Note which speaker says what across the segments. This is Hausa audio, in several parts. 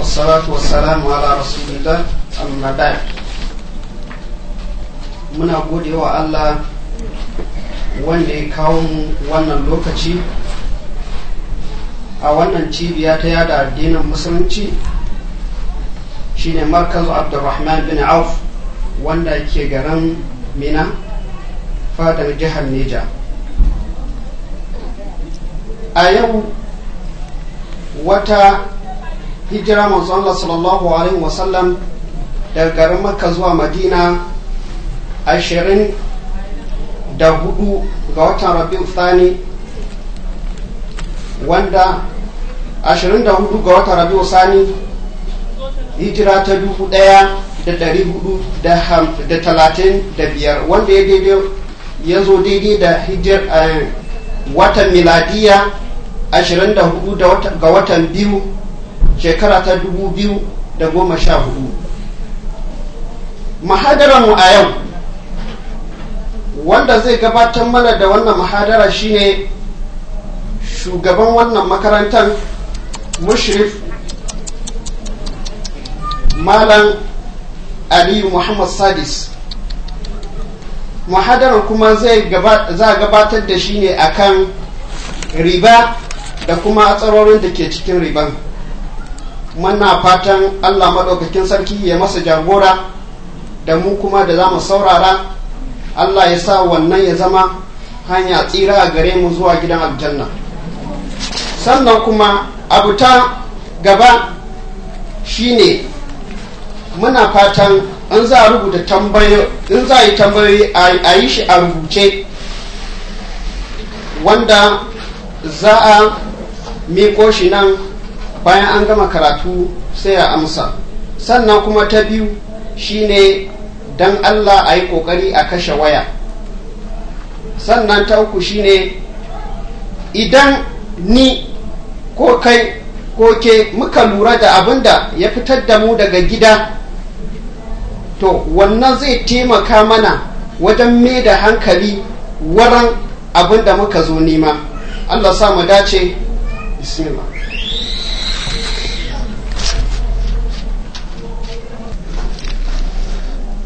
Speaker 1: والصلاة والسلام ala rasulillah amma أما muna gode wa Allah wanda ya kawo mu wannan lokaci a wannan cibiya ta yada addinin musulunci shine markaz abdulrahman bin auf wanda ke garin mina fadar jihar neja a yau wata hijira manzo Allah sallallahu alaihi wasallam daga garin makka zuwa madina ashirin da hudu ga watan rabi'u thani wanda ashirin da hudu ga watan rabi'u sani hijira ta dubu daya da dari hudu da talatin da biyar wanda ya daidai ya zo daidai da hijir eh, watan miladiya ashirin da hudu ga watan biyu shekara ta dubu biyu da goma sha hudu mahadararmu a yau wanda zai gabatar mana da wannan mahadara shine shugaban wannan makarantar mushrif malam aliyu muhammad sadis mahadarar kuma zai gabatar da shi ne a kan riba da kuma tsarorin da ke cikin riban muna fatan allah maɗaukakin sarki ya masa jagora da mu kuma da za mu saurara allah ya sa wannan ya zama hanya tsira a gare mu zuwa gidan aljanna sannan kuma abu ta gaba shine muna fatan in za a rubuta tambayo in za a yi tambayoyi a yi shi a rubuce wanda za a miko shi nan bayan an gama karatu sai a amsa sannan kuma ta biyu shine dan Allah a yi kokari a kashe waya sannan ta uku shine idan ni ko kai ko ke muka lura da abin da ya fitar da mu daga gida to wannan zai taimaka mana wajen mai da hankali waran abin da muka zo nema Allah sa mu dace bismillah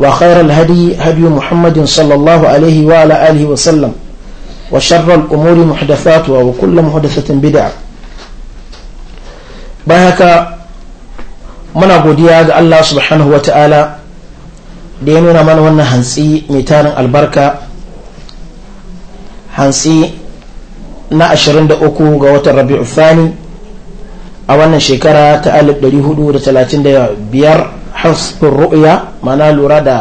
Speaker 2: وخير الهدي هدي محمد صلى الله عليه وعلى آله وسلم وشر الأمور محدثاتها وكل محدثة بدعة بهك muna godiya ga Allah subhanahu wata'ala da ya nuna mana wannan hantsi mai tarin albarka hantsi na 23 ga watan rabi'u thani a wannan shekara ta 1435 hasbin ru'ya mana lura da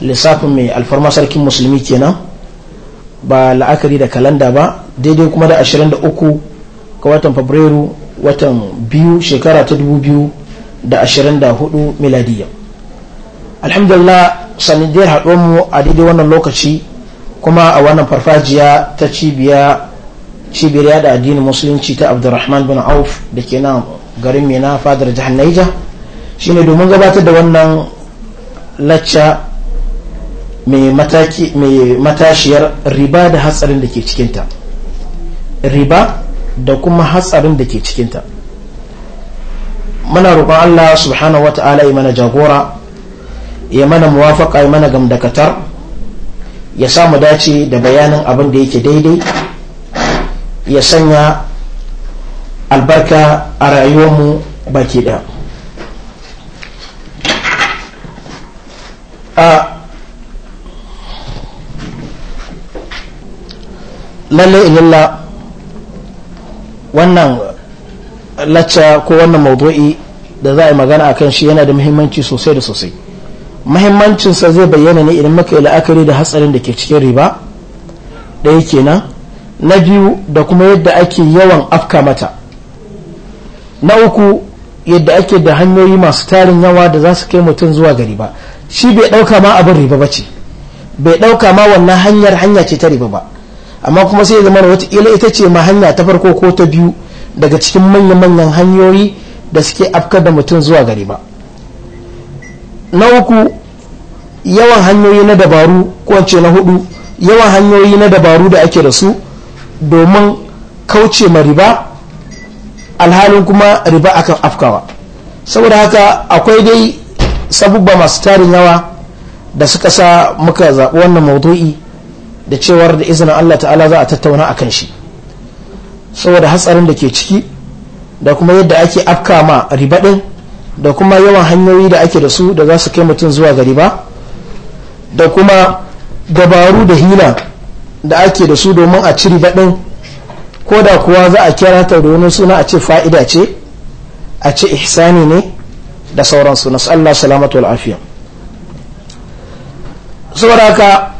Speaker 2: lissafin mai alfarma sarkin musulmi kenan ba la'akari da kalanda ba daidai kuma da 23 ga watan fabrairu watan biyu shekara ta 2024 miladiya alhamdulillah sanidiyar haɗonmu a daidai wannan lokaci kuma a wannan farfajiya ta cibiya cibiyar yada addinin musulunci ta abdurrahman bin auf da ke nan garin mina fadar jihar naija shine domin gabatar da wannan lacca mai matashiyar riba da hatsarin da ke cikinta riba da kuma hatsarin da ke cikinta mana roƙon Allah subhanahu wa ta'ala ya mana jagora ya mana muwafaƙa ya mana gamdakatar ya samu dace da bayanin abin da yake daidai ya sanya albarka a rayuwarmu baki ɗaya lalle lalla wannan lacca ko wannan maudu'i da za a yi magana a kan shi yana da muhimmanci sosai da sosai muhimmancinsa zai bayyana ne idan muka yi la'akari da hatsarin da ke cikin riba ɗaya kenan na biyu da kuma yadda ake yawan afka mata na uku yadda ake da hanyoyi masu tarin yawa da za su kai mutum zuwa ga riba shi bai ɗauka ma abin riba ba ce bai ɗauka ma wannan hanyar hanya ce ta riba ba amma kuma sai zama wata ila ita ce ma hanya ta farko ko ta biyu daga cikin manya-manyan hanyoyi da suke afkar da mutum zuwa gari ba na uku yawan hanyoyi na dabaru ko ce na hudu yawan hanyoyi na dabaru da ake da su domin kauce ma riba alhalin kuma riba akan afkawa saboda haka akwai dai sabubba masu tarin yawa da suka sa muka zaɓi wannan maudu'i da cewar da izinin Allah ta'ala za a tattauna a kan shi saboda hatsarin da ke ciki da kuma yadda ake afka ma riba ɗin da kuma yawan hanyoyi da ake da su da za su kai mutum zuwa ga riba da kuma dabaru da hila da ake da su domin a ci riba ɗin ko da kuwa za a kira ta da wani suna a ce fa'ida ce a ce ihsani ne da sauransu nasu Allah salamatu wal afiya saboda haka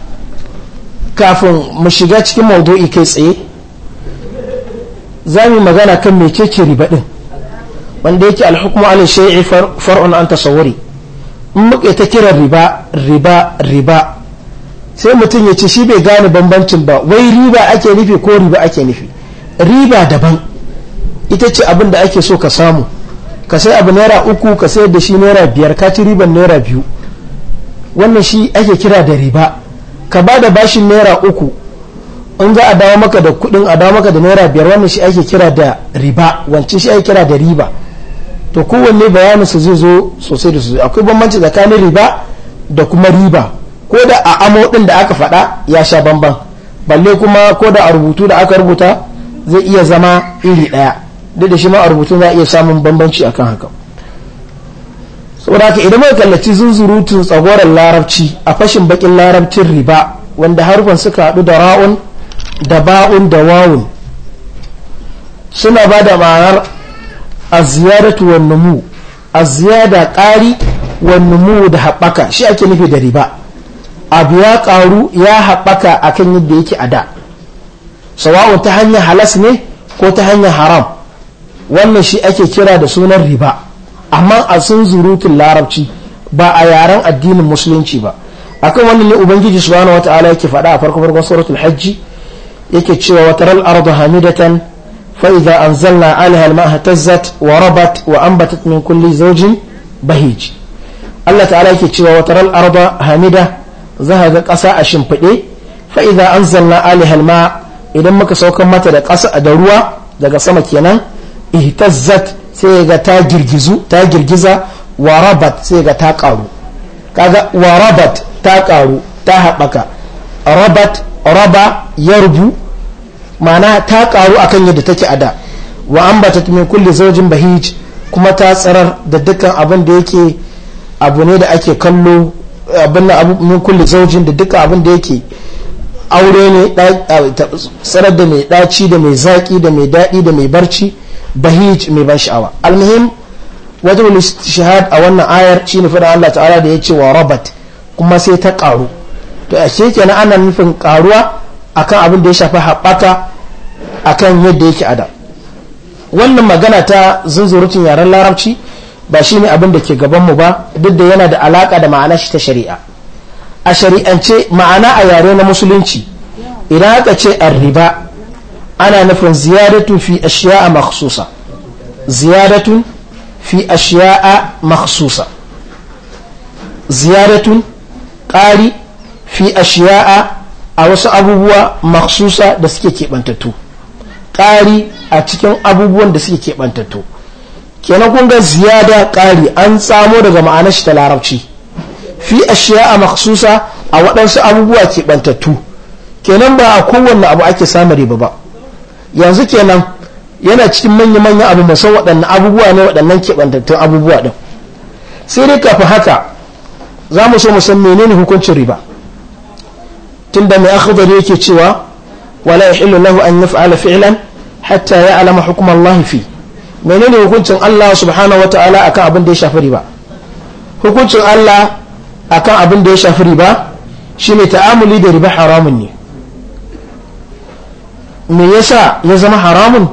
Speaker 2: kafin mu shiga cikin maudu'i kai tsaye za mu magana kan mai mecece riba ɗin wanda yake alhukumu ala shay'i far'un an tasawuri in muke ta kira riba riba riba sai mutum ya ce shi bai gane bambancin ba wai riba ake nufi ko riba ake nufi riba daban ita ce abin da ake so ka samu ka sai abu naira uku ka sai da shi naira biyar ka ci riban naira biyu wannan shi ake kira da riba ka ba da bashin naira uku in za a dawo maka da kudin a dawo maka da naira biyar wannan shi ake kira da riba wancan shi ake kira da riba to kowanne bayanin su zai zo sosai da sosai akwai bambanci tsakanin riba da kuma riba ko da a amo din da aka faɗa ya sha bamban balle kuma ko da a rubutu da aka rubuta zai iya zama iri ɗaya duk da shi ma a rubutu za a iya samun bambanci akan haka saboda haka idan muka kallaci zunzurutun tsagoran larabci a fashin bakin larabcin riba wanda harfan suka haɗu da ra'un da ba'un da wawun suna ba da ma'anar aziyaratu wa numu a ziyada ƙari wan numu da haɓaka shi ake nufi da riba abu ya ƙaru ya haɓaka a kan yadda yake a da sawa'un ta hanyar halas ne ko ta hanyar haram wannan shi ake kira da sunan riba amma a sun zurutun larabci ba a yaren addinin musulunci ba akan wannan ne ubangiji subhanahu wataala yake faɗa a farko farkon suratul hajji yake cewa wa taral ardu hamidatan fa idza anzalna alaiha alma'a tazzat wa rabat wa anbatat min kulli zawjin bahij Allah ta'ala yake cewa wa taral ardu hamida za ga ƙasa a shimfiɗe fa idza anzalna alaiha alma'a idan muka saukar mata da ƙasa da ruwa daga sama kenan ihtazzat sai ga ta girgizu ta girgiza wa sai ga ta karu kaga wa ta karu ta haɓaka rabat raba yarbu ma'ana ta karu akan yadda take a da wa ambatat min kulli zawjin bahij kuma ta tsarar da dukkan abin da yake abu ne da ake kallo abin da min kulli zawjin da dukkan abin da yake aure ne tsarar da mai daci da mai zaki da mai daɗi da mai barci bahij mai ban sha'awa almuhim wajen shahad a wannan ayar shi shine fada Allah ta'ala da ya ce wa rabat kuma sai ta karu to a ce kenan ana nufin karuwa akan abin da ya shafi haɓaka akan yadda yake ada wannan magana ta zunzurutun yaren larabci ba shi ne abin da ke gaban mu ba duk da yana da alaka da ma'ana shi ta shari'a a shari'ance ma'ana a yare na musulunci idan aka ce riba ana nufin ziyadatu fi ashiya'a makhsusa ziyadatun fi ashiya'a makhsusa ziyadatun ƙari fi ashiya'a a wasu abubuwa makhsusa da suke keɓantattu ƙari a cikin abubuwan da suke keɓantattu kenan kun ga ziyada ƙari an tsamo daga ma'anar shi ta larabci fi ashiya'a makhsusa a waɗansu abubuwa keɓantattu kenan ba a kowanne abu ake samun riba ba yanzu kenan yana cikin manya-manyan abu masan waɗannan abubuwa ne waɗannan keɓantattun abubuwa ɗin sai dai kafin haka za mu so mu san menene hukuncin riba tunda mai akhdari yake cewa wala yahillu lahu an yaf'ala fi'lan hatta ya alama Allah fi menene hukuncin Allah subhanahu wataala akan abin da ya shafi riba hukuncin Allah akan abin da ya shafi riba shine ta'amuli da riba haramun ne me yasa ya zama haramun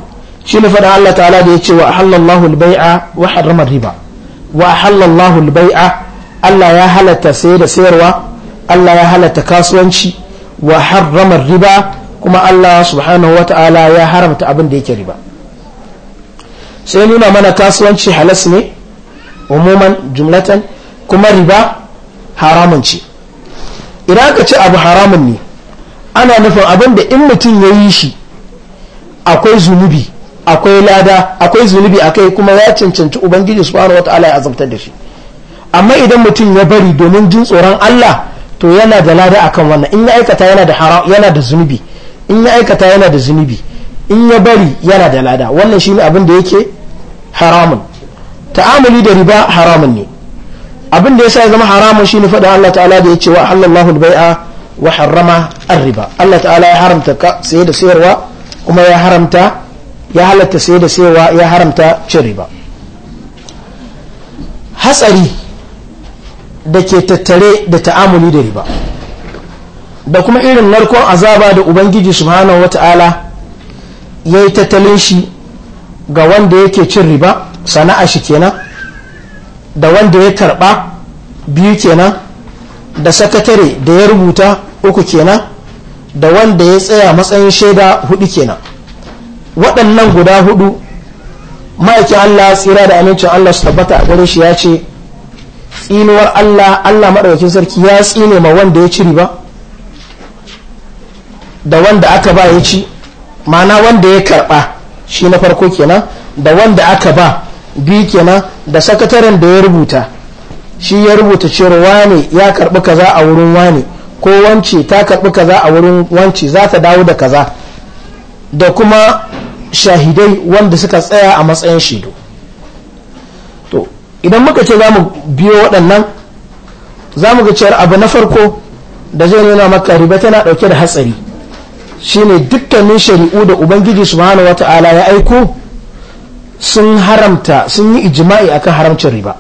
Speaker 2: shi ne faɗin Allah ta'ala da ya ce wa halallahu baia wa harrama riba wa halallahu baia Allah ya halatta saye da sayarwa Allah ya halatta kasuwanci wa harrama riba kuma Allah subhanahu wa ta'ala ya haramta abin da yake riba sai nuna mana kasuwanci halas ne umuman jumlatan kuma riba haramun ce idan aka ce abu haramun ne ana nufin abin da in mutum ya yi shi akwai zunubi akwai lada akwai zunubi akai kuma ya cancanci ubangiji subhanahu wataala ya azabtar da shi amma idan mutum ya bari domin jin tsoron Allah to yana da lada akan wannan in ya aikata yana da haram yana da zunubi in ya aikata yana da zunubi in ya bari yana da lada wannan shine abin da yake haramun ta'amuli da riba haramun ne abin da yasa ya zama haramun shine faɗin Allah ta'ala da ya ce wa halallahu al-bai'a wa harrama ar-riba Allah ta'ala ya haramta saye da sayarwa kuma ya haramta ya halatta sai da saiwa ya haramta cin riba hatsari da ke tattare da ta'amuli da riba da kuma irin narkon azaba da ubangiji subhanahu wata'ala ya yi tattalin shi ga wanda yake cin riba sana'a shi kenan da wanda ya karba biyu kenan da sakatare da ya rubuta uku kenan da wanda ya tsaya matsayin shaida hudu kenan waɗannan guda hudu ma'aikin Allah tsira da amincin Allah su tabbata a gare shi ya ce tsinuwar Allah Allah maɗaukakin sarki ya tsine ma wanda ya ci riba da wanda aka ba ya ci ma'ana wanda ya karɓa shi na farko kenan da wanda aka ba biyu kenan da sakataren da ya rubuta shi ya rubuta cewa wane ya karɓi kaza a wurin wane ko wance ta karɓi kaza a wurin wance za ta dawo da kaza da kuma shahidai wanda suka tsaya a matsayin shaidu to idan muka ce za mu biyo waɗannan za mu ga cewar abu na farko da zai nuna maka riba tana ɗauke da hatsari shine dukkanin shari'u da ubangiji subhanahu wata'ala ya aiko sun haramta sun yi ijima'i akan haramcin riba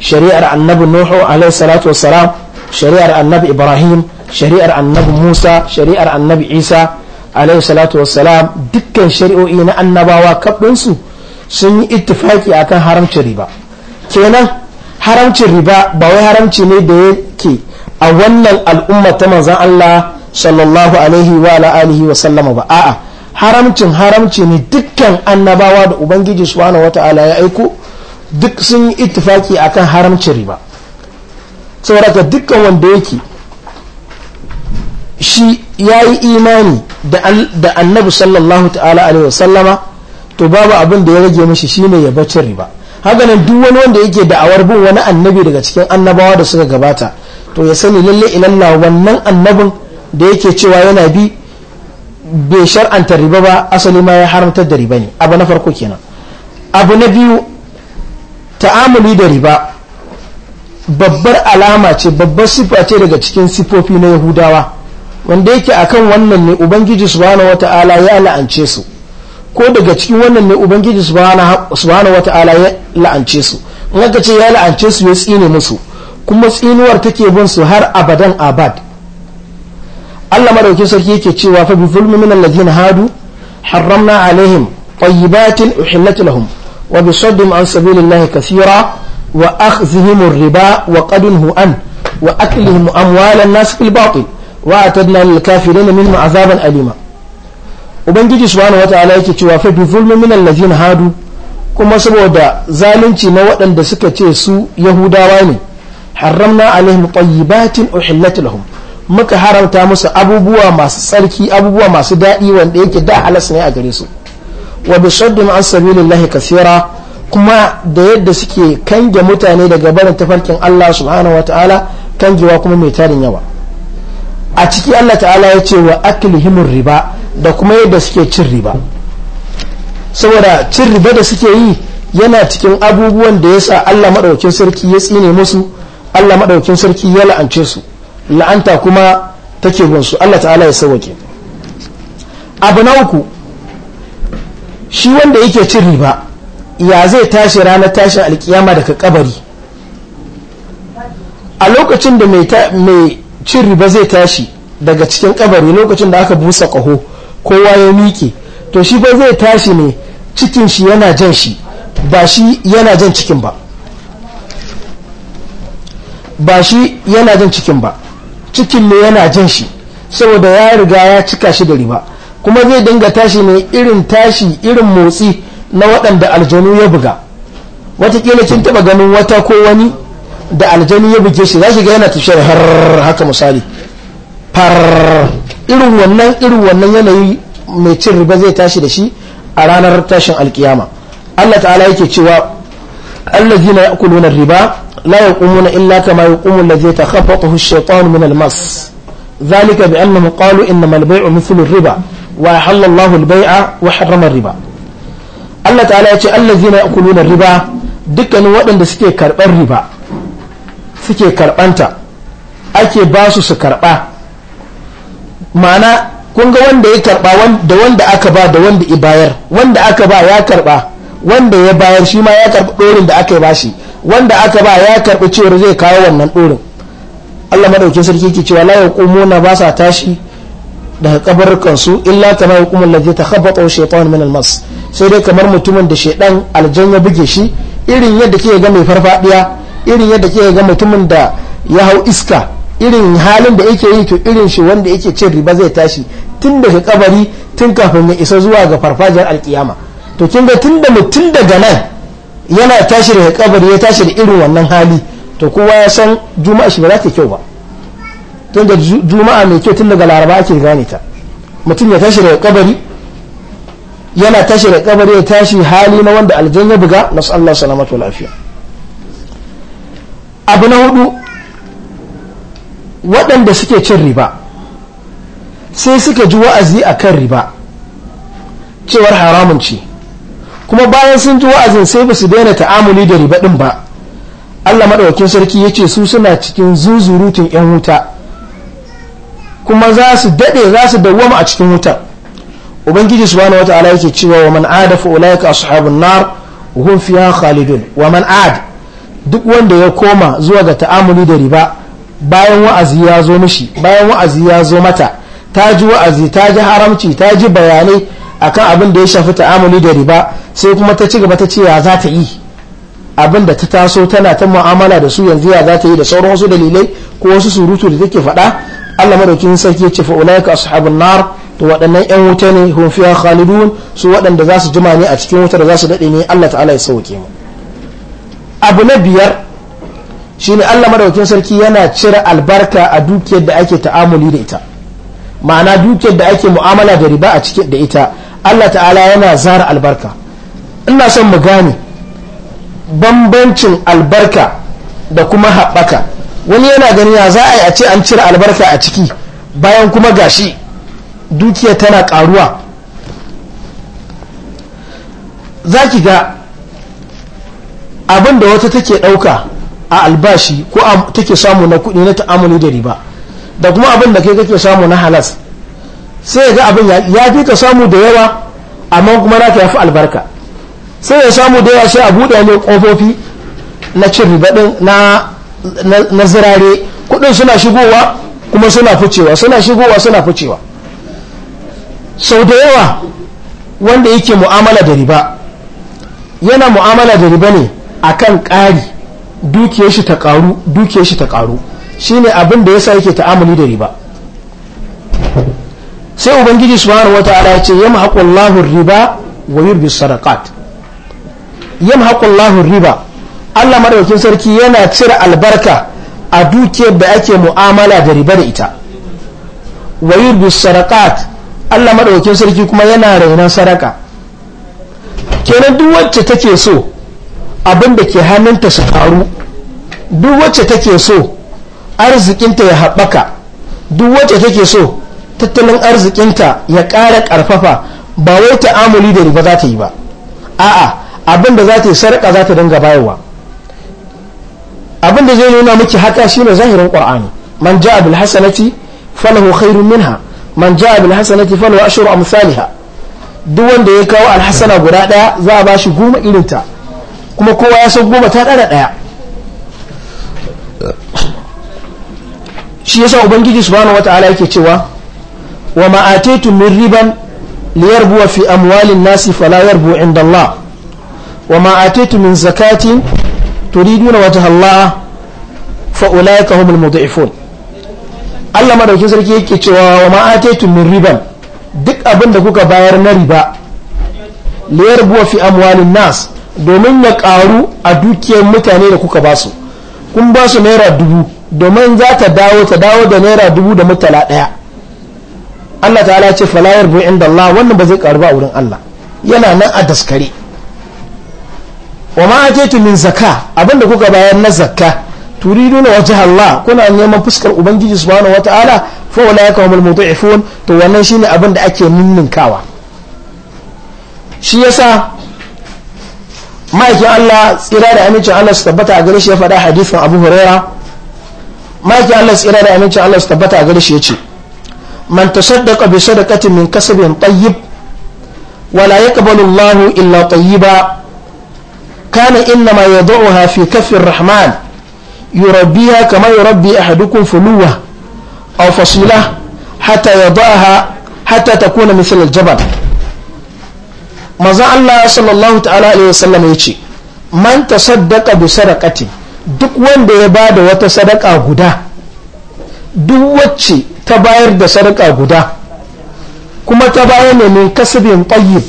Speaker 2: shari'ar annabi nuhu alaihi salatu wassalam shari'ar annabi ibrahim shari'ar annabi musa shari'ar annabi isa alaihi salatu wassalam dukkan shari'o'i na annabawa kaɗinsu sun yi ittifaki akan haramcin riba kenan haramcin riba ba wai haramci ne da yake a wannan al'umma ta manzan Allah sallallahu alaihi wa alihi wa sallama ba a'a haramcin haramci ne dukkan annabawa da ubangiji subhanahu ta'ala ya aiko duk sun yi ittifaki akan haramcin riba sauraka dukkan wanda yake shi ya yi imani da annabi sallallahu ta'ala alaihi wasallama to babu abin da ya rage mashi shine ya bacci riba nan duk wani wanda yake da'awar bin wani annabi daga cikin annabawa da suka gabata to ya sani lalle ilallah wannan annabin da yake cewa yana bi bai shar'anta riba ba asali ma ya haramtar da riba ne abu na farko kenan abu na biyu ta'amuli da riba babbar alama ce babbar sifa ce daga cikin sifofi na yahudawa wanda yake akan wannan ne ubangiji subhanahu wata'ala ya la'ance su ko daga cikin wannan ne ubangiji subhanahu wata'ala ya la'ance su in ce ya la'ance su ya tsine musu kuma tsinuwar take bin su har abadan abad Allah madauki sarki yake cewa fa bi zulmi min alladhina hadu harramna alaihim tayyibatin uhillat lahum wa bi saddihim an sabilillahi kasira wa وأخذهم الربا وقد نهوا عنه وأكلهم أموال الناس في الباطل وأعتدنا للكافرين منهم azaban alima. ubangiji subhanahu wataala yake cewa fa bi zulmin min hadu kuma saboda zalunci na waɗanda suka ce su yahudawa ne haramna alaihim tayyibatin uhillat lahum muka haramta musu abubuwa masu tsarki abubuwa masu daɗi wanda yake da halas ne a gare su wa bi saddim an sabilillahi kaseera kuma da yadda suke kange mutane daga barin tafarkin Allah subhanahu wa ta'ala kangewa kuma mai tarin yawa a ciki Allah ta'ala ya ce wa aklihimin riba da kuma yadda suke cin riba saboda cin riba da suke yi yana cikin abubuwan da ya sa Allah maɗaukin sarki ya tsine musu Allah maɗaukin sarki ya la'ance su la'anta kuma take gunsu Allah ta'ala ya sauwake abu na uku shi wanda yake cin riba ya zai tashi ranar tashin alkiyama daga kabari a lokacin da mai cin riba zai tashi daga cikin kabari lokacin da aka busa kaho kowa ya miƙe to shi ba zai tashi ne cikin shi yana jan shi ba shi yana jan cikin ba ba shi yana jan cikin ba cikin ne yana jan shi saboda ya riga ya cika shi da riba kuma zai dinga tashi ne irin tashi irin motsi na waɗanda aljanu ya buga watakila kin taba ganin wata ko wani da aljanu ya buge shi za ki ga yana tafiyar har haka misali far irin wannan irin wannan yanayi mai cin riba zai tashi da shi a ranar tashin alkiyama Allah ta'ala yake cewa allazina ya'kuluna riba la yaqumuna illa kama yaqumu allazi takhabbathu ash-shaytanu min al-mas ذلك بأنهم قالوا إنما البيع مثل الربا وأحل الله البيع وحرم riba. Allah ta'ala ya ce allazina yakuluna riba dukkanin waɗanda suke karɓar riba suke karɓanta ake ba su su karɓa ma'ana kun ga wanda ya karɓa da wanda aka ba da wanda ya bayar wanda aka ba ya karɓa wanda ya bayar shi ma ya karɓi ɗorin da aka yi bashi wanda aka ba ya karɓi cewar zai kawo wannan ɗorin Allah madaukin sarki ke cewa la yaqumuna ba sa tashi daga kabarukan su illa kama yaqumul ladzi takhabbathu shaytan min al-mas sai dai kamar mutumin da shaidan aljan ya buge shi irin yadda kike ga mai farfadiya irin yadda kike ga mutumin da ya hau iska irin halin da yake yi to irin shi wanda yake cin riba zai tashi tun daga kabari tun kafin ya isa zuwa ga farfajiyar alkiyama to kin ga tun mutum daga nan yana tashi daga kabari ya tashi da irin wannan hali to kowa ya san juma'a shi ba za ta kyau ba tun da juma'a mai kyau tun daga laraba ake gane ta mutum ya tashi daga kabari yana tashi da kabari ya tashi hali na wanda aljan ya buga nasu Allah salamatu lafiya abu na hudu waɗanda suke cin riba sai suka ji wa'azi a kan riba cewar haramun ce kuma bayan sun ji wa'azin sai ba su daina ta'amuli da riba ɗin ba Allah maɗaukin sarki ya ce su suna cikin zuzurutun 'yan wuta kuma za su daɗe za su dawwama a cikin wutar ubangiji subhanahu wataala yake cewa wa man ada fa ulaika ashabun nar hum fiha khalidun wa man ad duk wanda ya koma zuwa ga ta'amuli da riba bayan wa'azi ya zo mishi bayan wa'azi ya zo mata ta ji wa'azi ta ji haramci ta ji bayanai akan abin da ya shafi ta'amuli da riba sai kuma ta ci gaba ta ce ya za ta yi abin da ta taso tana ta mu'amala da su yanzu ya za ta yi da sauran wasu dalilai ko wasu surutu da take faɗa Allah madaukin sarki ya ce fa ulaika ashabun nar to waɗannan 'yan wuta ne hun khalidun su waɗanda za su jima ne a cikin wuta da za su daɗe ne Allah ta'ala ya sauke mu abu na biyar shi ne Allah madaukin sarki yana cire albarka a dukiyar da ake ta'amuli da ita ma'ana dukiyar da ake mu'amala da riba a cikin da ita Allah ta'ala yana zara albarka ina son mu gane bambancin albarka da kuma haɓaka wani yana ganin ya za a yi a ce an cire albarka a ciki bayan kuma gashi dukiya tana karuwa za ki ga abin da wata take ɗauka a albashi ko take samu na kuɗi na ta'amuli da riba da kuma abin da kai kake samu na halas sai ya ga abin ya fi ka samu da yawa amma kuma naka ya fi albarka sai ya samu da yawa sai a buɗe mai ƙofofi na cin riba ɗin na zirare kuɗin suna shigowa kuma suna ficewa suna shigowa suna ficewa sau da yawa wanda yake mu'amala da riba yana mu'amala da riba ne a kan ƙari dukiyar shi ta ƙaru shi ta ƙaru shine abin da sa yake ta'amuli da riba sai ubangiji su hana wata ya ce haƙon lahun riba wa yurbi sadaqat haƙon lahun riba Allah madaukakin sarki yana cire albarka a dukiyar da ake mu'amala da riba da ita wa yurbi sarakat Allah maɗaukin sarki kuma yana rainon sadaka kenan duk wacce take so abin da ke hannunta su faru duk wacce take so arzikinta ya haɓaka duk wacce take so tattalin arzikinta ya ƙara ƙarfafa ba wai ta'amuli da riba za ta yi ba a'a abin da za ta yi sarƙa za ta dinga bayarwa abin da zai nuna miki haka shine zahirin qur'ani man ja'a bil hasanati falahu khairun minha man ja bil hasanati falahu ashru amsalha duk wanda ya kawo alhasana guda daya za a bashi goma irinta kuma kowa ya san goma ta dara daya shi yasa ubangiji subhanahu wata'ala yake cewa wa ma ataitu min riban liyarbuwa fi amwalin nasi fala yarbu inda Allah wa ma ataitu min zakatin turiduna wajha Allah fa ulaika humul mudhifun Allah madaukin sarki yake cewa wa ma ataytum min riban duk abin da kuka bayar na riba liyar buwa fi amwalin nas domin ya karu a dukiyar mutane da kuka basu kun basu naira dubu domin za ta dawo ta dawo da naira dubu da mutala daya Allah ta'ala ce falayar bu inda Allah wannan ba zai karu ba wurin Allah yana nan a daskare wa ma ataytum min zakka abin da kuka bayar na zakka turiduna wajha Allah kuna neman fuskar ubangiji subhanahu wataala fa ulaika humul mudhifun to wannan shine abin da ake ninninkawa shi yasa ma'aikin Allah tsira da amincin Allah su tabbata a gare shi ya faɗa hadisin Abu Huraira ma'aikin Allah tsira da amincin Allah su tabbata a gare shi yace man tasaddaqa bi sadaqatin min kasabin tayyib wala yaqbalu Allahu illa tayyiba kana inma yad'uha fi kafir rahman يربيها kamar يربي أحدكم فلوة أو فصيلة حتى يضعها حتى تكون مثل الجبل maza Allah sallallahu ta'ala alaihi wasallam ya ce man tasaddaqa bi sadaqati duk wanda ya bada wata sadaka guda duk wacce ta bayar da sadaka guda kuma ta bayar ne min kasbin tayyib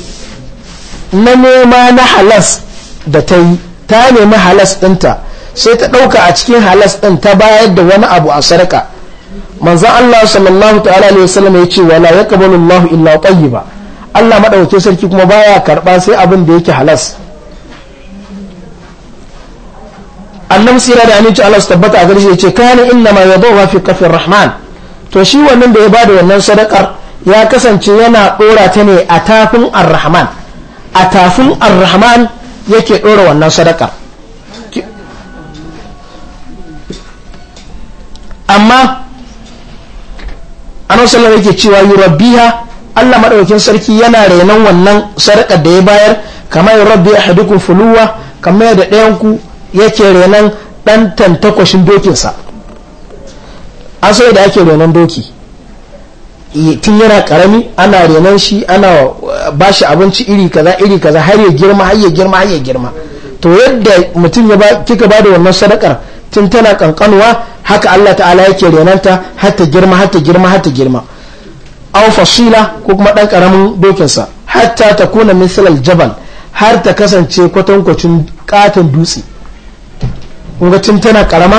Speaker 2: na nema na halas da ta yi ta nemi halas ɗinta sai ta ɗauka a cikin halas ɗin ta bayar da wani abu a sarƙa manzan Allah sallallahu ta'ala alaihi wasallam ya ce wala ya kabalu Allah illa tayyiba Allah madaukakin sarki kuma baya karɓa sai abin da yake halas annabi sira da aminci Allah su tabbata a gare ce yace kana inna ma yadawa fi kafin rahman to shi wannan da ya bada wannan sadakar ya kasance yana dora ta ne a tafin ar-rahman a tafin ar-rahman yake dora wannan sadakar amma annabi sallallahu yake cewa ha Allah madaukakin sarki yana renon wannan sarƙar da ya bayar kamar yurabbi ahadukum fuluwa kamar yadda ɗayan ku yake renon ɗan tantakwashin dokinsa an sai da ake renon doki tun yana karami ana renon shi ana uh, ba shi abinci iri kaza iri kaza har ya girma har ya girma har ya girma to yadda mutum ya kika ba da wannan sadakar tun tana kankanuwa haka Allah ta'ala yake renanta har ta girma har ta girma har ta girma aw fasila ko kuma dan karamin dokin sa hatta takuna mithlal jabal har ta kasance kwatankwacin katon dutse kun tun tana karama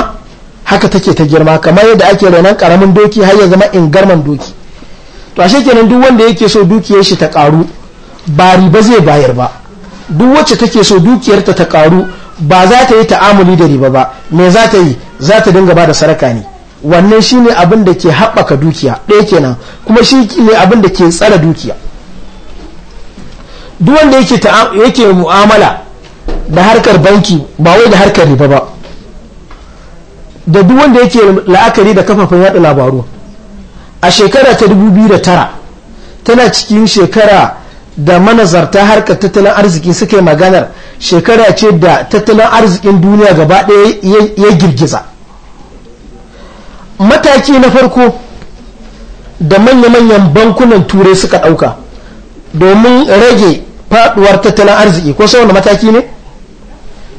Speaker 2: haka take ta girma kamar yadda ake renan karamin doki har ya zama ingarman doki to ashe kenan duk wanda yake so dukiyar shi ta karu ba riba zai bayar ba duk wacce take so dukiyarta ta karu ba za ta yi ta'amuli da riba ba me za ta yi za ta dinga ba da saraka ne wannan shi ne abin da ke haɓaka dukiya ɗaya kenan kuma shi ne abin da ke tsara dukiya duk wanda yake mu'amala da harkar banki ba wai da harkar riba ba da duk wanda yake la'akari da kafafen yaɗa labaru a shekara ta 2009 tana cikin shekara da manazarta harkar tattalin arziki suka yi maganar shekara ce da tattalin arzikin duniya gaba ɗaya ya girgiza mataki na farko da manya-manyan bankunan turai suka ɗauka domin rage faɗuwar tattalin arziki ko sau mataki ne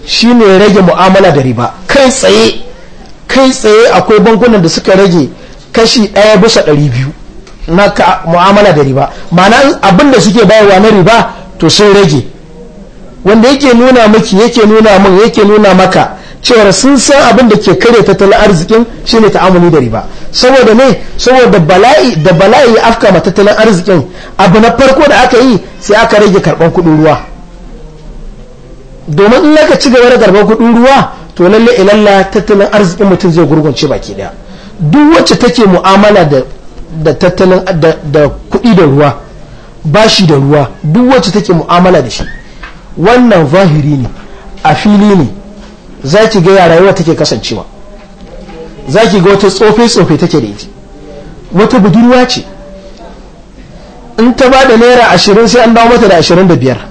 Speaker 2: shi ne rage mu'amala da riba kai tsaye kai tsaye akwai bankunan da suka rage kashi ɗaya bisa ɗari biyu na mu'amala da riba ma'ana abinda suke bayarwa na riba to sun rage wanda yake nuna miki yake nuna min yake nuna maka cewar sun san abin da ke karya tattalin arzikin shine ta'amuli da riba saboda ne saboda bala'i da bala'i ya afka ma tattalin arzikin abu na farko da aka yi sai aka rage karban kudin ruwa domin in aka ci gaba da karban kudin ruwa to lalle ilalla tattalin arzikin mutum zai gurgunce baki daya duk wacce take mu'amala da da tattalin da kuɗi da ruwa bashi da ruwa duk wacce take mu'amala da shi wannan zahiri ne a fili ne za ki ga rayuwa take kasancewa za ki ga wata tsofe-tsofe take da ita wata budurwa ce in ta ba da naira ashirin sai an dawo mata da ashirin da biyar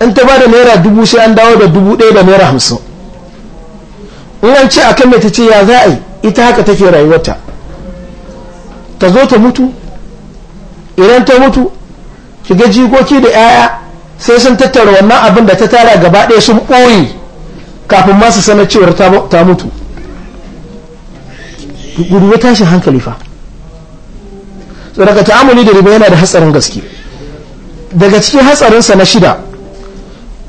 Speaker 2: in ta ba da naira dubu sai an dawo da dubu ɗaya da naira hamsin in an ce a kan mai ta ce ya za a yi ita haka take rayuwarta ta zo ta mutu idan ta mutu ki ga jikoki da 'ya'ya sai sun tattara wannan abin da ta tara gaba ɗaya sun ɓoye kafin masu sanar cewar ta mutu gudu ya tashi hankali fa daga ta'amuli da riba yana da hatsarin gaske daga cikin hatsarinsa na shida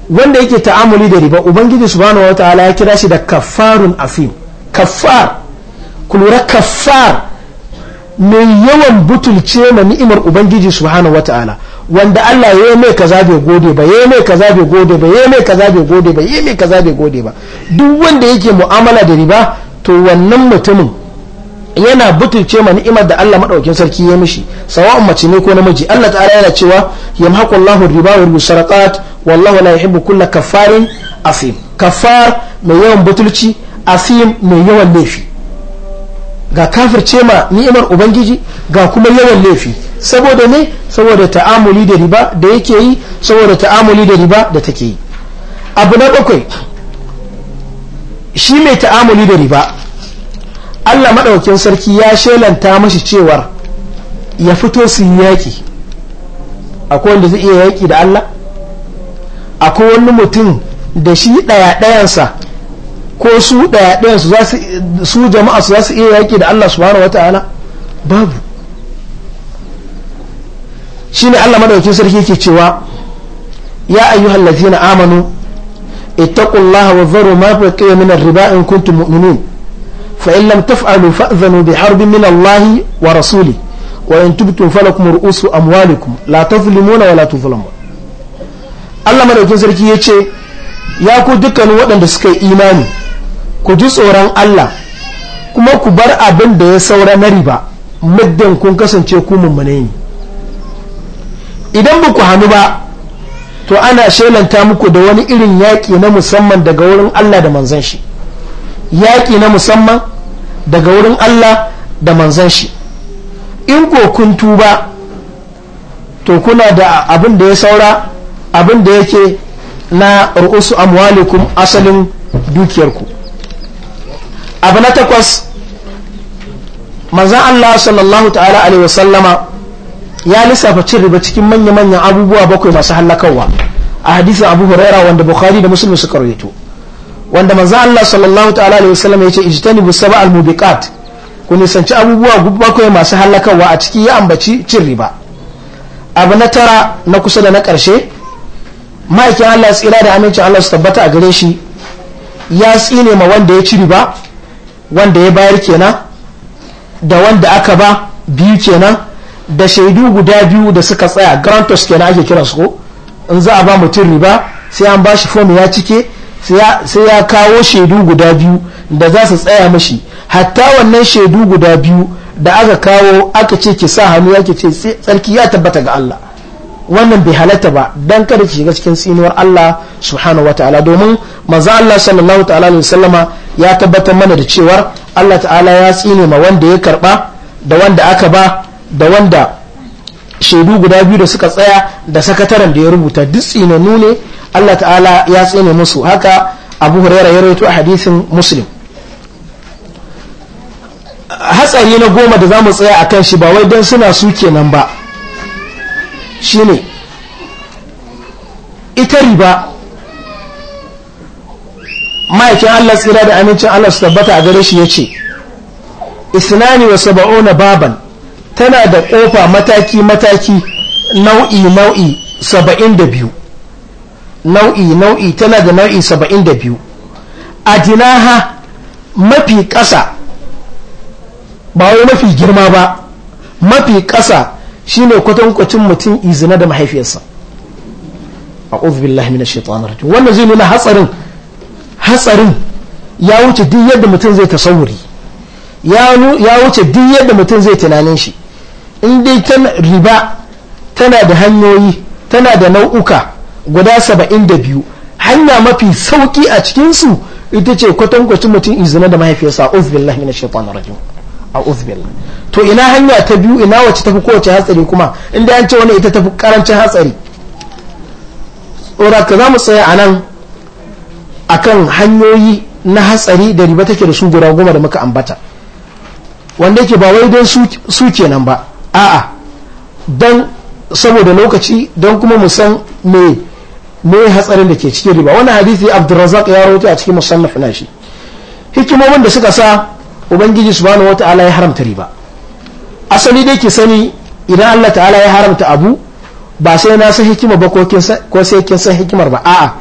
Speaker 2: wanda yake ta'amuli da riba ubangiji subhanahu ta'ala ya kira shi da kafarun afim kafar ku lura kafar mai yawan butulce na ni'imar ubangiji subhanahu wataala wanda Allah ya yi mai kaza bai gode ba ya mai kaza bai gode ba ya mai kaza bai gode ba ya mai kaza bai gode ba duk wanda yake mu'amala da riba to wannan mutumin yana butulce ma ni'imar da Allah madaukakin sarki ya mishi sawa'un mace ne ko namiji Allah ta'ala yana cewa yamhaqu riba wa yurbi wallahu la yuhibbu kulla kafarin asim kafar mai yawan butulci asim mai yawan laifi ga kafirce ma ni'imar ubangiji ga kuma yawan laifi saboda ne saboda ta'amuli da riba da yake yi saboda ta'amuli da riba da take yi abu na bakwai shi mai ta'amuli da riba Allah maɗaukin sarki ya shelanta mashi cewar ya fito su yi yaƙi akwai wanda zai iya yaƙi da Allah akwai wani mutum da shi ɗaya-ɗayansa ko su ɗaya-ɗayansu su jama'a su za su iya yaƙi da Allah subhanahu wa ta'ala babu shine Allah madaukakin sarki yake cewa ya ayyuhal na amanu ittaqullaha wa dharu ma baqiya min ar-riba in kuntum mu'minin fa in lam taf'alu fa'dhanu biharbin min Allah wa rasuli wa in tubtum falakum ru'usu amwalikum la tazlimuna wa la tuzlamun Allah madaukakin sarki yace ya ku dukkanin waɗanda suka yi imani ku ji tsoron Allah kuma ku bar abin da ya saura na riba muddin kun kasance ku mummune ne idan ba ku hannu ba to ana shelanta muku da wani irin yaƙi na musamman daga wurin Allah da manzan shi yaƙi na musamman daga wurin Allah da manzan shi in ko kun tuba to kuna da abin da ya saura abin da yake na ru'usu amwalikum asalin dukiyarku abu na takwas manzan Allah sallallahu ta'ala alaihi wasallama ya lissafa cin riba cikin manya-manyan abubuwa bakwai masu halakawa a hadisin abu huraira wanda bukhari da muslim suka rawaito wanda manzo Allah sallallahu ta'ala alaihi wasallam yace ijtanibu sab'a al-mubiqat ku nisanci abubuwa bakwai masu halakawa a ciki ya ambaci cin riba abu na tara na kusa da na karshe ma'aikin Allah ya tsira da amincin Allah su tabbata a gare shi ya tsine ma wanda ya ci riba wanda ya bayar kenan da wanda aka ba biyu kenan da shaidu guda biyu da suka tsaya grantos kenan ake kira su ko in za a ba mutum riba sai an bashi fomi ya cike sai ya kawo shaidu guda biyu da za su tsaya mashi hatta wannan shaidu guda biyu da aka kawo aka ce ki sa hannu yake ce tsarki ya tabbata ga Allah wannan bai halatta ba dan kada ki shiga cikin tsinuwar Allah subhanahu wataala domin manzo Allah sallallahu ta'ala alaihi wasallama ya tabbatar mana da cewar Allah ta'ala ya tsine ma wanda ya karba da wanda aka ba da wanda shaidu guda biyu da suka tsaya da sakataren da ya rubuta duk tsinanu ne Allah ta'ala ya tsine musu haka abu hurairu ya rawaito a hadisin muslim hatsari na goma da za mu tsaya a kan shi ba wai dan suna su kenan ba shine ita riba ma'aikin Allah tsira da amincin Allah su tabbata a gare shi ya ce isnani wa saba'una baban tana da kofa mataki-mataki nau'i-nau'i saba'in da biyu nau'i-nau'i tana da nau'i saba'in da biyu a jinaha mafi ƙasa ba wai mafi girma ba mafi ƙasa shine kwatankwacin mutum izina da mahaifiyarsa a billahi mina shaitanar wannan zai nuna hatsarin hatsarin ya wuce duk yadda mutum zai tasawuri ya wuce duk yadda mutum zai tunanin shi in dai riba tana da hanyoyi tana da nau'uka guda saba'in da biyu hanya mafi sauki a cikinsu ita ce kwatankwacin mutum izina da mahaifiyarsa a uzbin mina shaitan rajin a uzbin to ina hanya ta biyu ina wacce tafi kowace hatsari kuma inda an ce wani ita tafi karancin hatsari tsora ka za mu tsaya a nan a kan hanyoyi na hatsari da riba take da su guda goma da muka ambata wanda yake ba wai don su kenan ba a'a don saboda lokaci don kuma mu san me me hatsarin da ke cikin riba wani hadisi abdurrazzaq ya rawaito a cikin musannaf na shi hikimomin da suka sa ubangiji subhanahu wataala ya haramta riba asali dai ke sani idan Allah ta'ala ya haramta abu ba sai na san hikima ba ko sai kin san hikimar ba a'a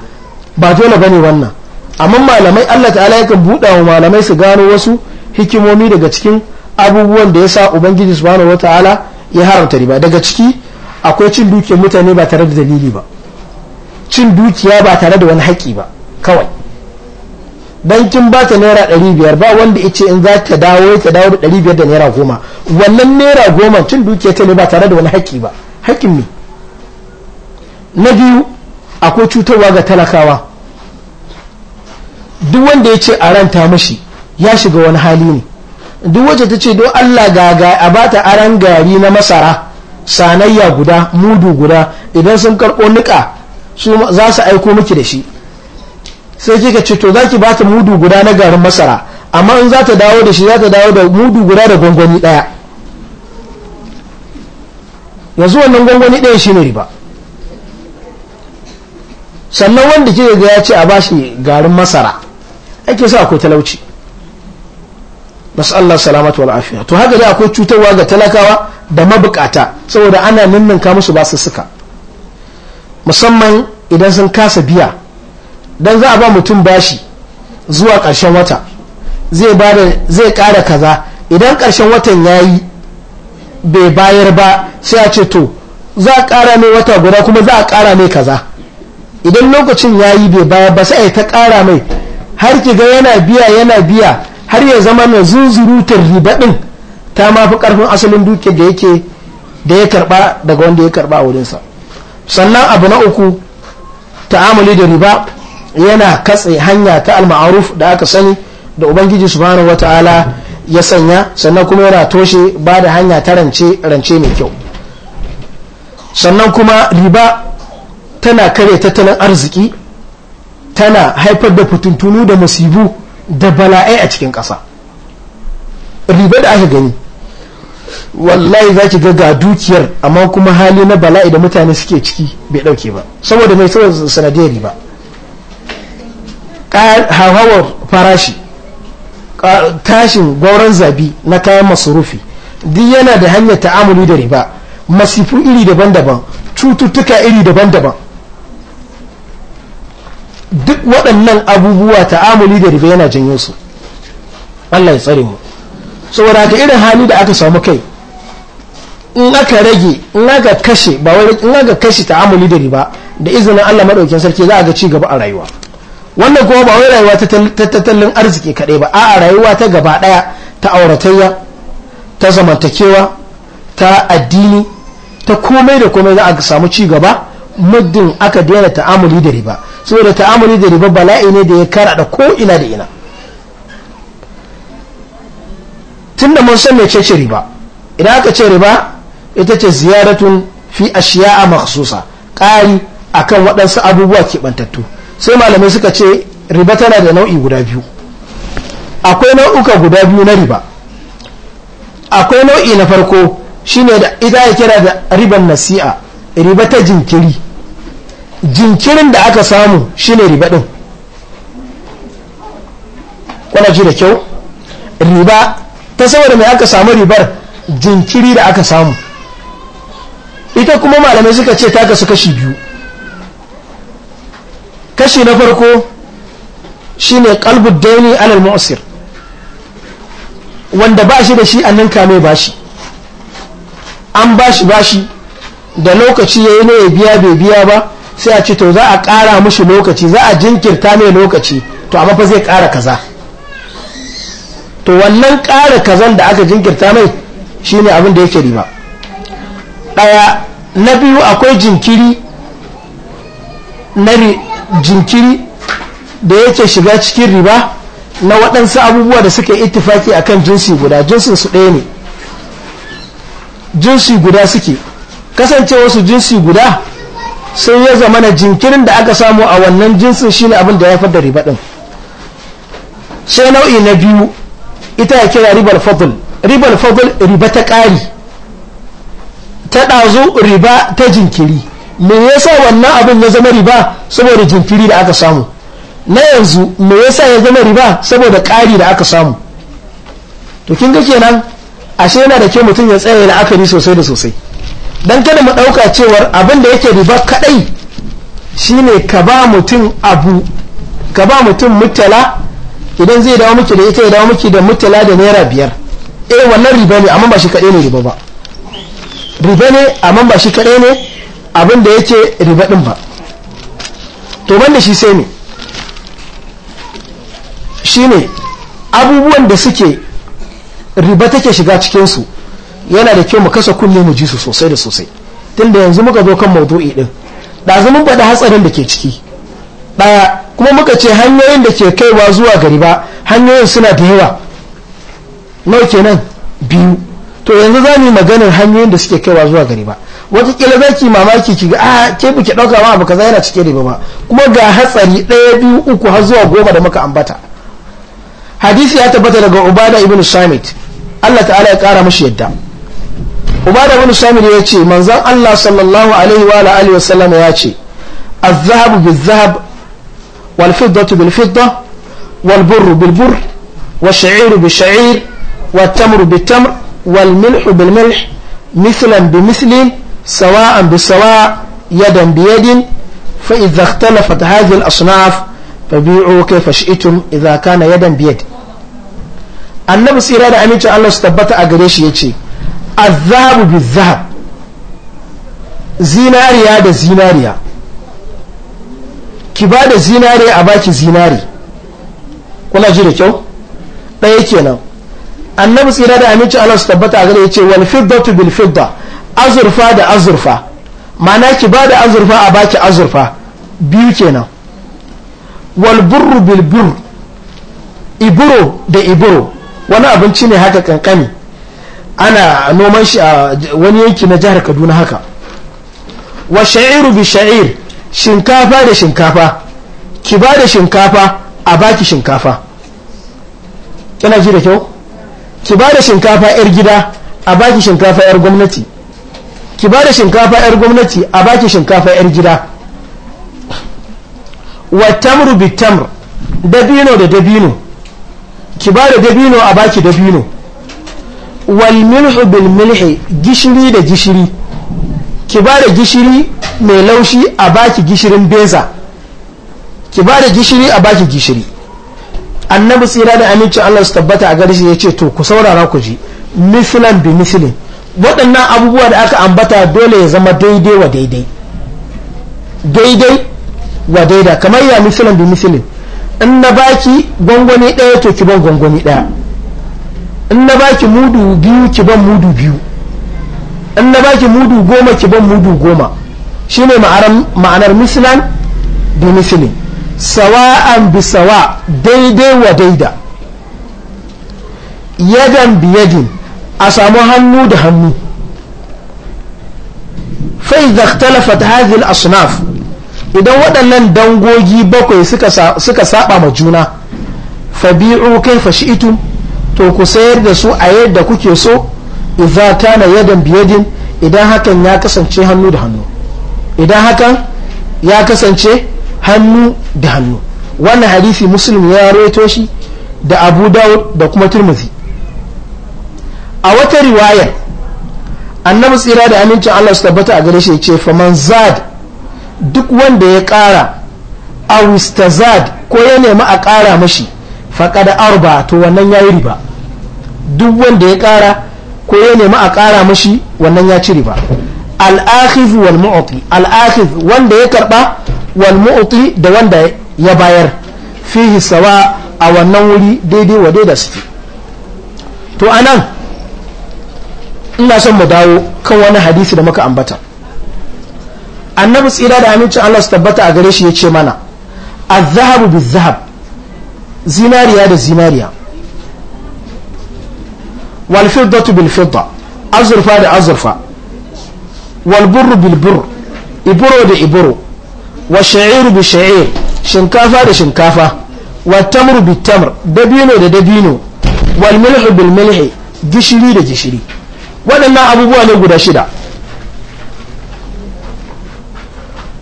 Speaker 2: ba dole bane wannan amma malamai Allah ta'ala yakan buɗa wa malamai su gano wasu hikimomi daga cikin abubuwan da ya yasa ubangiji subhanahu wataala ya haramta riba daga ciki akwai cin dukiyar mutane ba tare da dalili ba cin dukiya ba tare da wani haƙi ba kawai dan kin ba ta naira 500 biyar ba wanda ya ce in za ta dawo ta dawo da 500 da naira goma wannan naira goma cin dukiya ta ne ba tare da wani haƙi ba haƙin ne na biyu akwai cutarwa ga talakawa duk wanda ya ce a ranta mashi ya shiga wani hali ne duk wacce ta ce don Allah gaga a bata aran gari na masara sanayya guda mudu guda idan sun karɓo niƙa su za su aiko miki da shi sai kika ce to zaki ki ta mudu guda na garin masara amma in za ta dawo da shi za ta dawo da mudu guda da gwangwani ɗaya yanzu wannan gwangwani ɗaya shine ne riba sannan wanda kika ga ya ce a bashi garin masara ake sa akwai talauci nasu salamatu wal afiya to haka dai akwai cutarwa ga talakawa da mabukata saboda ana ninninka musu ba su suka musamman idan sun kasa biya dan za a ba mutum bashi zuwa ƙarshen wata zai bada zai ƙara kaza idan ƙarshen watan yayi bai bayar ba sai a ce to za a ƙara mai wata guda kuma za a ƙara mai kaza idan lokacin yayi bai bayar ba sai a ta ƙara mai har ki ga yana biya yana biya har ya zama na zunzurutar riba din ta mafi karfin asalin duke da yake da ya karba daga wanda ya karba a wurinsa sannan abu na uku ta'amuli da riba yana katse hanya ta alma'aruf da aka sani da ubangiji subhanahu wata'ala ya sanya sannan kuma yana toshe ba da hanya ta rance rance mai kyau sannan kuma riba tana kare tattalin arziki tana haifar da fitintunu da masibu. da bala'ai a cikin ƙasa riba da aka gani wallahi za ki ga dukiyar amma kuma hali na bala'i da mutane suke ciki bai ɗauke ba saboda mai saboda sanadiyar riba hawawar farashi tashin gauran zabi na kayan masurufi duk yana da hanyar ta'amuli da riba masifu iri daban-daban cututtuka iri daban-daban duk waɗannan abubuwa ta'amuli da riba yana janyo su Allah ya tsare mu saboda ka irin hali da aka samu kai in aka rage in aka kashe ba wai in aka kashe ta'amuli da riba da izinin Allah madaukakin sarki za a ga ci gaba a rayuwa wannan kuma ba wai rayuwa ta tattalin arziki kaɗai ba a rayuwa ta gaba ɗaya ta auratayya ta zamantakewa ta addini ta komai da komai za a samu ci gaba muddin aka daina ta'amuli da riba saboda ta'amuli da riba bala'i ne da ya kara da ko ina da ina tunda mun san mece ce riba idan aka ce riba ita ce ziyaratun fi a makhsusa ƙari kan waɗansu abubuwa keɓantattu sai malamai suka ce riba tana da nau'i guda biyu akwai nau'uka guda biyu na riba akwai nau'i na farko shine da ita ya kira da riban nasi'a riba ta jinkiri jinkirin da aka samu shine riba ɗin, kuna ji da kyau riba ta saboda mai aka samu ribar jinkiri da aka samu ita kuma malamai suka ce ta kasu kashi biyu kashi na farko shine kalbud daini alal ma'asir wanda ba shi da shi annin kame ba shi an ba shi ba shi da lokaci ya yi na ya biya bai biya ba sai a ce to za a ƙara mushi lokaci za a jinkirta mai lokaci to amma fa zai kara kaza to wannan ƙara kazan da aka jinkirta mai shine abin da yake riba ɗaya na biyu akwai jinkiri na jinkiri da yake shiga cikin riba na waɗansu abubuwa da suka ittifaki akan jinsi guda jinsin su ɗaya ne jinsi guda suke kasancewa su jinsi guda sai ya zama na jinkirin da aka samu a wannan jinsin ne abin da ya haifar da riba din sai nau'i na biyu ita ya kira ribar fadul ribar fadul riba ta ƙari ta ɗazu riba ta jinkiri me sa wannan abin ya zama riba saboda jinkiri da aka samu na yanzu me sa ya zama riba saboda ƙari da aka samu to kin ga kenan ashe yana da ke mutum ya tsaye la'akari sosai da sosai don kada mu ɗauka cewar abin da yake riba kaɗai shine ka ba mutum abu ka ba mutum mutala idan zai dawo miki da ita ya dawo miki da mutala da naira biyar eh wannan riba ne amma ba shi kaɗai ne riba ba riba ne amma ba shi kaɗai ne abin da yake riba ɗin ba to banda shi sai ne shine abubuwan da suke riba take shiga cikinsu yana da kyau mu kasa kunne mu ji su sosai da sosai tunda yanzu muka zo kan maudu'i din da zamu faɗi hatsarin da ke ciki ɗaya kuma muka ce hanyoyin da ke kaiwa zuwa gari ba hanyoyin suna da yawa nawa kenan biyu to yanzu za mu yi maganar hanyoyin da suke kaiwa zuwa gari ba kila za ki mamaki ki ga a ke buke ɗauka ma abu kaza yana cike da ba kuma ga hatsari ɗaya biyu uku har zuwa goma da muka ambata hadisi ya tabbata daga ubada ibn shamit allah ta'ala ya kara mashi yadda ubada bin samir ya ce manzon Allah sallallahu alaihi wa alihi wa sallam ya ce الذهب بالذهب والفضة بالفضة والبر بالبر والشعير بالشعير والتمر بالتمر والملح بالملح مثلا بمثل سواء بسواء يدا بيد فإذا اختلفت هذه الأصناف فبيعوا كيف شئتم إذا كان يدا بيد النبي سيرا أمين الله استبت أجريش يتشي azabu bi zahab zinariya da zinariya ki ba da zinariya a baki zinari kuna ji da kyau ɗaya kenan annabi tsira da aminci Allah su tabbata a gare ya ce wal to bil fidda azurfa da azurfa ma'ana ki ba da azurfa a baki azurfa biyu kenan wal burru bil iburo da iburo wani abinci ne haka kankani ana noman shi a wani yanki na jihar kaduna haka wa sha'iru bi sha'ir shinkafa da shinkafa ki ba da shinkafa a baki shinkafa kina ji da kyau ki ba da shinkafa 'yar gida a baki shinkafa 'yar gwamnati ki ba da shinkafa 'yar gwamnati a baki shinkafa 'yar gida wa tamru bi tamr dabino da dabino ki ba da dabino a baki dabino والملح بالملح جشري gishiri da gishiri ki da gishiri mai laushi a baki gishirin ki da gishiri a baki gishiri annabi tsira da aminci Allah su tabbata a garishi ya ce to ku saurara ku ji misilan bi misilin waɗannan abubuwa da aka ambata dole ya zama daidai wa daidai daidai wa daidai kamar ya misilan bi misilin in na baki gwangwani ɗaya to ki ban gwangwani ɗaya in na baki mudu biyu ki ban mudu biyu in na baki mudu goma ki ban mudu goma shine ma'anar mislan bi sawa an bi sawa daidai wa daida yadan bi yadin a samu hannu da hannu talafat اختلفت a sunaf idan waɗannan dangogi bakwai suka saba ma juna fabi'u kaifa shi'tum to ku sayar da su a yadda kuke so ta na yadan biyadin idan hakan ya kasance hannu da hannu idan hakan ya kasance hannu da hannu wannan hadisi muslim ya rawaito shi da abu dawud da kuma turmuzi a wata riwayar annabi tsira da amincin allah su tabbata a gare shi ce faman zad duk wanda ya kara awistazad ko ya nemi a kara mashi faƙada arba to wannan ya yi riba duk wanda ya ƙara ko ya nemi a ƙara mashi wannan ya ci riba al'akhiz wal mu'ti al'akhiz wanda ya karba wal mu'ti da wanda ya bayar fihi sawa a wannan wuri daidai wa da suke to anan ina son mu dawo kan wani hadisi da muka ambata annabi tsira da amincin Allah su tabbata a gare shi ya ce mana az-zahabu biz-zahab zinariya da zinariya wal fiddatu azurfa da azurfa wal burru iburo da iburo wa sha'iru bi sha'ir shinkafa da shinkafa wa bi tamr dabino da dabino wal bilmilhi gishiri da gishiri waɗannan abubuwa ne guda shida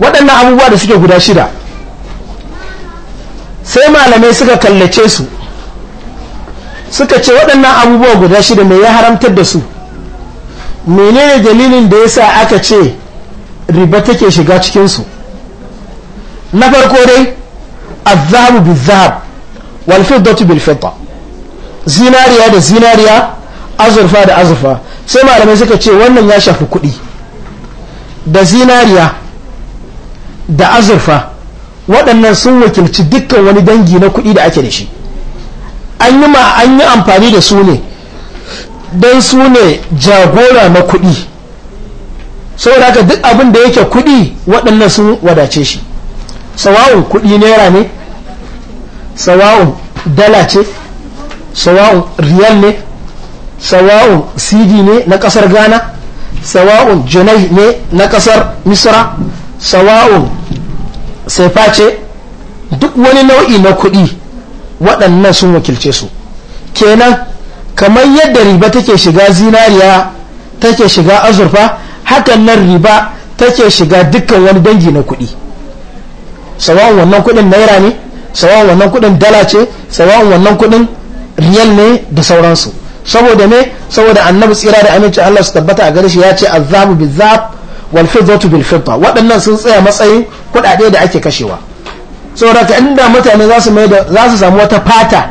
Speaker 2: waɗannan abubuwa da suke guda shida sai malamai suka kallace su suka ce waɗannan abubuwa guda shida mai ya haramtar da su menene dalilin da ya sa aka ce riba take shiga cikinsu na farko dai azabu bi zahab walfiddatu bil fidda zinariya da zinariya azurfa da azurfa sai malamai suka ce wannan ya shafi kuɗi da zinariya da azurfa waɗannan sun wakilci dukkan wani dangi na kuɗi da ake da shi an yi amfani da su ne don su ne jagora na kuɗi saboda haka duk abin da yake kuɗi waɗannan sun wadace shi sawa'un kuɗi naira ne sawa'un dala ce sawa'un riyal ne sawa'un cd ne na ƙasar ghana sawa'un janai ne na ƙasar misra sawa'un sai face duk wani nau'i na kuɗi waɗannan sun wakilce su kenan kamar yadda riba take shiga zinariya take shiga azurfa hakan nan riba take shiga dukkan wani dangi na kuɗi sawan wannan kuɗin naira ne sawan wannan kuɗin dala ce sawan wannan kuɗin riyal ne da sauransu saboda ne saboda annabi tsira da aminci Allah su tabbata a gare shi ya ce azabu bizab wal bil fidda waɗannan sun tsaya matsayin kuɗaɗe da ake kashewa saboda ka inda mutane za su samu wata fata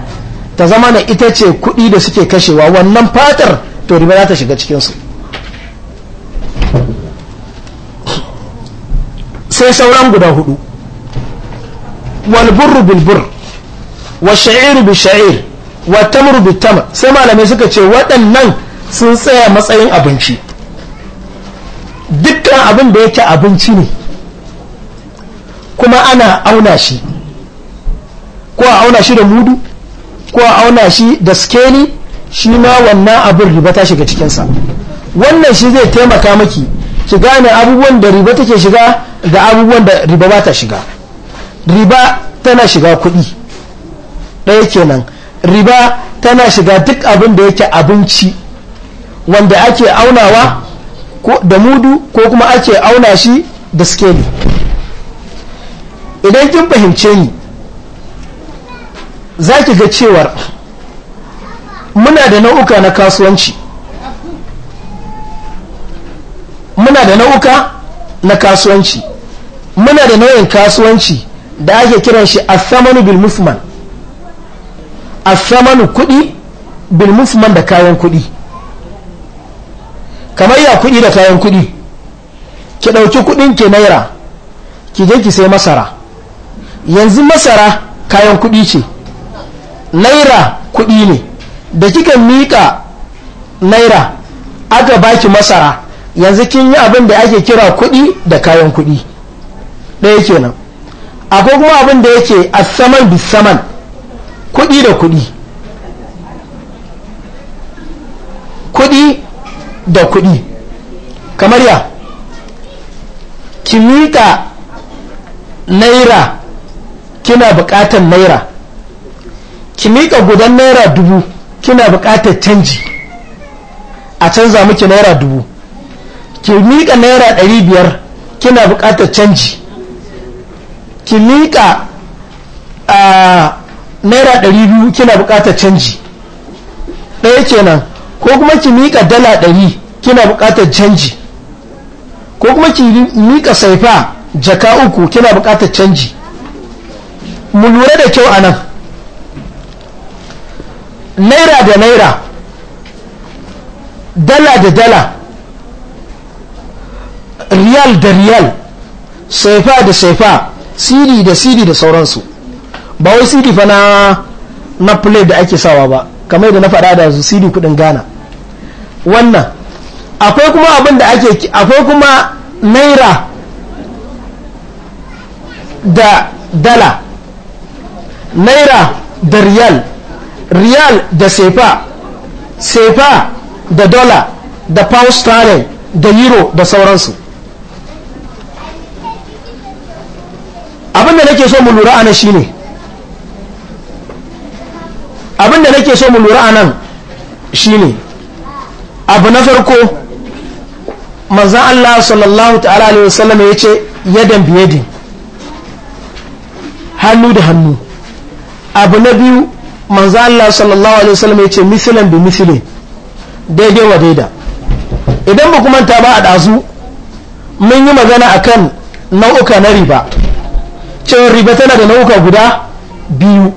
Speaker 2: ta zama na ita ce kuɗi da suke kashewa wannan fatar to riba za ta shiga cikinsu sai sauran guda hudu walburru bilbur wa sha'iru bi sha'ir wa tamru bi tamar sai malamai suka ce waɗannan sun tsaya matsayin abinci dukkan abin da yake abinci ne kuma ana auna shi ko a auna shi da mudu ko a auna shi da skeli shi ma wannan abin riba ta shiga cikinsa wannan shi zai taimaka maki ki gane abubuwan da riba take shiga da abubuwan da riba ba ta shiga riba tana shiga kuɗi ɗaya kenan riba tana shiga duk abin da yake abinci wanda ake aunawa da mudu ko kuma ake auna shi da skeli idan kin fahimce ni za ki ga cewar muna da nau'uka na kasuwanci muna da nau'uka na kasuwanci muna da nau'in kasuwanci da ake kiran shi athamanu bil musman athamanu kudi bil musman da kayan kudi kamar ya kudi da kayan kudi ki ɗauki kuɗin ki naira ki je ki sai masara yanzu masara kayan kudi ce naira kudi ne da kika mika naira aka baki masara yanzu kin yi abin da ake kira kudi da kayan kudi. ɗaya kenan akwai kuma abin da yake a saman saman kudi da kudi. kuɗi da kuɗi kamar ya ki miƙa naira kina buƙatar naira ki miƙa gudan naira dubu kina buƙatar canji a canza miki naira dubu ki miƙa naira ɗari biyar kina buƙatar canji ki miƙa ah, naira ɗari biyu kina buƙatar canji ɗaya kenan ko kuma ki miƙa dala ɗari kina buƙatar canji ko kuma ki miƙa saifa jaka uku kina buƙatar canji mu lura da kyau a nan naira da naira dala da dala riyal da riyal saifa da saifa siri da siri da sauransu ba wai siri fa na na play da ake sawa ba kamar da na faɗa da su kuɗin kudin ghana wannan akwai kuma abin da ake akwai kuma naira da dala naira da riyal riyal da sefa sefa da dola da pound sterling da euro da sauransu abin da nake so mu lura ana shine abinda nake so mu lura a nan ne abu na farko manzan Allah sallallahu ta'ala alaihi wasallam ya ce yadan biyadi hannu da hannu abu na biyu manzan Allah sallallahu alaihi wasallam ya ce misilan bi misile daidai wa daida idan ba kuma ta ba a ɗazu mun yi magana akan nau'uka na riba cewar riba tana da nau'uka guda biyu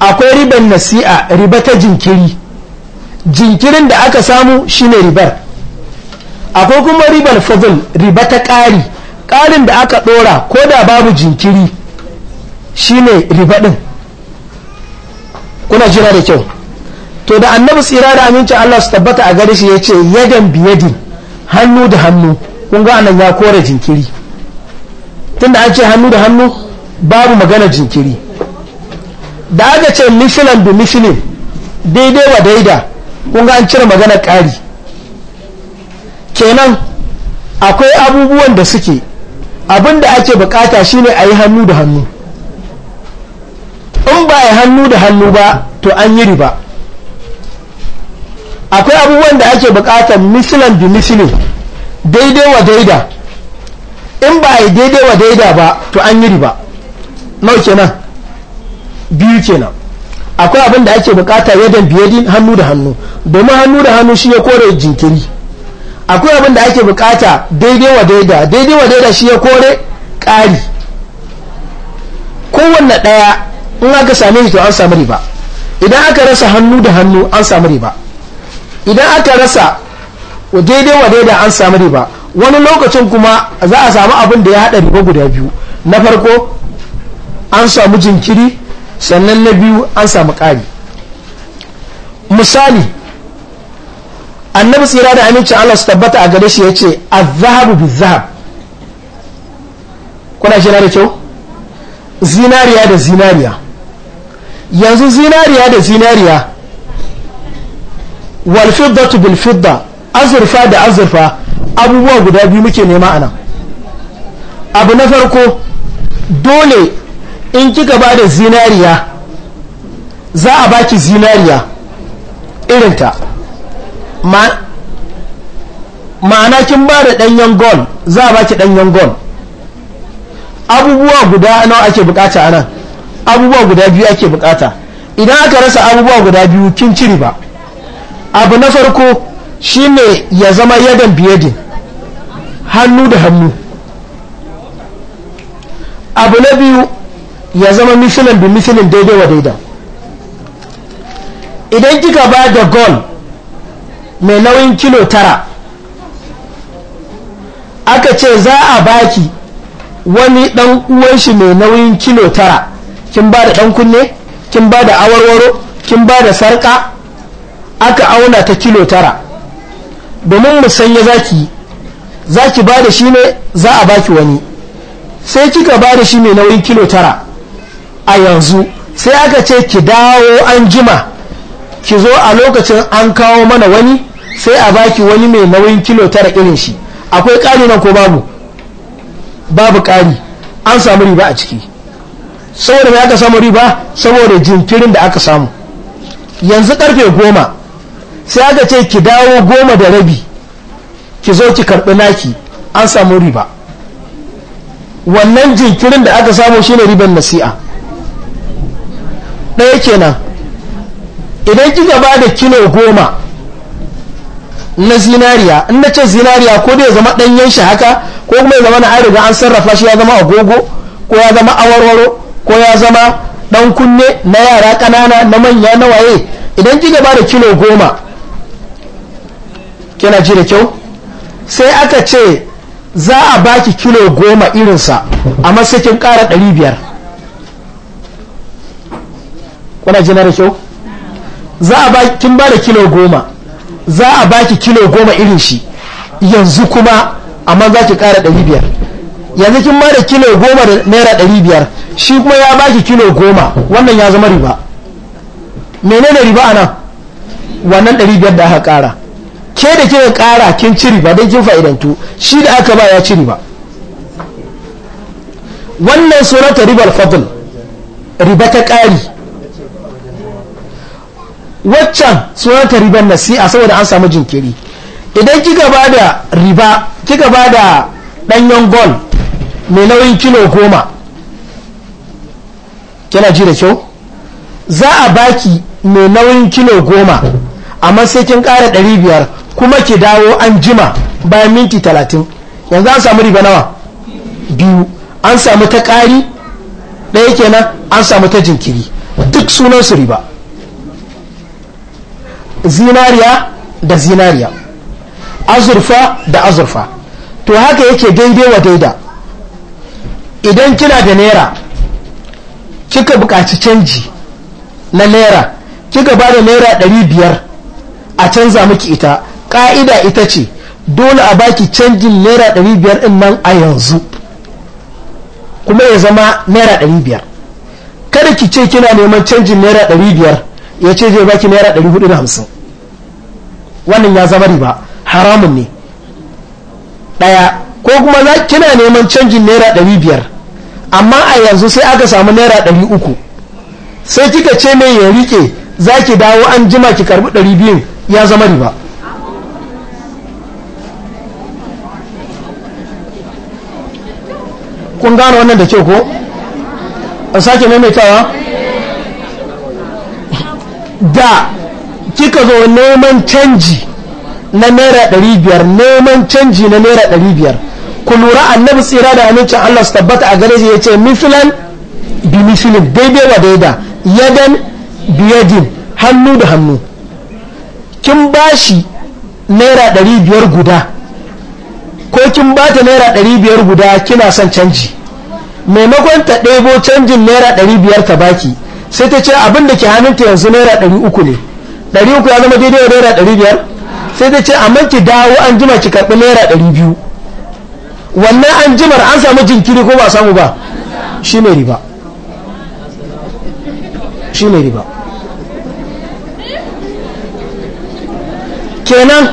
Speaker 2: akwai ribar nasi'a riba ta jinkiri jinkirin da aka samu shine ribar akwai kuma ribar fadl riba ta ƙari ƙarin da aka ɗora ko da babu jinkiri shine riba ɗin kuna jira da kyau to da annabi tsira da aminci Allah su tabbata a gare shi ya ce yadan biyadin hannu da hannu kun ga anan ya kore jinkiri tunda an ce hannu da hannu babu magana jinkiri da aka ce misilan da misilin daidai wa daida kun ga an cire magana ƙari kenan akwai abubuwan da suke abin da ake bukata shine a yi hannu da hannu in ba a hannu da hannu ba to an yi riba akwai abubuwan da ake bukatar misilan da misilin daidai wa daida in ba a yi daidai wa daida ba to an yi riba nau kenan biyu kenan akwai abin da ake bukata yadan biyadin hannu da hannu domin hannu da hannu shi ya kore jinkiri akwai abin da ake bukata daidai wa daida daidai wa daida shi ya kore ƙari kowanne ɗaya in aka same shi to an samu riba idan aka rasa hannu da hannu an samu riba idan aka rasa daidai wa daida an samu riba wani lokacin kuma za a samu abin da ya haɗa riba guda biyu na farko an samu jinkiri sannan na biyu an samu ƙari misali annabi tsira da aminci Allah su tabbata a gare shi ya ce a zahabu bi zahab kuna shi na da kyau zinariya da zinariya yanzu zinariya da zinariya walfidda bil fidda azurfa da azurfa abubuwa guda biyu muke nema anan abu na farko dole in kika ba da zinariya za a baki zinariya irinta ma'ana kin ba da ɗanyen gol za a baki ɗanyen gol abubuwa guda nawa ake bukata anan abubuwa guda biyu ake bukata idan aka rasa abubuwa guda biyu kin ciri ba abu na farko shine ya zama yadan biyadin hannu da hannu abu na biyu ya zama misilin bi misilin daidai wa daida idan kika ba da gol mai nauyin kilo tara aka ce za a baki wani dan uwan shi mai nauyin kilo tara kin ba da dan kunne kin ba da awarwaro kin ba da sarka aka auna ta kilo tara domin mu sanya zaki zaki ba da shi ne za a baki wani sai kika ba da shi mai nauyin kilo tara a yanzu sai aka ce ki dawo an jima ki zo a lokacin an kawo mana wani sai a baki wani mai nauyin kilo tara irin shi akwai ƙari nan ko babu babu ƙari an samu riba a ciki saboda mai aka samu riba saboda jinkirin da aka samu yanzu karfe goma sai aka ce ki dawo goma da rabi ki zo ki karɓi naki an samu riba wannan jinkirin da aka samu shine riban nasi'a ɗaya kenan idan kika ba da kilo goma na zinariya in na ce zinariya ko da ya zama ɗanyen shi haka ko kuma ya zama na an riga an sarrafa shi ya zama agogo ko ya zama awarwaro ko ya zama ɗan kunne na yara ƙanana na manya na waye idan kika ba da kilo goma kina ji da kyau sai aka ce za a baki kilo goma irinsa a masakin ƙara ɗari biyar kuna jina da kyau za a ba kin ba da kilo goma za a baki kilo goma irin shi yanzu kuma amma za ki kara ɗari biyar yanzu kin ba da kilo goma da naira ɗari biyar shi kuma ya ba ki kilo goma wannan ya zama riba menene riba a nan wannan ɗari biyar da aka kara ke da kika kara kin ci riba don kin fa'idantu shi da aka ba ya ci riba wannan surata ribar fadl riba ta ƙari waccan ta riban nasi'a saboda an samu jinkiri idan kika ba da riba kika ba da ɗanyen gol mai nauyin kilo goma kina ji da kyau za a baki mai nauyin kilo goma amma sai kin ƙara ɗari biyar kuma ki dawo an jima bayan minti talatin yanzu an samu riba nawa biyu an samu ta kari ɗaya kenan an samu ta jinkiri duk sunan su riba zinariya da zinariya azurfa da azurfa to haka yake daidai wa daida idan kina da naira kika buƙaci canji na naira kika ba da naira ɗari biyar a canza miki ita ƙa'ida ita ce dole a baki canjin naira 500 biyar ɗin nan a yanzu kuma ya zama naira 500 kada ki ce kina neman canjin naira ɗari biyar ya ce zai baki naira 450 wannan ya zama riba haramun ne ɗaya ko kuma za kina neman canjin naira 500 amma a yanzu sai aka samu naira 300 sai kika ce mai ya rike za ki dawo an jima ki karbi 200 ya zama riba kun gano wannan da ke ko? a sake maimaitawa? da kika zo neman canji na naira ɗari biyar neman canji na naira ɗari biyar ku lura annabi tsira da amincin Allah su tabbata a gare shi ya ce mifilan bi mifilin daidai wa daida yadan biyadin hannu da hannu kin bashi naira ɗari biyar guda ko kin ba ta naira ɗari biyar guda kina son canji maimakon ta ɗebo canjin naira ɗari biyar ta baki sai ta ce abin da ke hannunta yanzu naira ɗari uku ne ɗari uku ya zama daidai da naira ɗari biyar sai ta ce amma ki dawo an jima ki karɓi naira ɗari biyu wannan an jimar an samu jinkiri ko ba samu ba shi ne riba shi ne riba kenan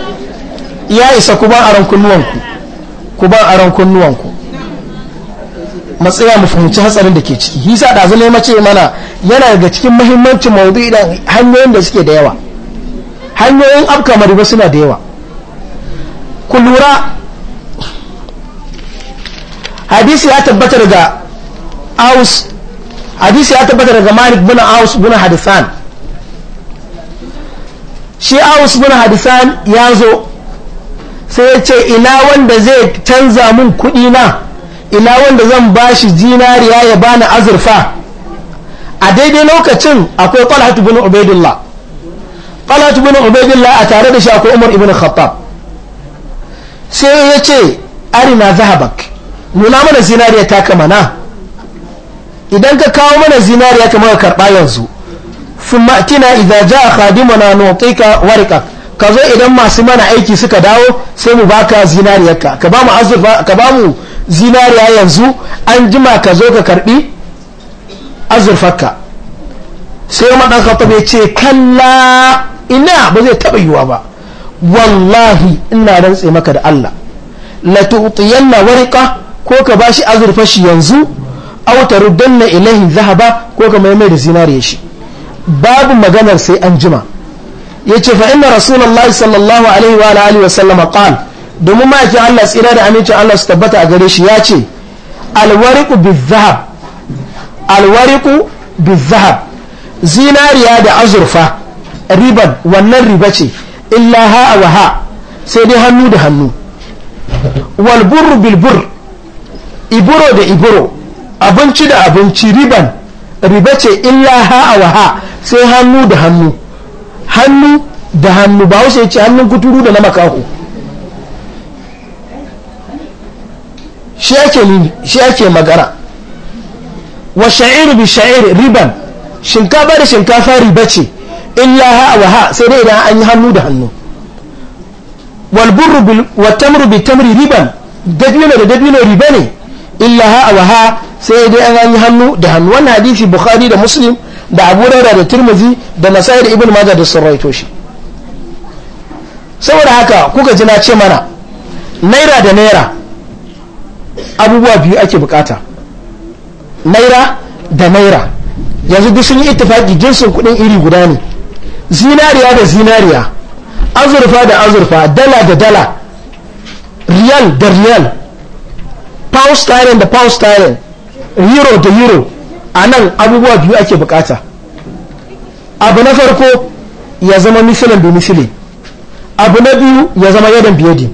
Speaker 2: ya isa ku ba aron kunnuwanku ku ba aron kunnuwanku matsaya mu fahimci hatsarin da ke ciki hisa da zai mace mana yana daga cikin muhimmancin maudu'i da hanyoyin da suke da yawa hanyoyin afka mariba suna da yawa ku lura hadisi ya tabbata daga aus hadisi ya tabbata daga malik bin aus bin hadisan shi aus bin hadisan ya zo sai ya ce ina wanda zai canza mun kudi na ila wanda zan ba shi zinariya ya bani azurfa a daidai lokacin akwai ƙwalhatu bin ubaidullah ƙwalhatu bin ubaidullah a tare da shi akwai umar ibn khattab sai ya ce arina zahabak nuna mana zinariya ta na idan ka kawo mana zinariya kamar ka karɓa yanzu sun ma'atina idan ja a na nutika warika ka zo idan masu mana aiki suka dawo sai mu baka zinariyarka ka ba mu azurfa ka ba mu zinariya yanzu an jima ka zo ka karbi azurfarka sai umar dan khattab ya ce kalla ina ba zai taɓa yiwa ba wallahi ina rantse maka da Allah la tu'tiyanna warqa ko ka bashi azurfar shi yanzu aw na ilayhi zahaba ko ka mai da zinariya shi babu maganar sai an jima yace fa inna rasulullahi sallallahu alaihi wa alihi wa sallama qala domin ma'aikin Allah tsira da amincin Allah su tabbata a gare shi ya ce alwariku bi zahab alwariku bi zahab zinariya da azurfa riban wannan riba ce illa ha wa ha sai dai hannu da hannu walbur bilbur iburo da iburo abinci da abinci riban riba ce illa ha wa ha sai hannu da hannu hannu da hannu ba wasu ya ce hannun kuturu da na makaho shi ake nini shi ake magana wa sha'ir bi sha'ir riban shinkafa da shinkafa riba ce illa ha wa ha sai dai idan an yi hannu da hannu walbur'u bil wa tamru bi tamri riban dabino da dabino riba ne illa ha wa ha sai dai an yi hannu da hannu wannan hadisi bukhari da muslim da abu daura da turmuzi da nasai da ibn majah da sun shi saboda haka kuka ji na ce mana naira da naira abubuwa biyu ake bukata naira da naira yanzu duk sun yi ittifaki jinsin kuɗin iri guda ne zinariya da zinariya azurfa da azurfa dala da dala riyal da riyal pound sterling da pound sterling euro da euro a nan abubuwa biyu ake bukata abu na farko ya zama misilin da misilin abu na biyu ya zama yadon biyadi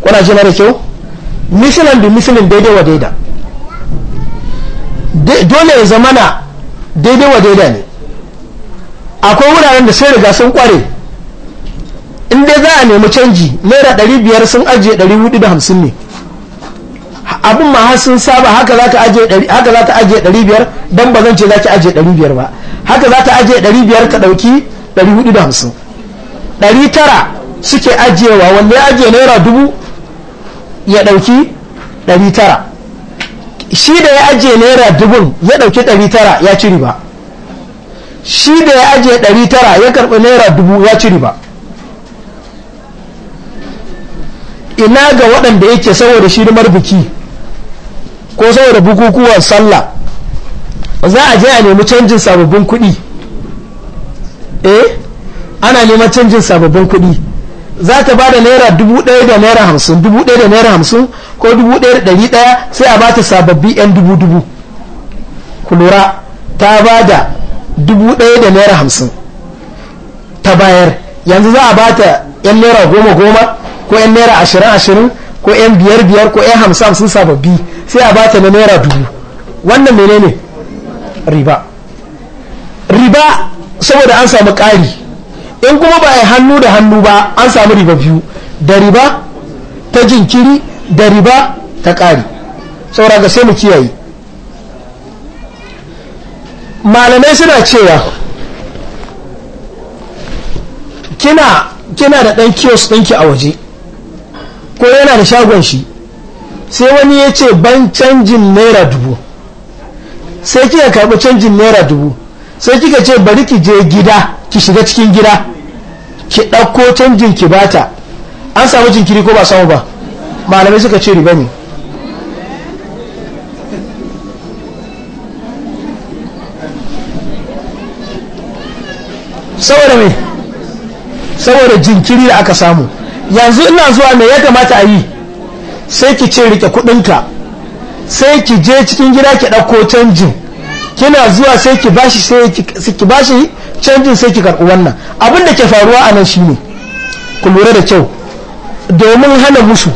Speaker 2: kuna jima da kyau misalin da misalin daidai wa daida dole ya zamana daidai wa daida ne akwai wuraren da sai riga sun kware in dai za a nemi canji naira 500 biyar sun ajiye 450 hudu da hamsin ne abin ma har sun saba haka za ka ajiye ɗari biyar don ba zan ce za ki ajiye 500 biyar ba haka za ta ajiye 500 biyar ka ɗauki 450 hudu da hamsin ɗari tara suke ajiyewa wanda ya ajiye naira dubu ya ɗauki 900 shi da ya ajiye naira dubun ya ɗauki 900 ya ciri ba shi da ya ajiye 900 ya karɓi naira dubu ya ciri ba. ina ga waɗanda yake saboda shi biki ko saboda bukukuwan sallah za a je a nemi canjin sababbin kuɗi eh ana neman canjin sababbin kuɗi za ta ba da naira dubu ɗaya da naira hamsin dubu ɗaya da naira hamsin ko dubu ɗaya da ɗari ɗaya sai a ba ta sababbi yan dubu dubu ku lura ta ba da dubu ɗaya da naira hamsin ta bayar yanzu za a ba ta yan naira goma goma ko yan naira ashirin ashirin ko yan biyar biyar ko yan hamsin hamsin sababbi sai a ba ta na naira dubu wannan menene riba riba saboda an samu ƙari in kuma ba a hannu da hannu ba an samu riba biyu da riba ta jinkiri da riba ta ƙari saura ga sai mu kiyaye malamai suna cewa kina kina da ɗan kiyos ɗinki a waje ko yana da shagon shi sai wani ya ce ban canjin naira dubu sai kika karɓi canjin naira dubu sai kika ce bari ki je gida ki shiga cikin gida ki ɗauko canjin ki bata an samu jinkiri ko ba samu ba malamai suka ce riba ne saboda mai saboda jinkiri da aka samu yanzu ina zuwa me ya kamata a yi sai ki ce rike kudinka sai ki je cikin gida ki ɗauko canjin kina zuwa sai ki bashi sai ki bashi canjin sai ki karɓi wannan abin da ke faruwa a nan shine ku lura da kyau domin hana musu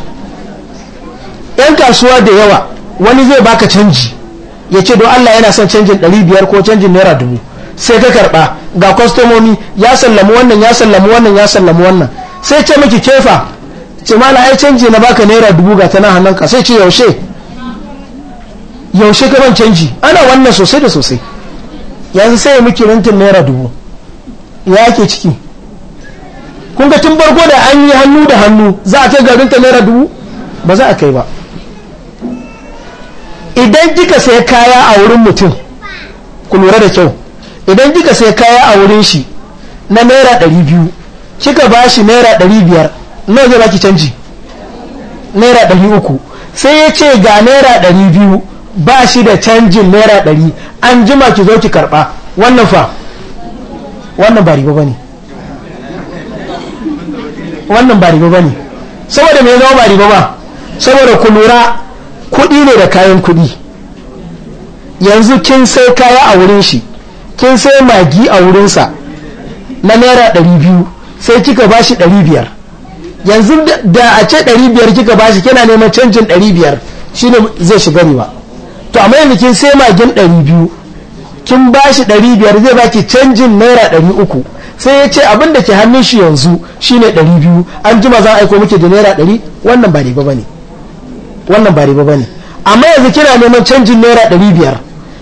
Speaker 2: yan kasuwa da yawa wani zai baka canji ya ce don Allah yana son canjin 500 ko canjin naira dubu sai ka karɓa ga kwastomomi ya sallamu wannan ya sallamu wannan ya sallamu wannan sai ce miki kefa ce mala ai canji na baka naira dubu ga ta na hannunka sai ce yaushe yaushe kaban canji ana wannan sosai da sosai yanzu sai muke rintin naira dubu ya ke ciki kun ga tun barko da an yi hannu da hannu za a kai garinta naira dubu ba za a kai ba idan kika sai kaya a wurin mutum ku lura da kyau idan kika sai kaya a wurin shi na naira dari biyu kika ba shi naira ɗari biyar nawa zai baki canji naira dari uku sai ya ce ga naira ɗari biyu ba shi da canjin naira ɗari an jima ki zo ki karɓa wannan fa wannan ba riba ba ne wannan ba riba bane saboda me zama ba riba ba saboda ku lura kuɗi ne da kayan kuɗi yanzu kin sai kaya a wurin shi kin sai magi a wurinsa na naira ɗari biyu sai kika ba shi ɗari biyar yanzu da a ce ɗari biyar kika ba shi kina neman canjin ɗari biyar shine zai shiga ne ba. to amma yanzu kin sai magin ɗari biyu kin ba shi biyar zai baki canjin naira 300 uku sai ya ce abin da ke hannun shi yanzu shine 200 biyu an jima za a aiko muke da naira 100 wannan ba riba bane wannan ba riba bane amma yanzu kina neman canjin naira 500 biyar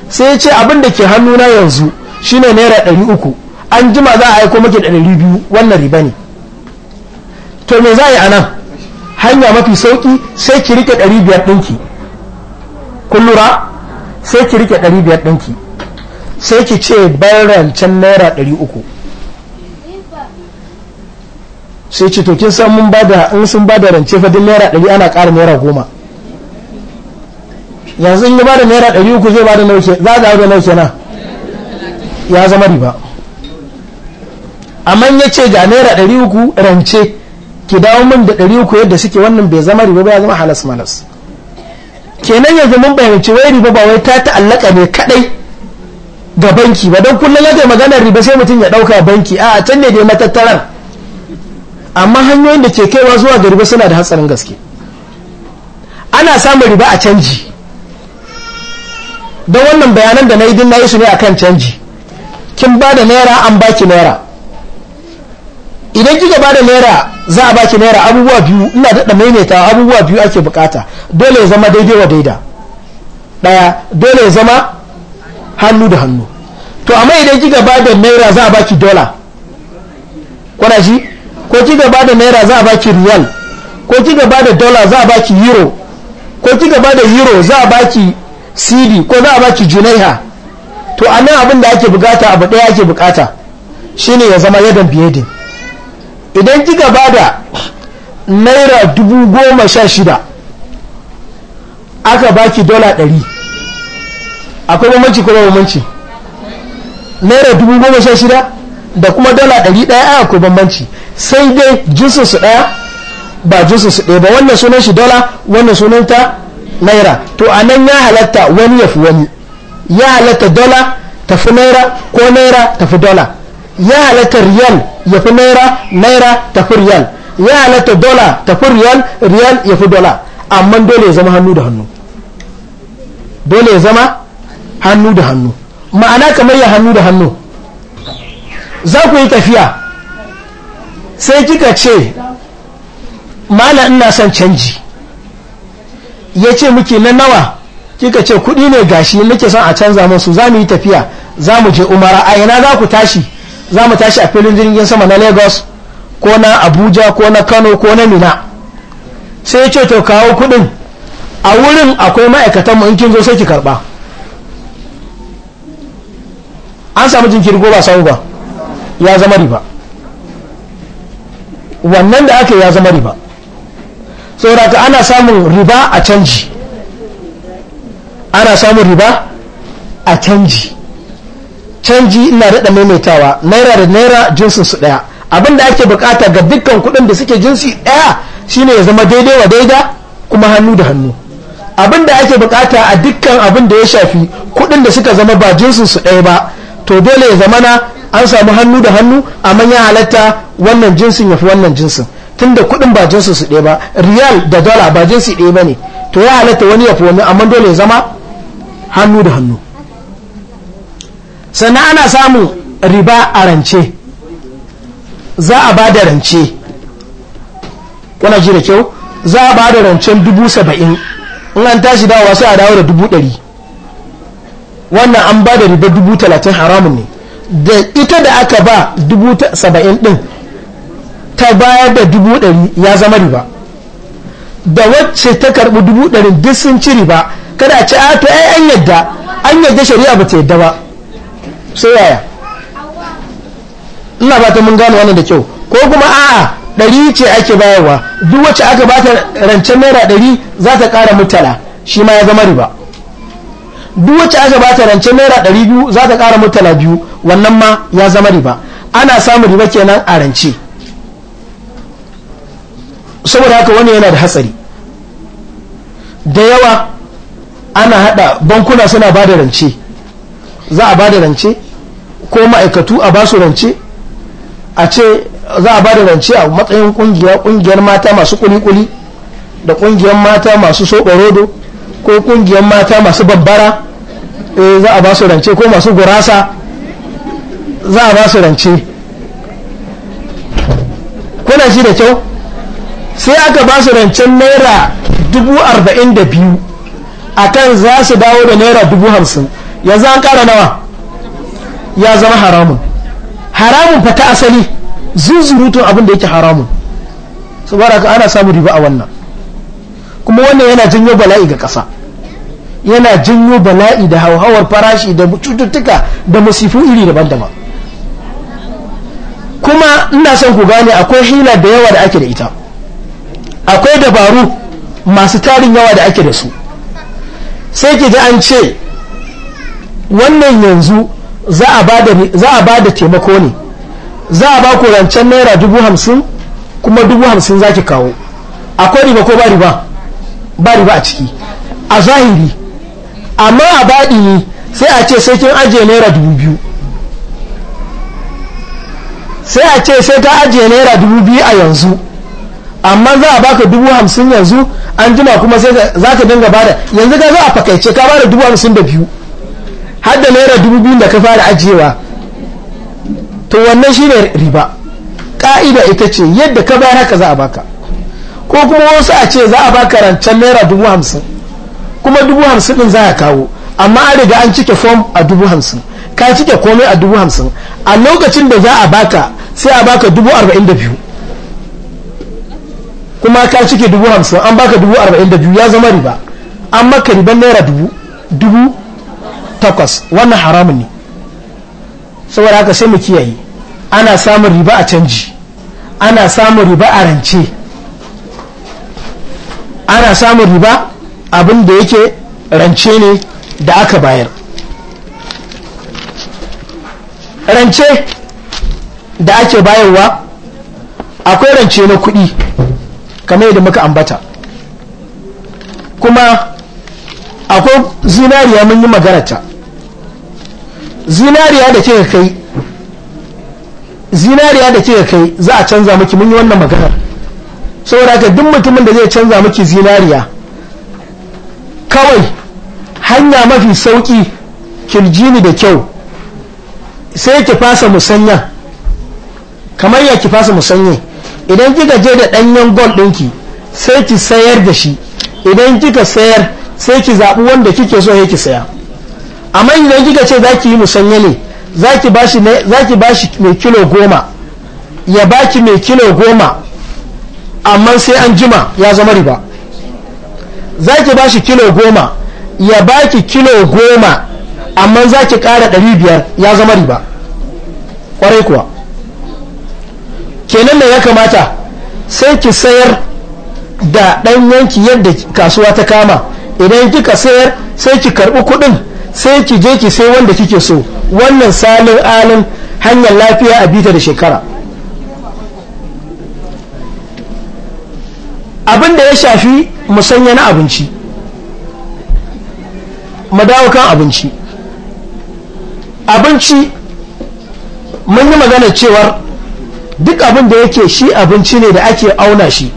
Speaker 2: sai ya ce abin da ke hannuna yanzu shine naira 300 uku an jima za a aiko muke da ɗari biyu wannan riba ne to me za a yi anan hanya mafi sauki sai ki rike 500 biyar ɗinki kun lura sai ki rike 500 ɗinki sai ki ce bayan rancen naira 300 sai ci to kin san mun bada in sun bada rance fa naira 100 ana ƙara naira 10 yanzu in ya bada naira 300 zai bada nauke za ga da nauke na ya zama riba amma ya ce ga naira 300 rance ki dawo min da 300 yadda suke wannan bai zama riba ba ya zama halas malas kenan yanzu mun fahimci wai riba ba wai ta ta'allaka ne kadai ga banki ba don kullum ya maganar riba sai mutum ya dauka banki a can ne dai matattaran amma hanyoyin da ke kaiwa zuwa ga riba suna da hatsarin gaske ana samun riba a canji don wannan bayanan da na yi din na yi su ne a kan canji kin ba da naira an baki naira idan kika ba da naira za a baki naira abubuwa biyu ina daɗa maimaita abubuwa biyu ake bukata dole ya zama daidai wa daida ɗaya dole ya zama hannu da hannu to amma idan kika ba da naira za a baki dola kuna shi ko kika ba da naira za a baki riyal ko kika ba da dola za a baki euro ko kika ba da euro za a baki cd ko za a baki junaiha to a nan abin da ake bukata abu ɗaya ake bukata shine ya zama yadan biyadin idan kika da naira dubu goma sha shida aka baki dola ɗari akwai bambanci kuma bambanci naira dubu goma sha shida da kuma dola ɗari ɗaya a akwai bambanci sai dai jinsin su ɗaya ba jinsin su ɗaya ba wannan sunan shi dola wannan sunan ta naira to a nan ya halatta wani ya fi wani ya halatta dola tafi naira ko naira tafi dola ya halatta riyal ya fi naira naira ta fi riyal ya halatta dola ta fi riyal riyal ya fi dola amma dole ya zama hannu da hannu dole ya zama hannu da hannu ma'ana kamar ya hannu da hannu za ku yi tafiya sai kika ce mala ina son canji ya ce muke na nawa kika ce kudi ne gashi muke son a canza musu za mu yi tafiya za mu je umara a ina za ku tashi za mu tashi a filin jirgin sama na lagos ko na abuja ko na kano ko na mina sai ya ce to kawo kudin a wurin akwai ma'aikatan mu in kin zo sai ki karba an samu jinkiri ba samu ba ya zama riba wannan da ake ya zama riba saboda ana samun riba a canji ana samun riba a canji canji ina daɗa maimaitawa naira da naira jinsin su ɗaya abin da ake bukata ga dukkan kuɗin da suke jinsi ɗaya shine ya zama daidai wa daida kuma hannu da hannu abin ake bukata a dukkan abin da ya shafi kuɗin da suka zama ba jinsin su ɗaya ba to dole ya zama na an samu hannu da hannu amma ya halatta wannan jinsin ya fi wannan jinsin tunda kuɗin ba jinsin su ɗaya ba riyal da dala ba jinsi ɗaya ba ne to ya halatta wani ya fi wani amma dole ya zama hannu da hannu sannan ana samun riba a rance za a ba da rance wana ji da kyau za a ba da rancen dubu saba'in in an tashi dawowa sai a dawo da dubu ɗari wannan an ba da riba dubu talatin haramun ne da ita da aka ba dubu saba'in ɗin ta bayar da dubu ɗari ya zama riba da wacce ta karɓi dubu ɗari duk sun ci riba kada a ce a to ai an yadda an yadda shari'a ba ta yadda ba sai yaya ina ba ta mun gano wannan da kyau ko kuma a'a ɗari ce ake bayarwa duk wacce aka ba ta rancen naira ɗari za ta ƙara mutala shi ma ya zama riba duk wacce aka ba ta rancen naira ɗari biyu za ta ƙara mutala biyu wannan ma ya zama riba ana samun riba kenan a rance saboda haka wani yana da hatsari da yawa ana haɗa bankuna suna ba da rance za a ba da rance ko ma'aikatu a ba su rance a ce za a ba da rance a matsayin kungiya kungiyar mata masu kuli-kuli da kungiyar mata masu soɓarodo ko kungiyar mata masu babbara eh, za a ba su rance ko masu gurasa za a ba su rance kuna shi da kyau sai aka ba su rancen naira dubu arba'in da biyu za su dawo da naira dubu hamsin yanzu an ƙara nawa ya zama haramun haramun fata ta asali zuzurutun abin da yake haramun saboda ka ana samun riba a wannan kuma wannan yana janyo bala'i ga ƙasa yana janyo bala'i da hauhawar farashi da cututtuka da masifu iri daban-daban kuma ina son ku gane akwai hila da yawa da ake da ita akwai dabaru masu tarin yawa da ake da su sai ki ji an ce wannan yanzu za a ba da taimako ne za a ba ku rancen naira dubu hamsin kuma dubu hamsin za ki kawo akwai riba ko ba riba ba riba a ciki a zahiri amma a baɗi ne sai a ce sai kin ajiye naira dubu biyu sai a ce sai ta ajiye naira dubu biyu a yanzu amma za a ka dubu hamsin yanzu an jima kuma sai za ka dinga bada yanzu ka za a fakaice ka bada dubu hamsin da biyu hadda naira dubu biyu da ka fara ajiyewa to wannan shine riba ka'ida ita ce yadda ka bayar haka za a baka ko kuma wasu a ce za a baka rancen naira dubu hamsin kuma dubu hamsin din za a kawo amma an riga an cike fom a dubu hamsin ka cike komai a dubu hamsin a lokacin da za a baka sai a baka dubu arba'in da biyu kuma ka cike dubu hamsin an baka dubu arba'in da biyu ya zama riba an maka riban naira dubu dubu takwas wannan haramun ne saboda haka sai mu kiyaye ana samun riba a canji ana samun riba a rance ana samun riba abin da yake rance ne da aka bayar rance da ake bayarwa akwai rance na kuɗi kamar yadda muka ambata kuma akwai zinariya mun yi ta zinariya da kika kai zinariya da kika kai za a canza miki mun yi wannan maganar saboda ka duk mutumin da zai canza miki zinariya kawai hanya mafi sauki kirjini da kyau sai ki fasa musanya kamar ya ki fasa musanya idan kika je da danyen gold ɗinki sai ki sayar da shi idan kika sayar sai ki zaɓi wanda kike so ya ki saya amma idan kika ce za ki yi musanyale za ki ba shi mai kilo goma ya baki mai kilo goma amma sai an jima ya zama riba za ki ba shi kilo goma ya baki kilo goma amma za ki kara 500 ya zama riba kwarai kuwa kenan da ya kamata sai ki sayar da ɗanyenki yadda kasuwa ta kama idan kika sayar sai ki karɓi kuɗin sai ki je ki sai wanda kike so wannan salin alin hanyar lafiya a bita da shekara abin da ya shafi musanya na abinci madawakan abinci abinci mun yi magana cewar duk abin da yake shi abinci ne da ake auna shi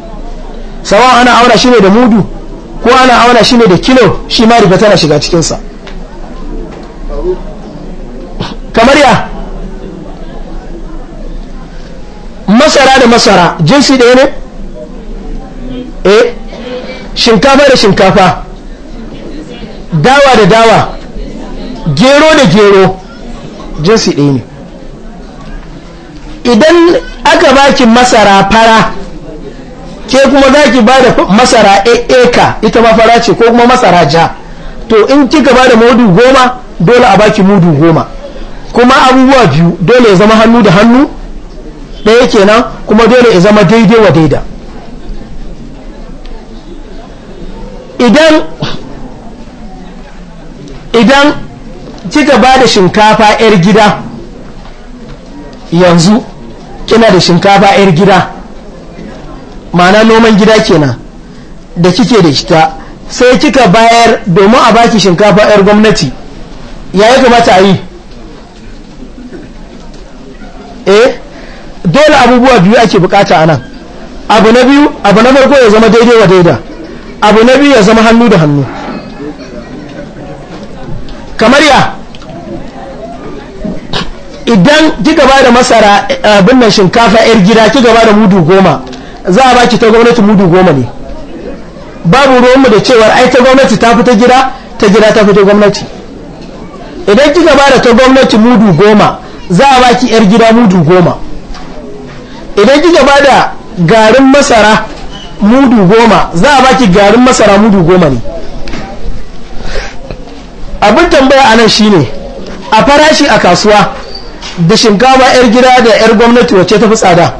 Speaker 2: sawa ana auna shi ne da mudu ko ana auna shi ne da kilo shi ma riga tana shiga cikinsa kamar ya masara da masara jinsi ɗaya ne eh shinkafa da shinkafa dawa da dawa gero da gero jinsi ɗaya ne idan aka baki masara fara ke kuma za ki ba da masara e-, eka ita ma fara ce ko kuma masara ja to in kika ba da mudu goma dole a baki mudu goma kuma abubuwa biyu dole ya zama hannu da hannu ɗaya kenan kuma dole ya zama daidai wa daida idan kika ba da shinkafa 'yar gida yanzu kina da shinkafa 'yar gida ma'ana noman gida kenan da kike da ita sai kika bayar domin a baki shinkafa 'yar gwamnati ya yi kamata a yi eh dole abubuwa biyu ake bukata anan abu na biyu abu na farko ya zama daidai wa daida abu na biyu ya zama hannu da hannu kamar ya idan kika ba da masara eh, abin nan shinkafa yar gida kika ba da mudu goma za a ba ki ta gwamnati mudu goma ne babu ruwanmu da cewar ai ta gwamnati ta fita gida ta gida ta fita gwamnati idan kika ba da ta gwamnati mudu goma za a baki yar gida mudu goma idan kika ba da garin masara mudu goma za a baki garin masara mudu goma ne abin tambaya anan shine a farashi a kasuwa da shinkafa yar gida da yar gwamnati wacce ta fi tsada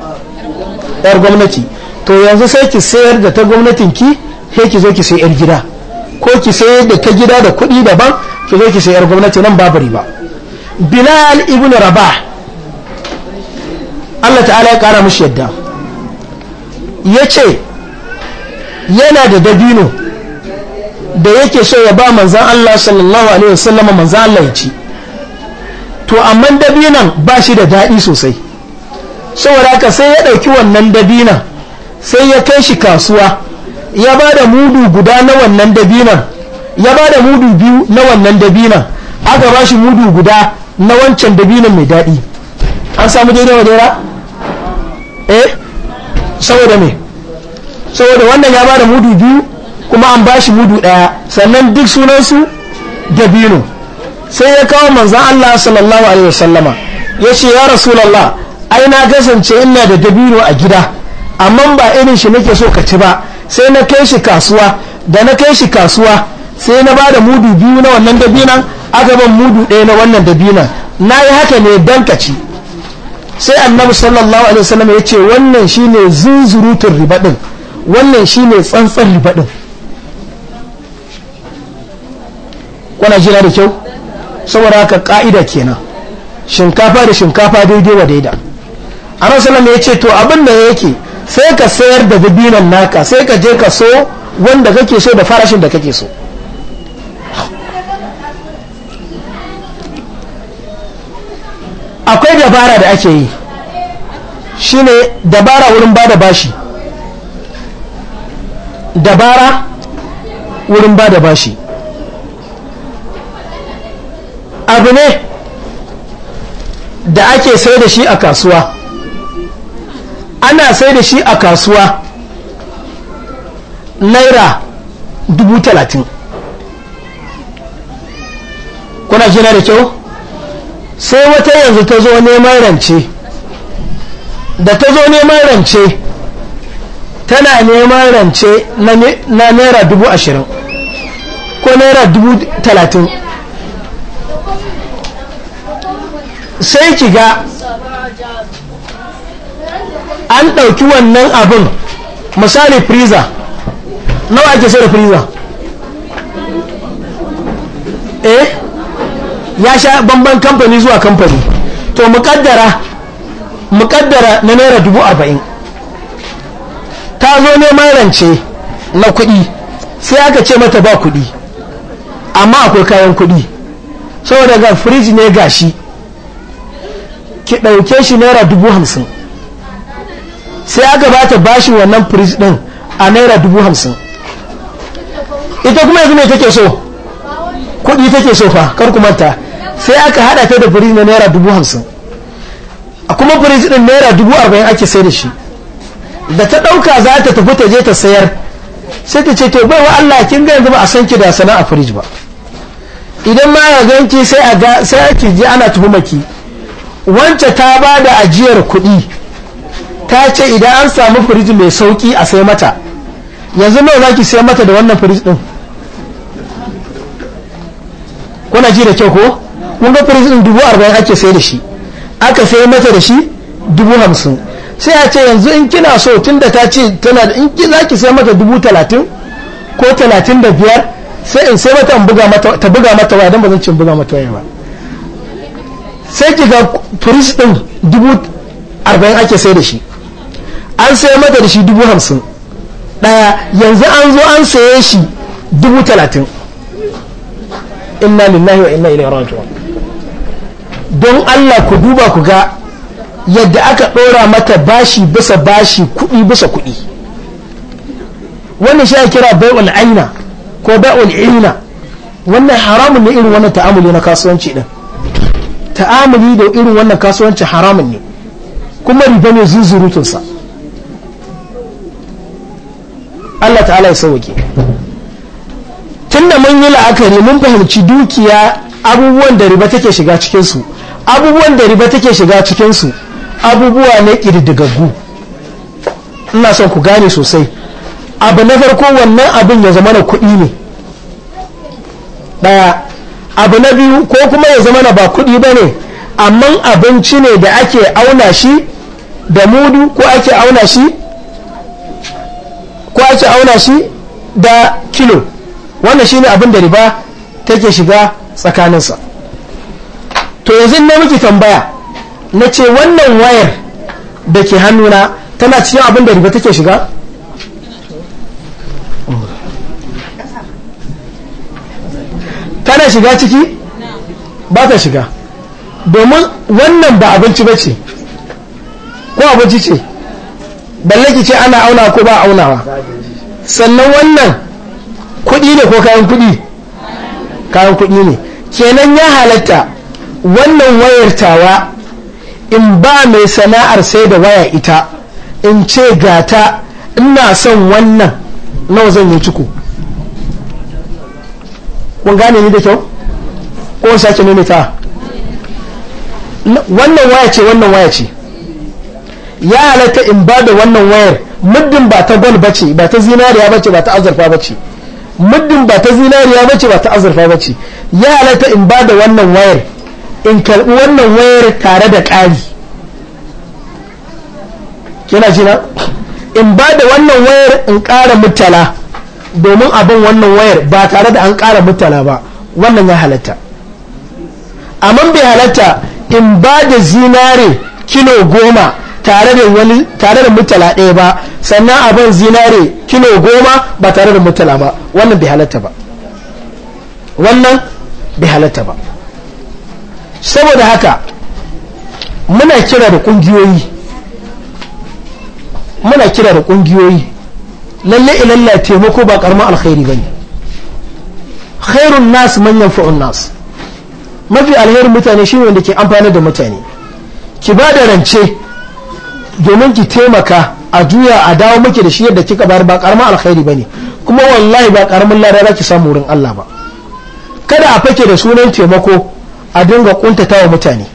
Speaker 2: yar gwamnati to yanzu sai ki sayar da ta gwamnatin ki sai ki zo ki sai yar gida ko ki sayar da ta gida da kuɗi daban ki zo ki sayar yar gwamnati nan babu riba bilal ibn rabah Allah ta'ala ya kara mashi yadda ya ce yana da dabino da yake so ya ba manzan Allah sallallahu alaihi wasallama manzan Allah ya ci to amma dabinan ba shi da daɗi sosai saboda sai ya ɗauki wannan dabinan sai ya kai shi kasuwa ya ba da mudu guda na wannan dabinan ya ba da mudu biyu na wannan dabinan aka ba shi mudu guda na wancan dabino mai daɗi an samu daidai wa eh saboda me saboda wannan ya ba da mudu biyu kuma an ba shi mudu ɗaya sannan duk sunansu dabino sai ya kawo manzan Allah sallallahu alaihi wasallama ya ce ya rasu rasulallah ai na kasance ina da dabino a gida amma ba irin shi nake so ka ci ba sai na kai shi kasuwa da na kai shi kasuwa sai na ba da mudu biyu na wannan dabinan aka ban mudu ɗaya na wannan dabinan na yi haka ne don ka ci sai annabi sallallahu alaihi wasallam ya ce wannan shi ne zunzurutun ribaɗin wannan shi ne tsantsan ribaɗin. kuna jina da kyau saboda haka ka'ida kenan shinkafa da shinkafa daidai wa daida annabi sallallahu ya ce to abin da yake sai ka sayar da dabinan naka sai ka je ka so wanda kake so da farashin da kake so akwai dabara da ake yi shi ne dabara wurin ba da bashi dabara wurin ba da bashi abu ne da ake sai da shi a kasuwa ana sai da shi a kasuwa naira dubu talatin kuna jina da kyau sai wata yanzu ta zo neman rance da ta zo neman rance tana neman rance na naira dubu ashirin ko naira dubu talatin sai ki ga an ɗauki wannan abin misali freezer nawa ake sai da freezer eh ya sha bamban kamfani zuwa kamfani to muƙaddara mukaddara na naira dubu arba'in ta zo neman rance na kuɗi sai aka ce mata ba kuɗi amma akwai kayan kuɗi saboda daga firiji ne gashi ki ɗauke shi naira dubu hamsin sai aka ba ta bashi wannan firij ɗin a naira dubu hamsin ita kuma yanzu mai take so kudi take so fa kar ku manta sai aka hada ta da firij na naira dubu hamsin a kuma firij din naira dubu arba'in ake sai da shi da ta ɗauka za ta tafi ta je ta sayar sai ta ce to bai wa Allah kin ga yanzu ba a san ki da a firij ba idan ma ya ganki sai a ga sai ake ji ana tuhumaki wance ta ba da ajiyar kuɗi ta ce idan an samu firij mai sauki a sai mata yanzu nawa zaki sai mata da wannan firij din kuna ji da kyau ko kun ga firis dubu arba'in ake sai da shi aka sai mata da shi dubu hamsin sai a ce yanzu in kina so tun da ta ce tana da in za ki sai mata dubu talatin ko talatin da biyar sai in sai mata ta buga mata wa don ba zan cin buga mata wa ba sai ki ga firis dubu arba'in ake sai da shi an sai mata da shi dubu hamsin ɗaya yanzu an zo an saye shi dubu talatin inna lillahi wa inna ilaihi raji'un don Allah ku duba ku ga yadda aka ɗora mata bashi bisa bashi kuɗi bisa kuɗi wannan shi ya kira bai'ul aina ko bai'ul ina wannan haramun ne irin wannan ta'amuli na kasuwanci din ta'amuli da irin wannan kasuwanci haramun ne kuma riba ne zunzurutunsa Allah ta'ala ya sauke tun da mun yi la'akari mun fahimci dukiya abubuwan da riba take shiga cikinsu abubuwan da riba take shiga cikinsu abubuwa ne ƙididdigaggu ina son ku gane sosai abu na farko wannan abin ya zama na kuɗi ne ɗaya abu na biyu ko kuma ya zama na ba kuɗi bane amma abinci ne da ake auna shi da mudu ko ake auna shi ko ake auna shi da kilo wannan shine abin da riba take shiga tsakaninsa to yanzu na miki tambaya na ce wannan wayar da ke hannuna tana cikin abin da riba take shiga tana shiga ciki ba ta shiga domin wannan ba abinci ba ce ko abinci ce balle ki ce ana auna ko ba aunawa sannan wannan kuɗi ne ko kayan kuɗi kayan kuɗi ne kenan ya halatta wannan wayar tawa in ba mai sana'ar sai da waya ita in ce gata ina son wannan nawa zan yi ciko kun gane ni da kyau ko sake ta? wannan waya ce wannan waya ce ya halatta in ba da wannan wayar muddin ba ta gwal ce, ba ta zinariya ba ce, ba ta azurfa ba ce. muddin ba ta zinariya bace ba ta azurfa bace ya halatta in ba da wannan wayar in karbi wannan wayar tare da ƙari kina ji na in ba da wannan wayar in ƙara mutala domin abin wannan wayar ba tare da an ƙara mutala ba wannan ya halatta amma bai halatta in ba da zinare kilo goma tare da wani tare da mutala ɗaya ba sannan abin zinare kilo goma ba tare da mutala ba wannan bai halatta ba wannan bai halatta ba saboda haka muna kira da kungiyoyi muna kira da kungiyoyi lalle ilalla taimako ba karamin alkhairi bane khairun nas manyan fa'un nas mafi alherin mutane shine wanda ke amfana da mutane ki ba da rance domin ki taimaka a juya a dawo miki da shi yadda kika bayar ba karamin alkhairi bane kuma wallahi ba karamin lada za ki samu wurin Allah ba kada a fake da sunan taimako a dinga kuntata wa mutane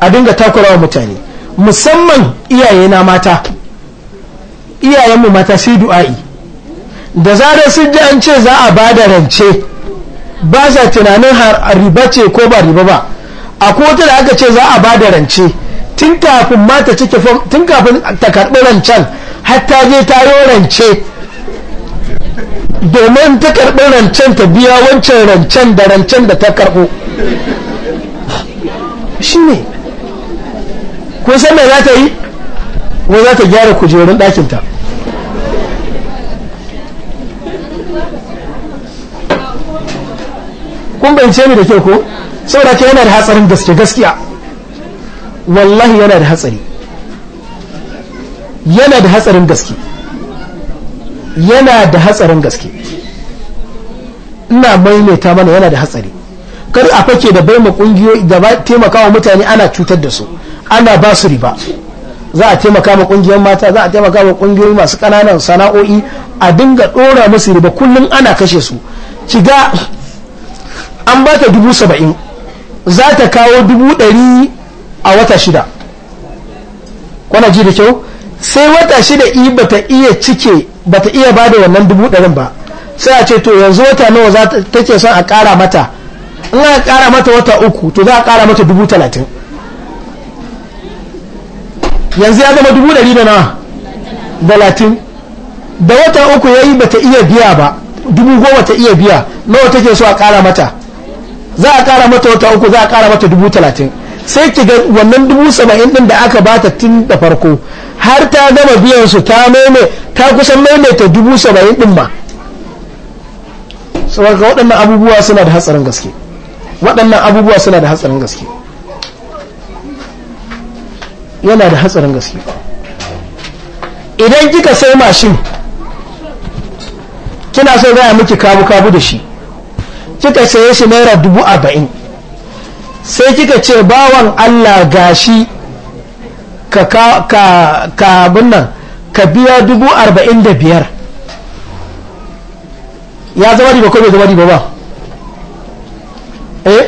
Speaker 2: a dinga takura wa mutane musamman iyaye na mata mu mata sai du'a'i da zarar sun ji an ce za a ba da rance ba sa tunanin riba ce ko ba riba ba a kotu da aka ce za a ba da rance tun kafin ma ta cike fom tun kafin ta karɓi rancen har ta je ta yi rance domin ta karɓi rancen ta biya wancan rancen da rancen da ta karɓo shi ne kun san mai za ta yi wa za ta gyara kujerun ɗakinta kun bayance ni da ke ko saboda ke yana da hatsarin gaske gaskiya wallahi yana da hatsari yana da hatsarin gaske yana da hatsarin gaske ina maimaita mana yana da hatsari kar a fake da bai ma kungiyoyi da ba taimakawa mutane ana cutar da su ana ba su riba za a taimaka ma kungiyar mata za a taimaka ma kungiyoyi masu kananan sana'o'i a dinga dora musu riba kullum ana kashe su kiga an ba ta dubu saba'in za ta kawo dubu ɗari a wata shida kwana ji da kyau sai wata shida i bata iya cike bata iya ba da wannan dubu ɗarin ba sai a ce to yanzu wata nawa za ta ke son a ƙara mata in a ƙara mata wata uku to za a ƙara mata dubu talatin yanzu ya zama dubu ɗari da nawa talatin da wata uku ya yi bata iya biya ba dubu goma ta iya biya nawa take so a ƙara mata za a ƙara mata wata uku za a ƙara mata dubu talatin sai ki ga wannan dubu saba'in din da aka bata tun da farko har ta gama biyan su ta maime ta kusan maimaita dubu saba'in din ma saboda waɗannan abubuwa suna da hatsarin gaske waɗannan abubuwa suna da hatsarin gaske yana da hatsarin gaske idan kika sai mashin kina so gaya miki kabu kabu da shi kika saye shi naira dubu arba'in sai kika ce bawan Allah gashi ka ka nan ka biya dubu arba'in da biyar ya zama riba ko bai zama riba ba eh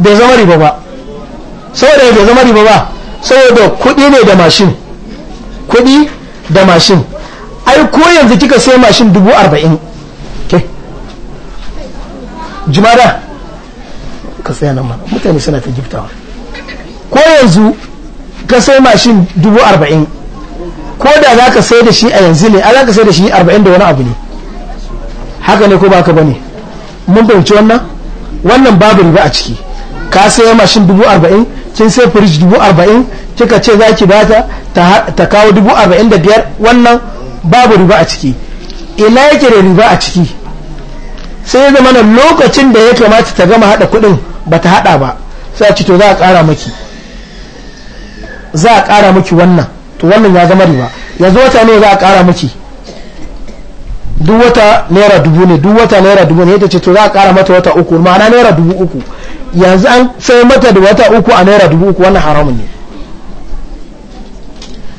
Speaker 2: bai zama riba ba saboda bai zama riba ba saboda kuɗi ne da mashin kuɗi da mashin ai ko yanzu kika sai mashin dubu arba'in ke jimada ka tsaya nan mana mutane suna ta giftawa ko yanzu ka sai mashin dubu arba'in ko da za ka sai da shi a yanzu ne a za ka sai da shi arba'in da wani abu ne haka ne ko ba ka ba ne mun fahimci wannan wannan babu riba a ciki ka sai mashin dubu arba'in kin sai firij dubu arba'in kika ce za ki bata ta kawo dubu arba'in da biyar wannan babu riba a ciki ina yake da riba a ciki sai zama lokacin da ya kamata ta gama haɗa kuɗin ba ta hada ba sai a ce to za a kara maki za a kara maki wannan to wannan ya zama riba yanzu wata ne za a kara maki duk wata naira dubu ne duk wata naira dubu ne ita ce to za a kara mata wata uku ma'ana naira dubu uku yanzu an sai mata da wata uku a naira dubu uku wannan haramun ne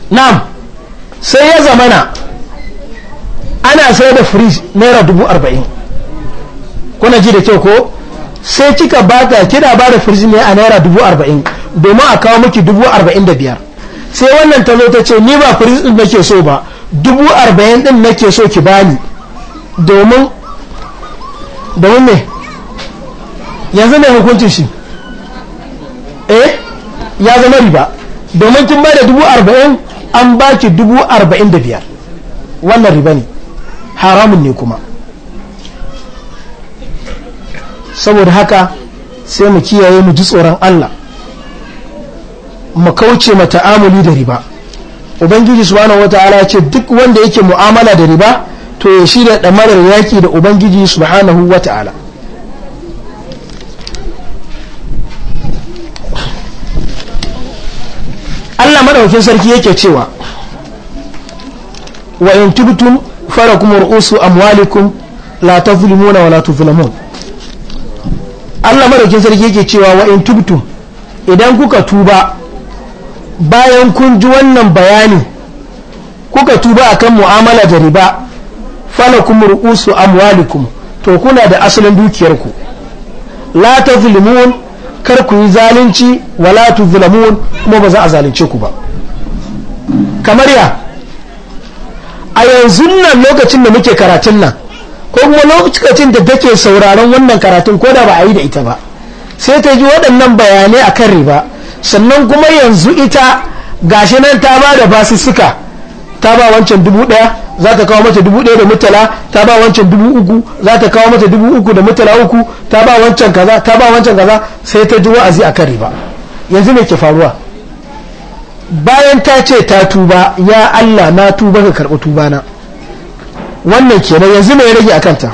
Speaker 2: na'am sai ya zamana ana sai da firij naira dubu arba'in kuna ji da kyau ko sai kika bada kina ba da firji ne a naira dubu arba'in domin a kawo miki dubu arba'in da biyar sai wannan ta zo ta ce ni ba firji din nake so ba dubu arba'in din nake so ki bani domin domin ne yanzu mai hukuncin shi eh ya zama riba domin kin ba da dubu arba'in an baki dubu arba'in da biyar wannan riba ne haramun ne kuma saboda haka sai mu kiyaye mu ji tsoron Allah mu kauce ma ta'amuli da riba ubangiji subhanahu wata'ala ya ce duk wanda yake mu'amala da riba to ya shirya damarar yaki da ubangiji subhanahu wata'ala Allah madaukin sarki yake cewa wa in tubtum farakum ru'usu amwalikum la tazlimuna wa la tuzlamun Allah madaukin sarki yake cewa wa in tubtum idan kuka tuba bayan kun ji wannan bayani kuka tuba akan mu'amala da riba falakum ru'usu amwalikum to kuna da asalin dukiyarku la tazlimun kar ku yi zalunci wala tuzlamun kuma ba za a zalunce ku ba kamar ya a yanzu nan lokacin da muke karatun nan ko kuma lokacin da take sauraron wannan karatun ko da ba a yi da ita ba sai ta ji waɗannan bayanai a kan riba sannan kuma yanzu ita gashi nan ta ba da basussuka ta ba wancan dubu ɗaya za ta kawo mata dubu ɗaya da mutala ta ba wancan dubu uku za ta kawo mata dubu uku da mutala uku ta ba wancan kaza ta ba wancan kaza sai ta ji wa'azi a kan riba yanzu me ke faruwa bayan ta ce ta tuba ya Allah na tuba ka karɓi tubana wannan kenan yanzu mai rage a kanta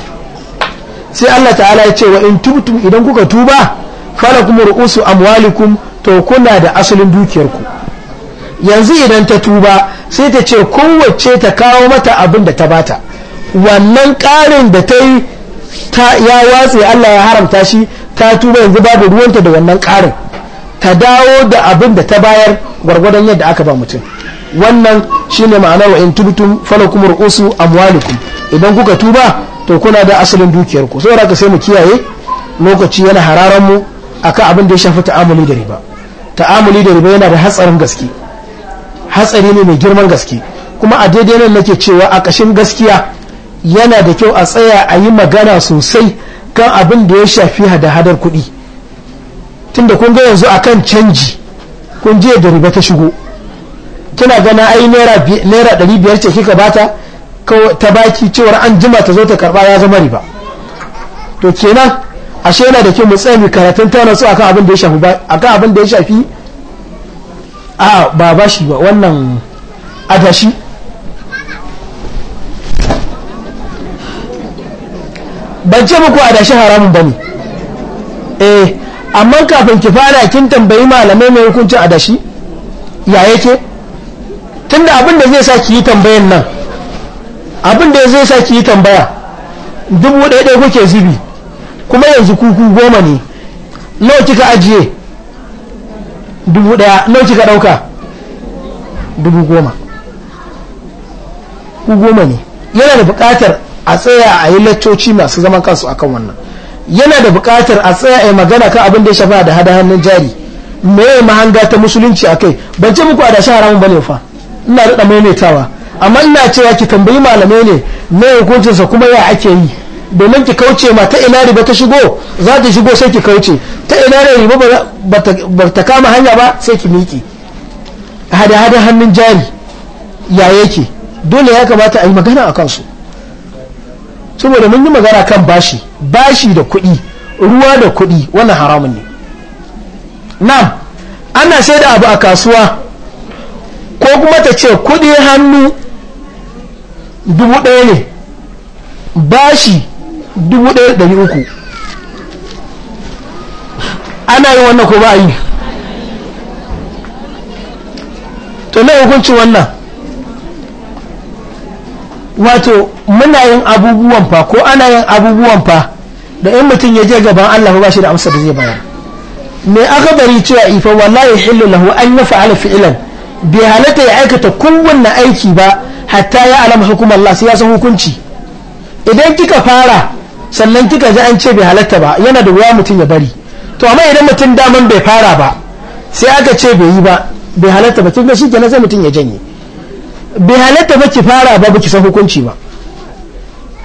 Speaker 2: sai Allah ta'ala ya ce wa in tubtum idan kuka tuba fara kuma ru'usu amwalikum to kuna da asalin dukiyarku yanzu idan ta tuba sai ta ce kowace ta kawo mata abin da ta bata wannan ƙarin da ta yi ya watse Allah ya haramta shi ta tuba yanzu babu ruwanta da wannan ƙarin ta dawo da abin da ta bayar gwargwadon yadda aka ba mutum wannan shine ma'anar wa in tubtum falakum ru'usu amwalikum idan kuka tuba to kuna da asalin dukiyar ku saboda ka sai mu kiyaye lokaci yana hararan mu akan abin da ya shafi ta'amuli da riba ta'amuli da riba yana da hatsarin gaske hatsari ne mai girman gaske kuma a daidai nan nake cewa a kashin gaskiya yana da kyau a tsaya a yi magana sosai kan abin da ya shafi hada-hadar kuɗi tunda kun ga yanzu akan canji kun je da riba ta shigo kina gana ai naira ɗari biyar ce kika bata ta baki cewar an jima ta zo ta karɓa ya zama riba to kenan ashe yana da kyau mu tsaya mu karatun tana su akan abin da ya shafi akan abin da ya shafi a ba ba shi ba wannan adashi ban ce muku adashi haramun bane eh amma kafin ki fara kin tambayi malamai mai hukuncin adashi ya yake tunda abin da zai sa ki yi tambayan nan abin da zai sa ki yi tambaya dubu ɗaya ɗaya kuke zubi kuma yanzu kuku goma ne nawa kika ajiye dubu ɗaya nawa kika ɗauka dubu goma ku goma ne yana da buƙatar a tsaya a yi laccoci masu zaman kansu akan wannan yana da buƙatar a tsaya a yi magana kan abin da ya shafa da hada hannun jari me mahanga ta musulunci a kai ban ce muku a da haramun bane fa ina rika maimaitawa amma ina cewa ki tambayi malamai ne me hukuncinsa kuma ya ake yi domin ki kauce ma ta ina riba ta shigo za ta shigo sai ki kauce ta ina riba ba ta kama hanya ba sai ki miki. hada-hada hannun jari ya yake dole ya kamata a yi magana a kansu saboda mun yi magana kan bashi bashi da kuɗi ruwa da kuɗi wannan haramun ne na ana sai da abu a kasuwa ko kuma ta ce kudin hannu dubu ɗaya ne bashi dubu ɗaya ɗari uku ana yi wannan ko ba yi to na hukunci wannan wato muna yin abubuwan fa ko ana yin abubuwan fa da in mutum ya je gaban Allah ba shi da amsa da zai bayar mai bari cewa ifa wallahi hillu lahu an ya fa'ala fi'lan bai halatta ya aikata kowanne aiki ba hatta ya alama hukumar Allah sai ya san hukunci idan kika fara sannan kika ji an ce bai halatta ba yana da wuya mutum ya bari to amma idan mutum daman bai fara ba sai aka ce bai yi ba bai halatta ba kin ga shikenan sai mutum ya janye bai halatta ba ki fara ba baki san hukunci ba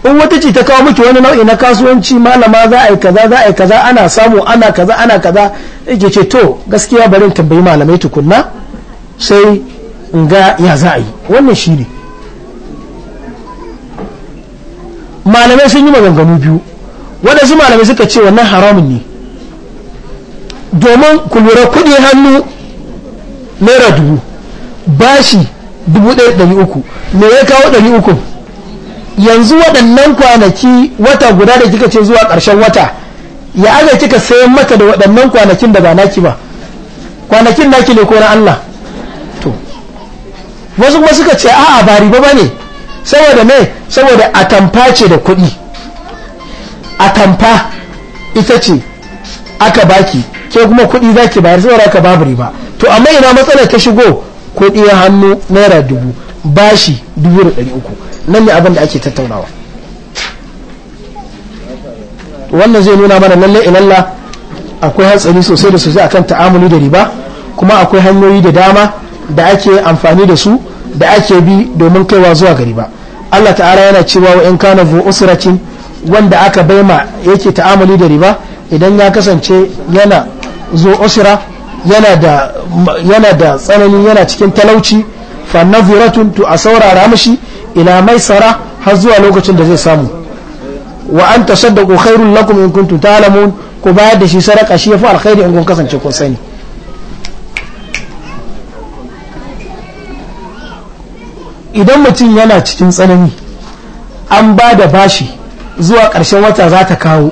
Speaker 2: in wata ce ta kawo miki wani nau'i na kasuwanci malama za a yi kaza za a yi kaza ana samu ana kaza ana kaza yake ce to gaskiya barin tambayi malamai tukunna sai in ga ya za a yi wannan shi ne malamai sun yi maganganu biyu waɗansu malamai suka ce wannan haramun ne domin kulura kudi kuɗi hannu naira dubu bashi dubu ɗaya ɗari uku me ya kawo ɗari uku yanzu waɗannan kwanaki wata guda da kika ce zuwa ƙarshen wata ya aga kika sayan mata da waɗannan kwanakin da ba naki ba kwanakin naki ne ko na Allah wasu kuma suka ce a'a ba riba bane saboda me saboda atamfa ce da kuɗi atamfa ita ce aka baki ke kuma kuɗi zaki ki bayar saboda aka babu riba to amma ina matsalar ta shigo kuɗi hannu naira dubu bashi dubu da ɗari uku nan ne abin da ake tattaunawa wannan zai nuna mana lalle ilalla akwai hatsari sosai da sosai akan ta'amuli da riba kuma akwai hanyoyi da dama da ake amfani da su da ake bi domin kaiwa zuwa gari ba Allah ta'ala yana cewa wa in kana zu usratin wanda aka baima yake ta'amuli da riba idan ya kasance yana zo usra yana da yana da tsanani yana cikin talauci fa naziratun tu a saurara ila maisara har zuwa lokacin da zai samu wa an tasaddaqu khairul lakum in kuntum ta'lamun ku bayar da shi sadaka shi yafi alkhairi in kun kasance kun sani idan mutum yana cikin tsanani an ba da bashi zuwa ƙarshen wata za ta kawo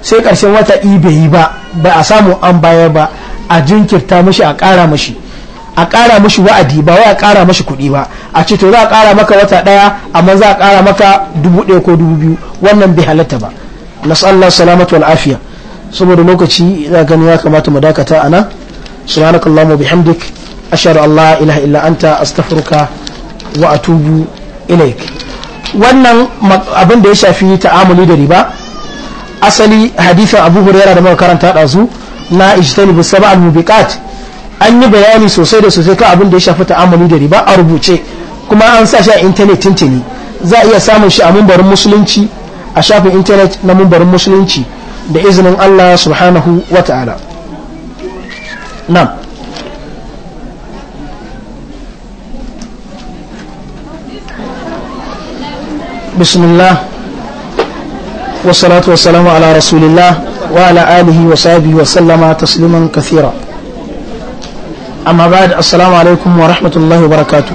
Speaker 2: sai ƙarshen wata ibe yi ba ba a samu an bayar ba a jinkirta mashi a ƙara mashi a ƙara mashi wa'adi ba wai a ƙara mashi kuɗi ba a ce to za a ƙara maka wata ɗaya amma za a ƙara maka dubu ɗaya ko dubu biyu wannan bai halatta ba nasallahu salamatu wal afiya saboda lokaci za gani ya kamata mu dakata nan subhanakallahumma bihamdik ashhadu an la ilaha illa anta astaghfiruka wa atubu ilaik wannan abin da ya shafi ta'amuli da riba asali hadithin abu huraira da muka karanta da su na saba al mubiqat an yi bayani sosai da sosai kan abin da ya shafi ta'amuli da riba a rubuce kuma an sa shi a intanet tintini za a iya samun shi a mumbarin musulunci a shafin intanet na mumbarin musulunci da izinin Allah subhanahu wa ta'ala na'am bismillah wasalatu wasalamu ala rasulillah wa ala alihi wa sahbihi wa sallama tasliman kathira amma ba'd assalamu alaikum wa rahmatullahi wa barakatuh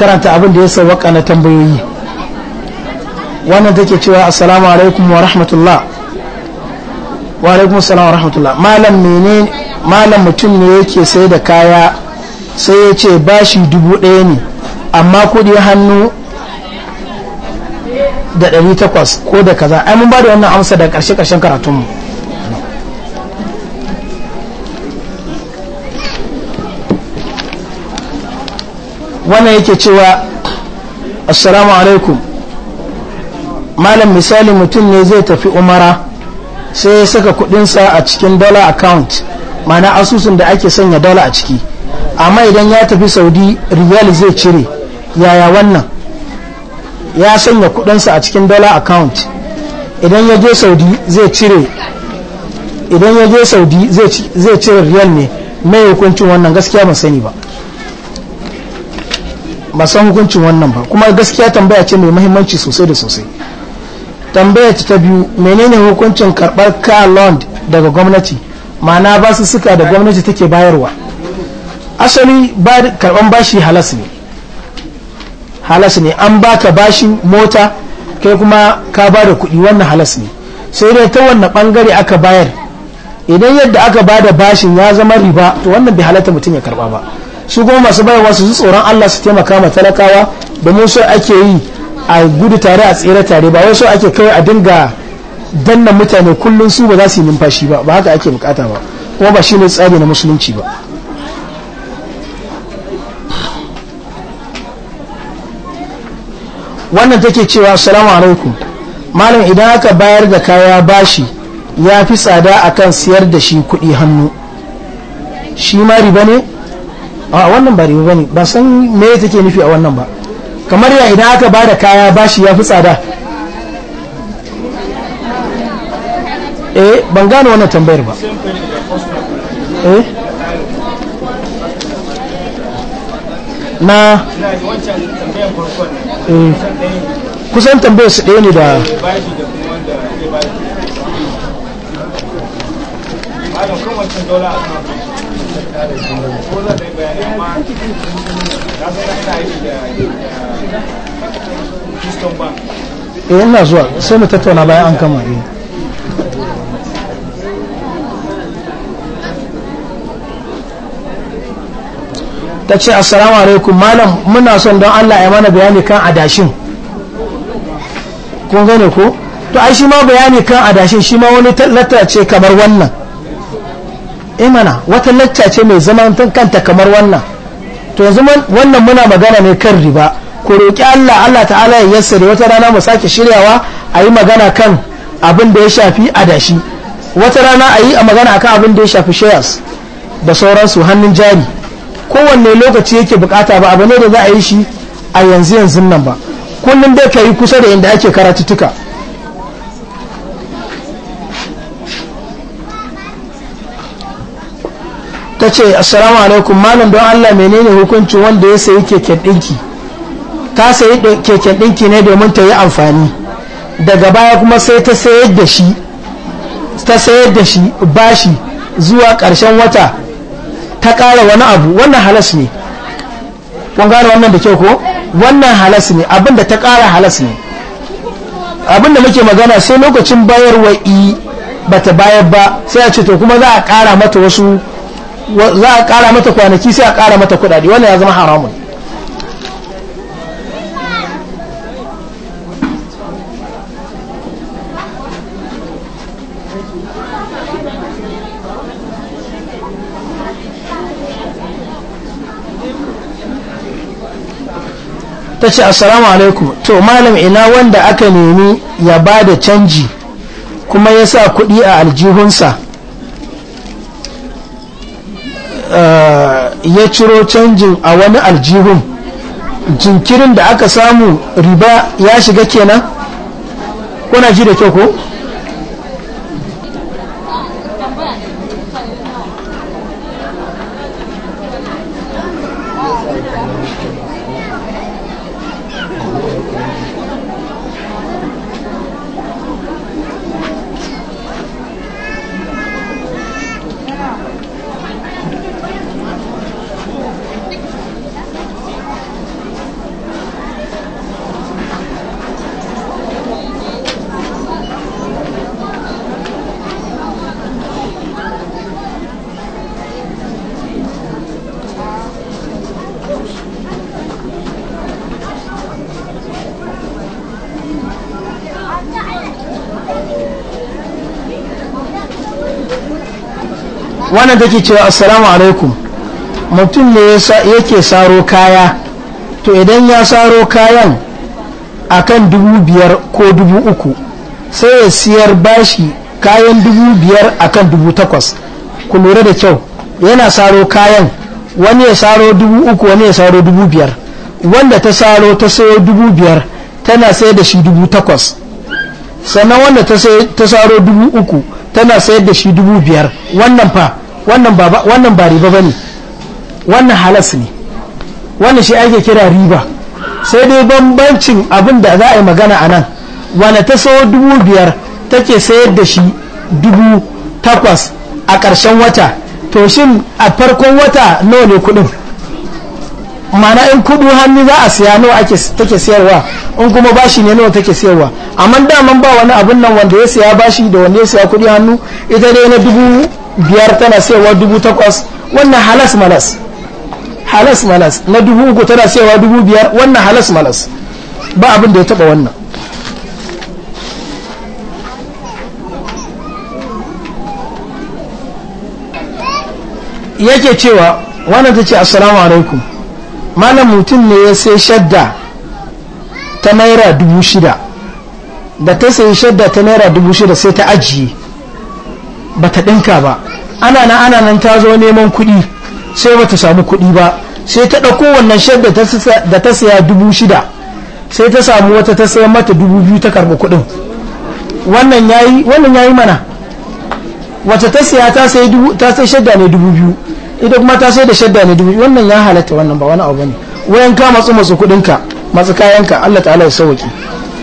Speaker 2: karanta abin da ya sa na tambayoyi wannan take cewa assalamu alaikum wa rahmatullah wa alaikum wa rahmatullah malam menene malam mutum ne yake sai da kaya sai ya ce bashi dubu ɗaya ne amma kuɗi hannu da ɗari takwas ko da kaza ai mun ba da wannan amsa da ƙarshe ƙarshen karatunmu wannan yake cewa assalamu alaikum malam misali mutum ne zai tafi umara sai ya saka kudinsa a cikin dollar account mana asusun da ake sanya dollar a ciki amma idan ya tafi saudi riyal zai cire yaya wannan ya sanya kuɗinsa a cikin dollar account idan ya je saudi zai cire idan ya je saudi zai cire riyal ne mai hukuncin wannan gaskiya ba sani ba ba san hukuncin wannan ba kuma gaskiya tambaya ce mai mahimmanci sosai da sosai tambaya ta biyu menene hukuncin karbar car loan daga gwamnati ma'ana ba su suka da gwamnati take bayarwa asali karban bashi halas ne halas ne an baka bashin mota kai kuma ka ba da kuɗi wannan halas ne sai dai ta wannan ɓangare aka bayar idan yadda aka ba da bashin ya zama riba to wannan bai halatta mutum ya karɓa ba su kuma masu bayarwa su ji tsoron Allah su taimaka ma talakawa domin so ake yi a gudu tare a tsere tare ba wai so ake kai a dinga danna mutane kullum su ba za su yi numfashi ba ba haka ake bukata ba kuma ba shi ne tsari na musulunci ba wannan take cewa salamu alaikum malam idan aka bayar da kaya bashi ya fi tsada akan siyar da shi kuɗi hannu shi ma riba ne a wannan ba riba ne ba san me take nufi a wannan ba kamar ya idan aka bada kaya bashi ya fi tsada eh ban gane wannan tambayar ba eh na Eh, kusan tambayar su ɗaya ne da eh, ina zuwa sai mu tattauna bayan an kama eh. ta ce assalamu alaikum malam muna son don Allah ya mana bayani kan adashin kun gane ko to ai shi ma bayani kan adashin shi ma wani lacca ce kamar wannan eh, mana wata lacca ce mai zaman kanta kamar wannan to yanzu wannan muna magana ne kan riba ku roki Allah Allah ta'ala ya yassare wata rana mu sake shiryawa a yi magana kan abin da ya shafi adashi wata rana a yi a magana kan abin da ya shafi shares da sauransu hannun jari kowanne lokaci yake bukata ba abu ne da za a yi shi a yanzu yanzu nan ba kullum dai ka yi kusa da inda ake karatuttuka ta ce assalamu alaikum malam don allah menene hukuncin wanda ya sayi keken ɗinki ta sayi keken ɗinki ne domin ta yi amfani daga baya kuma sai ta sayar da shi ta sayar da shi bashi zuwa ƙarshen wata ta ƙara wani abu wannan halas ne kun gara wannan da kyau ko wannan halas ne abinda ta ƙara halas ne abinda muke magana sai lokacin bayar wa'i ba ta bayar ba sai a ce to kuma za a ƙara mata wasu za a ƙara mata kwanaki sai a ƙara mata kuɗaɗe wannan ya zama haramun ce assalamu alaikum to malam ina wanda aka nemi ya ba da canji kuma ya sa kuɗi a aljihunsa eh, ya ciro canjin a wani aljihun jinkirin da aka samu riba ya shiga kenan kuna ji da kyau ko? wannan take cewa assalamu alaikum mutum ne yake saro kaya to idan ya saro kayan akan dubu biyar ko dubu uku sai ya siyar bashi kayan dubu biyar akan dubu takwas ku lura da kyau yana saro kayan wani ya saro dubu uku wani ya saro dubu biyar wanda ta saro ta sayo dubu biyar tana sayar da shi dubu takwas sannan wanda ta saro dubu uku tana sayar da shi dubu biyar wannan fa wannan ba riba ba ne wannan halas ne wannan shi ake kira riba sai dai bambancin abin da za a yi magana a nan wane ta sayo dubu biyar take sayar da shi dubu takwas a ƙarshen wata to shin a farkon wata nawa ne kuɗin mana in kudu hannu za a siya nawa take sayarwa in kuma bashi ne nawa take sayarwa amma daman ba wani abin nan wanda ya siya bashi da wanda ya siya kuɗi hannu ita dai na dubu biyar tana sayawa dubu takwas wannan halas malas halas malas na dubu uku tana sayawa dubu biyar wannan halas malas ba abin da ya taba wannan yake cewa wannan ta ce assalamu alaikum malam mutum ne ya sai shadda ta naira dubu shida da ta sayi shadda ta naira dubu shida sai ta ajiye ba ta ɗinka ba ana na ana nan ta zo neman kuɗi sai ba ta samu kuɗi ba sai ta ɗauko wannan shadda da ta saya dubu shida sai ta samu wata ta sayan mata dubu biyu ta karɓi kuɗin wannan yayi wannan yayi mana wata ta saya ta sayi dubu ta sayi shadda ne dubu biyu ita kuma ta sayi da shadda ne dubu biyu wannan ya halatta wannan ba wani abu bane wayan ka matsu matsu ka matsu kayanka Allah ta'ala ya sauki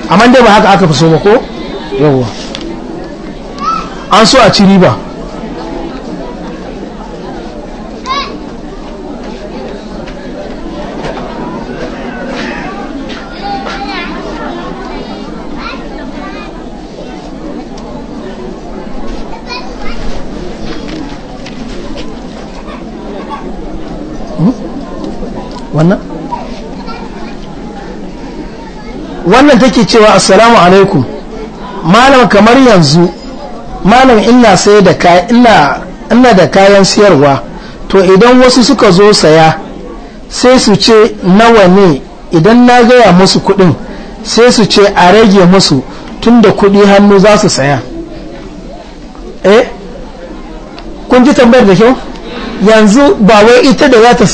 Speaker 2: amma dai ba haka aka fi so ba ko yawwa an so a ci riba hmm? wannan wannan take cewa assalamu alaikum malam kamar yanzu malam ina sai da ina ina da kayan siyarwa to idan wasu suka zo saya sai su ce nawa ne idan na gaya musu kudin sai su ce a rage musu tunda kudi hannu za su saya eh kun ji tambayar da kyau yanzu ba wai ita da za ta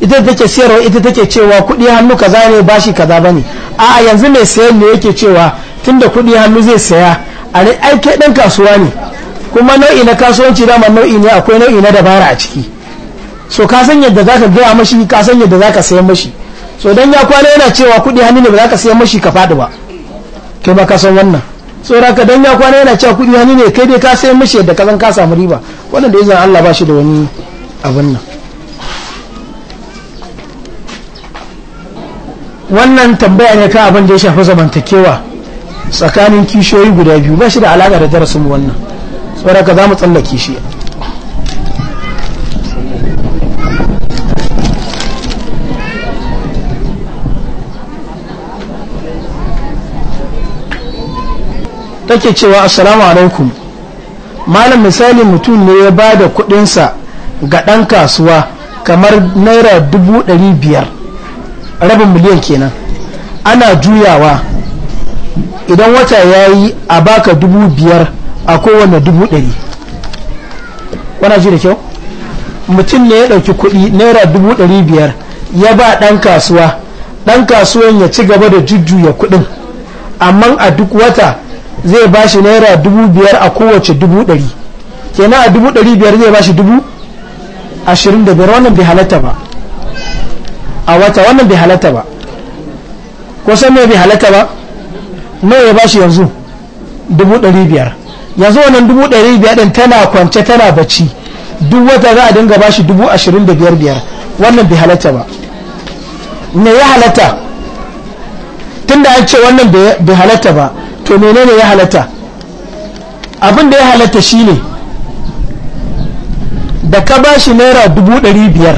Speaker 2: ita take siyarwa ita take cewa kudi hannu kaza ne bashi kaza bane a'a yanzu mai sayar ne yake cewa tunda kudi hannu zai saya a ne aike ɗan kasuwa ne kuma nau'i na kasuwanci dama nau'i ne akwai nau'i na dabara a ciki so ka san yadda za ka gaya mashi ka san yadda za ka sayan mashi so don ya kwana yana cewa kuɗi hannu ne ba za ka sayan mashi ka faɗi ba kai ba ka san wannan so ka don ya kwana yana cewa kuɗi hannu ne kai dai ka sayan mashi yadda ka san ka samu riba wannan da izinin Allah ba shi da wani abin nan wannan tambaya ne ka abin da ya shafi zamantakewa tsakanin kishiyoyi guda biyu ba shi da alaƙa da darasin wannan saboda ka za mu tsallake shi take cewa assalamu alaikum malam misali mutum ne ya ba da kudinsa ga ɗan kasuwa kamar naira dubu ɗari biyar rabin miliyan kenan ana juyawa idan wata ya yi a baka dubu biyar a kowane dubu ɗari wana ji da kyau mutum ne ya ɗauki kuɗi naira dubu ɗari biyar ya ba ɗan kasuwa ɗan kasuwan ya ci gaba da jujjuya kuɗin amma a duk wata zai ba shi naira dubu biyar a kowace dubu ɗari kenan a dubu ɗari biyar zai ba shi dubu ashirin da biyar wannan bai halatta ba a wata wannan bai halatta ba ko san me bai halatta ba nawa ya bashi yanzu dubu biyar yanzu wannan dubu din biyar tana kwance tana bacci duk wata za a dinga bashi dubu ashirin da biyar biyar wannan bai halatta ba me ya halatta tunda an ce wannan bai halatta ba to menene ya halatta abin da ya halatta shi ne da ka bashi naira dubu biyar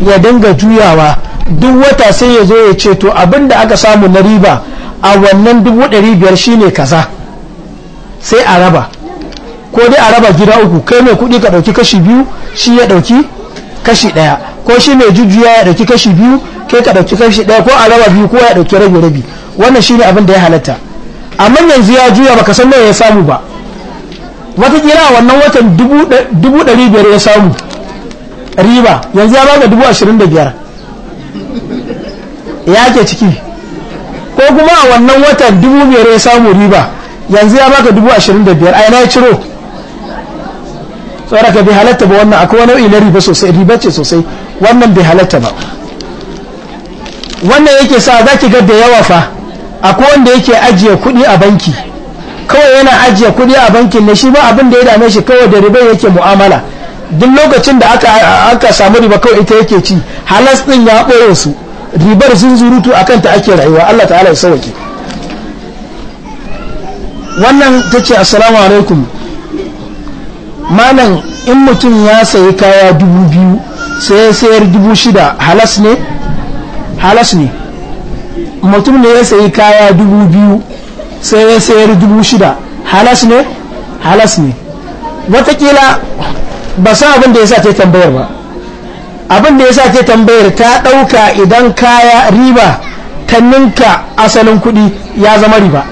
Speaker 2: ya dinga juyawa duk wata sai ya zo ya ce to abin da aka samu na riba a wannan dubu ɗari biyar shi ne kaza sai a raba ko dai a raba gida uku kai mai kuɗi ka ɗauki kashi biyu shi ya ɗauki kashi ɗaya ko shi mai jujjuya ya ɗauki kashi biyu kai ka ɗauki kashi ɗaya ko a raba biyu ko ya ɗauki rabi rabi wannan shi ne abin da ya halatta amma yanzu ya juya baka san nawa ya samu ba watakila a wannan watan dubu ɗari biyar ya samu riba yanzu ya da dubu ashirin da biyar ya ke ciki ko kuma a wannan watan dubu biyar ya samu riba yanzu ya baka dubu ashirin da biyar a yana ya ciro tsara ka bai halatta ba wannan akwai nau'i na riba sosai riba ce sosai wannan bai halatta ba wannan yake sa za ki ga da yawa fa akwai wanda yake ajiye kuɗi a banki kawai yana ajiye kuɗi a bankin ne shi ba abin da ya dame shi kawai da riba yake mu'amala duk lokacin da aka samu riba kawai ita yake ci halas ɗin ya ɓoye su ribar zurutu a kanta ake rayuwa Allah ta'ala ya sauwake wannan ta ce assalamu alaikum malam in mutum ya sayi kaya dubu biyu sai ya sayar dubu shida halas ne halas ne mutum ne ya sayi kaya dubu biyu sai ya sayar dubu shida halas ne halas ne watakila ba sa abin da ya sa ta yi tambayar ba abin da ya sa ke tambayar ta ɗauka idan kaya riba ta ninka asalin kuɗi ya zama riba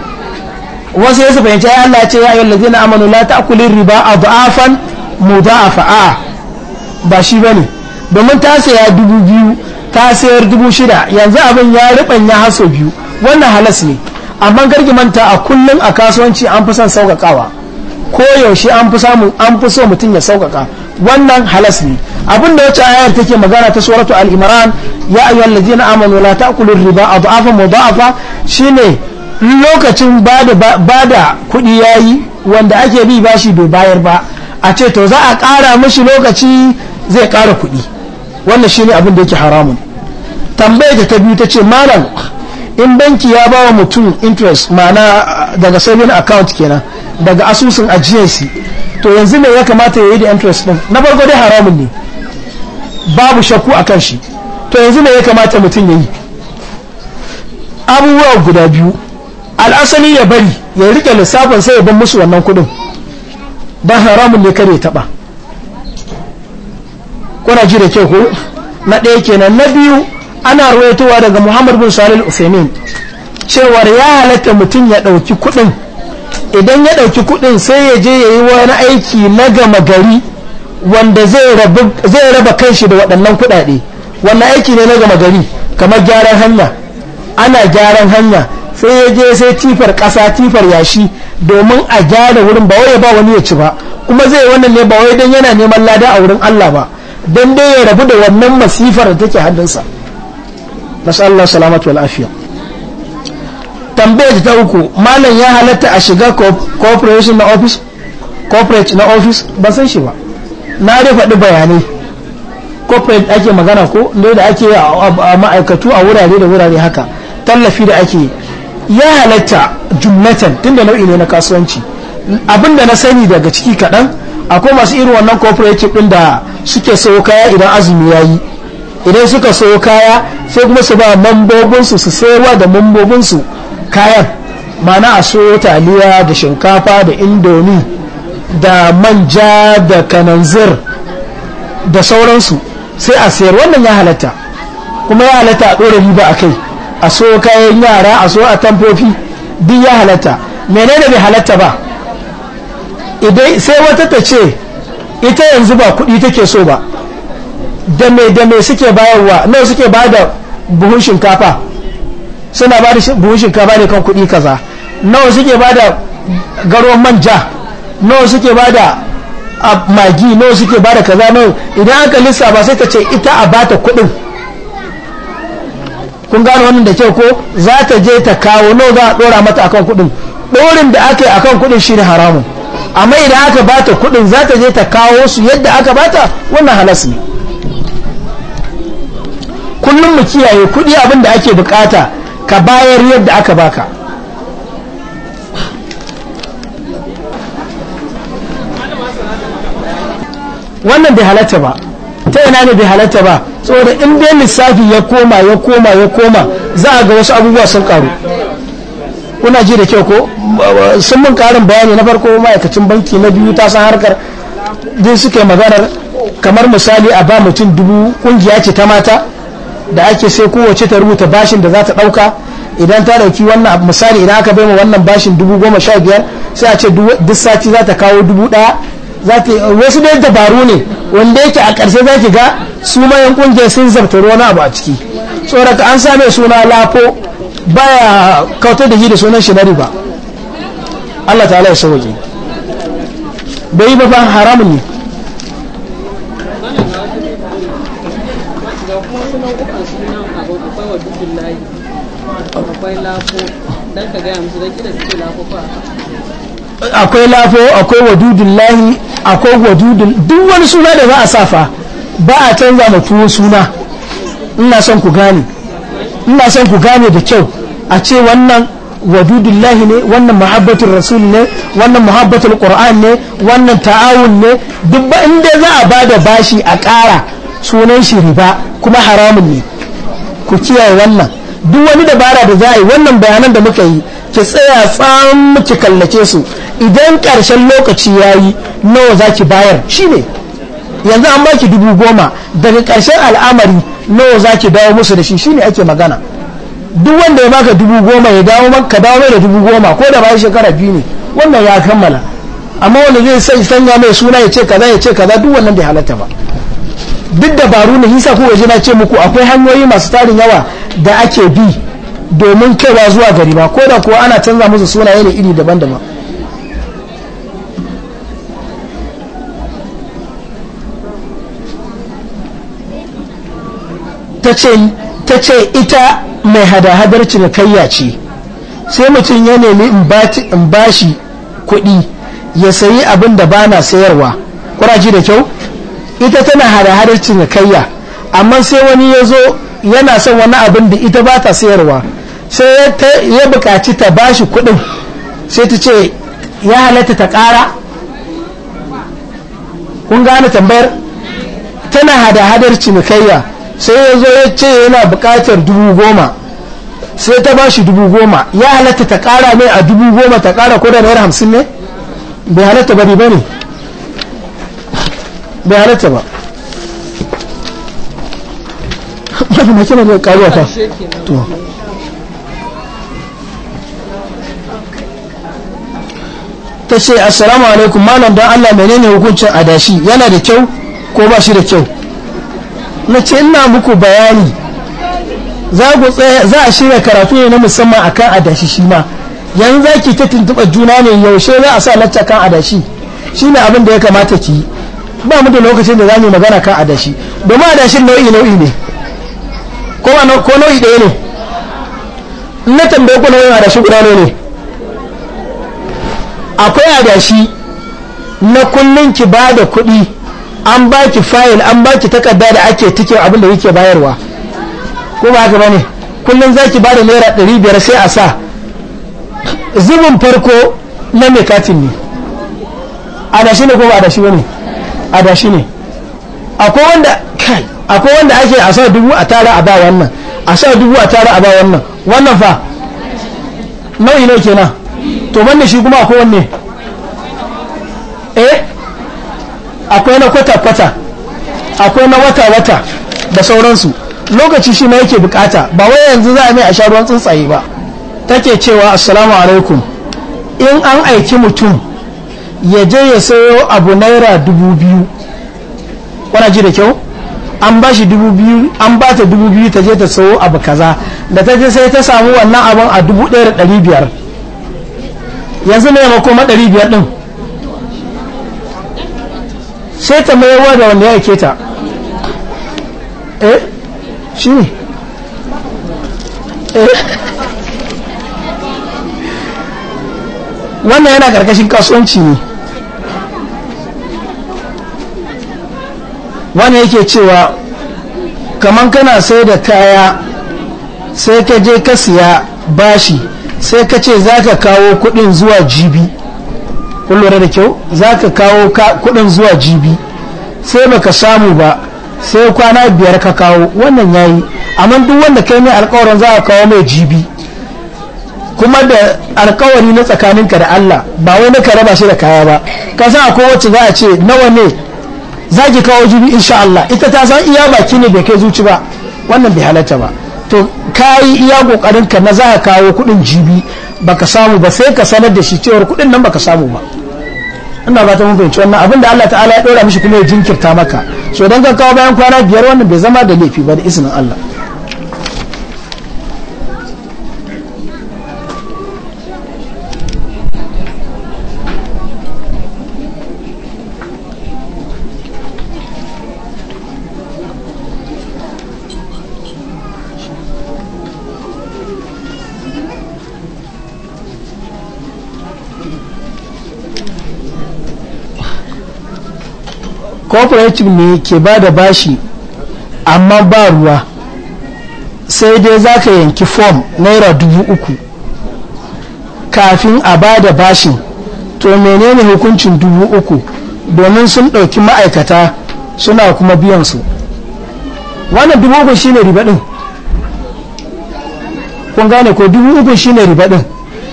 Speaker 2: wasu ya su fahimci ya Allah ce ya yi wallazi na amanu la kulin riba a ba'afan mu da'afa a ba shi ba ne domin ta saya dubu biyu ta sayar dubu shida yanzu abin ya riɓan ya haso biyu wannan halas ne amma gargi manta a kullum a kasuwanci an fi son sauƙaƙawa ko yaushe an fi so mutum ya sauƙaƙa wannan halas ne abin da wacce ayar take magana ta suratu al-imran ya ayyuhal ladina amanu la ta'kulu riba adafan mudafa shine lokacin bada bada kuɗi yayi wanda ake bi bashi bai bayar ba a ce to za a kara mishi lokaci zai kara kuɗi wannan shine abin da yake haramun tambaye ta biyu ta ce malam in banki ya ba wa mutum interest ma'ana daga saving account kenan daga asusun ajiyarsa to yanzu me ya kamata ya yi da interest din na farko dai haramun ne babu shakku a kan shi to yanzu me ya kamata mutum ya yi abubuwa guda biyu al'asali ya bari ya rike lissafin sai ya ban musu wannan kudin don haramun ne kare taba kuna ji da kyau ko na ɗaya kenan na biyu ana ruwaitowa daga muhammad bin salil usaimin cewar ya halatta mutum ya ɗauki kuɗin idan ya ɗauki kuɗin sai ya je ya yi wani aiki na gama gari wanda zai raba shi da waɗannan kuɗaɗe wannan aiki ne na gama gari kamar gyaran hanya ana gyaran hanya sai ya je sai tifar ƙasa tifar yashi domin a gyara wurin ba wai ba wani ya ci ba kuma zai wannan ne ba wai don yana neman lada a wurin Allah ba don dai ya rabu da wannan masifar da take hannunsa allah salamatu wal afiya tambayar ta uku malam ya halatta a shiga corporation na office corporate na office ba san shi ba na dai faɗi bayanai corporate ake magana ko ne da ake a ma'aikatu a wurare da wurare haka tallafi da ake ya halatta jumlatan tunda nau'i ne na kasuwanci abinda na sani daga ciki kaɗan akwai masu irin wannan cooperative ɗin da suke sayo kaya idan azumi ya yi idan suka sayo kaya sai kuma su ba mambobinsu su sayarwa da mambobinsu kayan mana a soyo taliya da shinkafa da indomie. da manja da kananzir da sauransu sai a sayar wannan ya halatta kuma ya halatta a ɗora riba a kai a so kayan yara a so a tamfofi duk ya halatta menene bai halatta ba idan sai wata ta ce ita yanzu ba kuɗi take so ba da me da me suke bayarwa nawa suke ba da buhun shinkafa suna ba da buhun shinkafa ne kan kuɗi kaza nawa suke ba da garo manja nawa suke ba da magi nawa suke bada kaza nawa idan aka lissafa sai ta ce ita a bata kuɗin kun gano wannan da kyau ko za ta je ta kawo nawa za a dora mata akan kuɗin ɗorin da aka yi akan kuɗin shine haramun amma idan aka bata kuɗin za ta je ta kawo su yadda aka bata wannan halas ne kullum mu kiyaye kuɗi abin da ake bukata ka bayar yadda aka baka wannan bai halatta ba ta yana ne bai halatta ba saboda in dai lissafi ya koma ya koma ya koma za a ga wasu abubuwa sun karu kuna ji da kyau ko sun mun karin bayani na farko ma'aikacin banki na biyu ta san harkar din suke maganar kamar misali a ba mutum dubu kungiya ce ta mata da ake sai kowace ta rubuta bashin da za ta ɗauka idan ta ɗauki wannan misali idan aka bai ma wannan bashin dubu goma sha biyar sai a ce duk sati za ta kawo dubu ɗaya wasu dai dabaru ne wanda yake a ƙarshe za ki ga su mayan ƙungiyar sun zartar wani abu a ciki tsoraka an same suna lafo baya kautar da shi da sunan shi na riba Allah ta'ala ya sauke bai ba ban haramun
Speaker 1: ne akwai lafo don ka gaya musu suke lafo
Speaker 2: akwai lafo akwai wadudun lahi akwai wadudun duk wani suna da za a safa ba a canza ma tuwo suna ina son ku gane ina son ku gane da kyau a ce wannan wadudun lahi ne wannan muhabbatul rasul ne wannan muhabbatul qur'an ne wannan ta'awun ne duk ba inda za a ba da bashi a ƙara sunan shi riba kuma haramun ne ku kiyaye wannan duk wani dabara da za a yi wannan bayanan da muka yi ki tsaya tsam ki kallace su idan karshen lokaci ya yi nawa za ki bayar shi ne yanzu an baki dubu goma daga karshen al'amari nawa za ki dawo musu da shi shi ne ake magana duk wanda ya baka dubu goma ya dawo maka dawo mai da dubu goma ko da bayan shekara biyu ne wannan ya kammala amma wanda zai sanya mai suna ya ce kaza ya ce kaza duk wannan bai halatta ba duk dabaru na hisa ko waje na ce muku akwai hanyoyi masu tarin yawa da ake bi domin kaiwa zuwa gari ba ko da kuwa ana canza musu sunaye ne iri daban-daban ta ce ita mai hada-hadar cinikayya ce sai mutum ya nemi in bashi kuɗi ya sayi abin da ba na sayarwa kwaraji da kyau ita tana hada-hadar cinikayya amma sai wani ya zo yana son wani abin da ita ba ta sayarwa sai ya bukaci ta ba shi kuɗin sai ta ce ya halatta ta ƙara kun gane tambayar tana hada-hadar cinikayya sai ya zo ya ce yana buƙatar dubu goma sai ta ba shi dubu goma ya halatta ta ƙara mai a dubu goma ta ƙara ko da hamsin ne bai halatta bari ba ne bai halatta ba mafi makina da ta ta ce assalamu alaikum malam don allah menene hukuncin adashi yana da kyau ko ba shi da kyau na ce ina muku bayani za a shirya karatu ne na musamman akan adashi shi ma yanzu za ta tuntuɓa juna ne yaushe za a sa lacca kan adashi shi ne abin da ya kamata ki yi ba mu da lokacin da za mu magana kan adashi domin adashin nau'i nau'i ne ko nau'i ɗaya ne na tambaye ku nau'in adashi guda ne akwai adashi na kullum ki ba da kuɗi an ba ki fayil an ba ki takarda da ake tikin abin da yake bayarwa ko ba haka ba ne kullum za ki ba da naira ɗari biyar sai a sa zubin farko na mai katin ne adashi ne ko ba adashi ba ne adashi ne akwai wanda kai akwai wanda ake a sa dubu a tara a ba wannan a sa dubu a tara a ba wannan wannan fa nau'i ne kenan to wanda shi kuma akwai wanne eh akwai na kwata-kwata akwai na wata-wata da sauransu lokaci shi na yake bukata ba wai yanzu za a mai a sha ruwan tsuntsaye ba take cewa assalamu alaikum in an aiki mutum ya je ya sayo abu naira dubu biyu wana ji da kyau an ba shi dubu biyu an ba ta dubu biyu ta je ta sayo abu kaza da ta je sai ta samu wannan abun a dubu ɗaya da ɗari biyar yanzu ne ma koma ɗari biyar ɗin sai ta mayarwa da wanda ya ake ta eh shi ne eh wannan yana ƙarƙashin kasuwanci ne wani yake cewa kamar kana sai da kaya sai ka je ka siya bashi sai ka ce za ka kawo kudin zuwa jibi kun da kyau za ka kawo kudin zuwa jibi sai baka samu ba sai kwana biyar ka kawo wannan yayi amma duk wanda kai mai alkawarin za ka kawo mai jibi kuma da alkawari na tsakaninka da Allah ba wani ka raba shi da kaya ba ka san akwai wacce za a ce nawa ne za ki kawo jibi insha Allah ita ta san iya baki ne bai kai zuci ba wannan bai halatta ba to kayi iya kokarin ka na za ka kawo kudin jibi baka samu ba sai ka sanar da shi cewa kudin nan baka samu ba ina ba ta mun fahimci wannan abin da Allah ta'ala ya dora mishi kuma ya jinkirta maka so dan ka kawo bayan kwana biyar wannan bai zama da laifi ba da izinin Allah cooperative ne ke ba da bashi amma ba ruwa sai dai za ka yanki fom naira dubu uku kafin a ba da bashin to menene hukuncin dubu uku domin sun ɗauki ma'aikata suna kuma biyan su wannan dubu uku shine riba ɗin kun gane ko dubu uku shine riba ɗin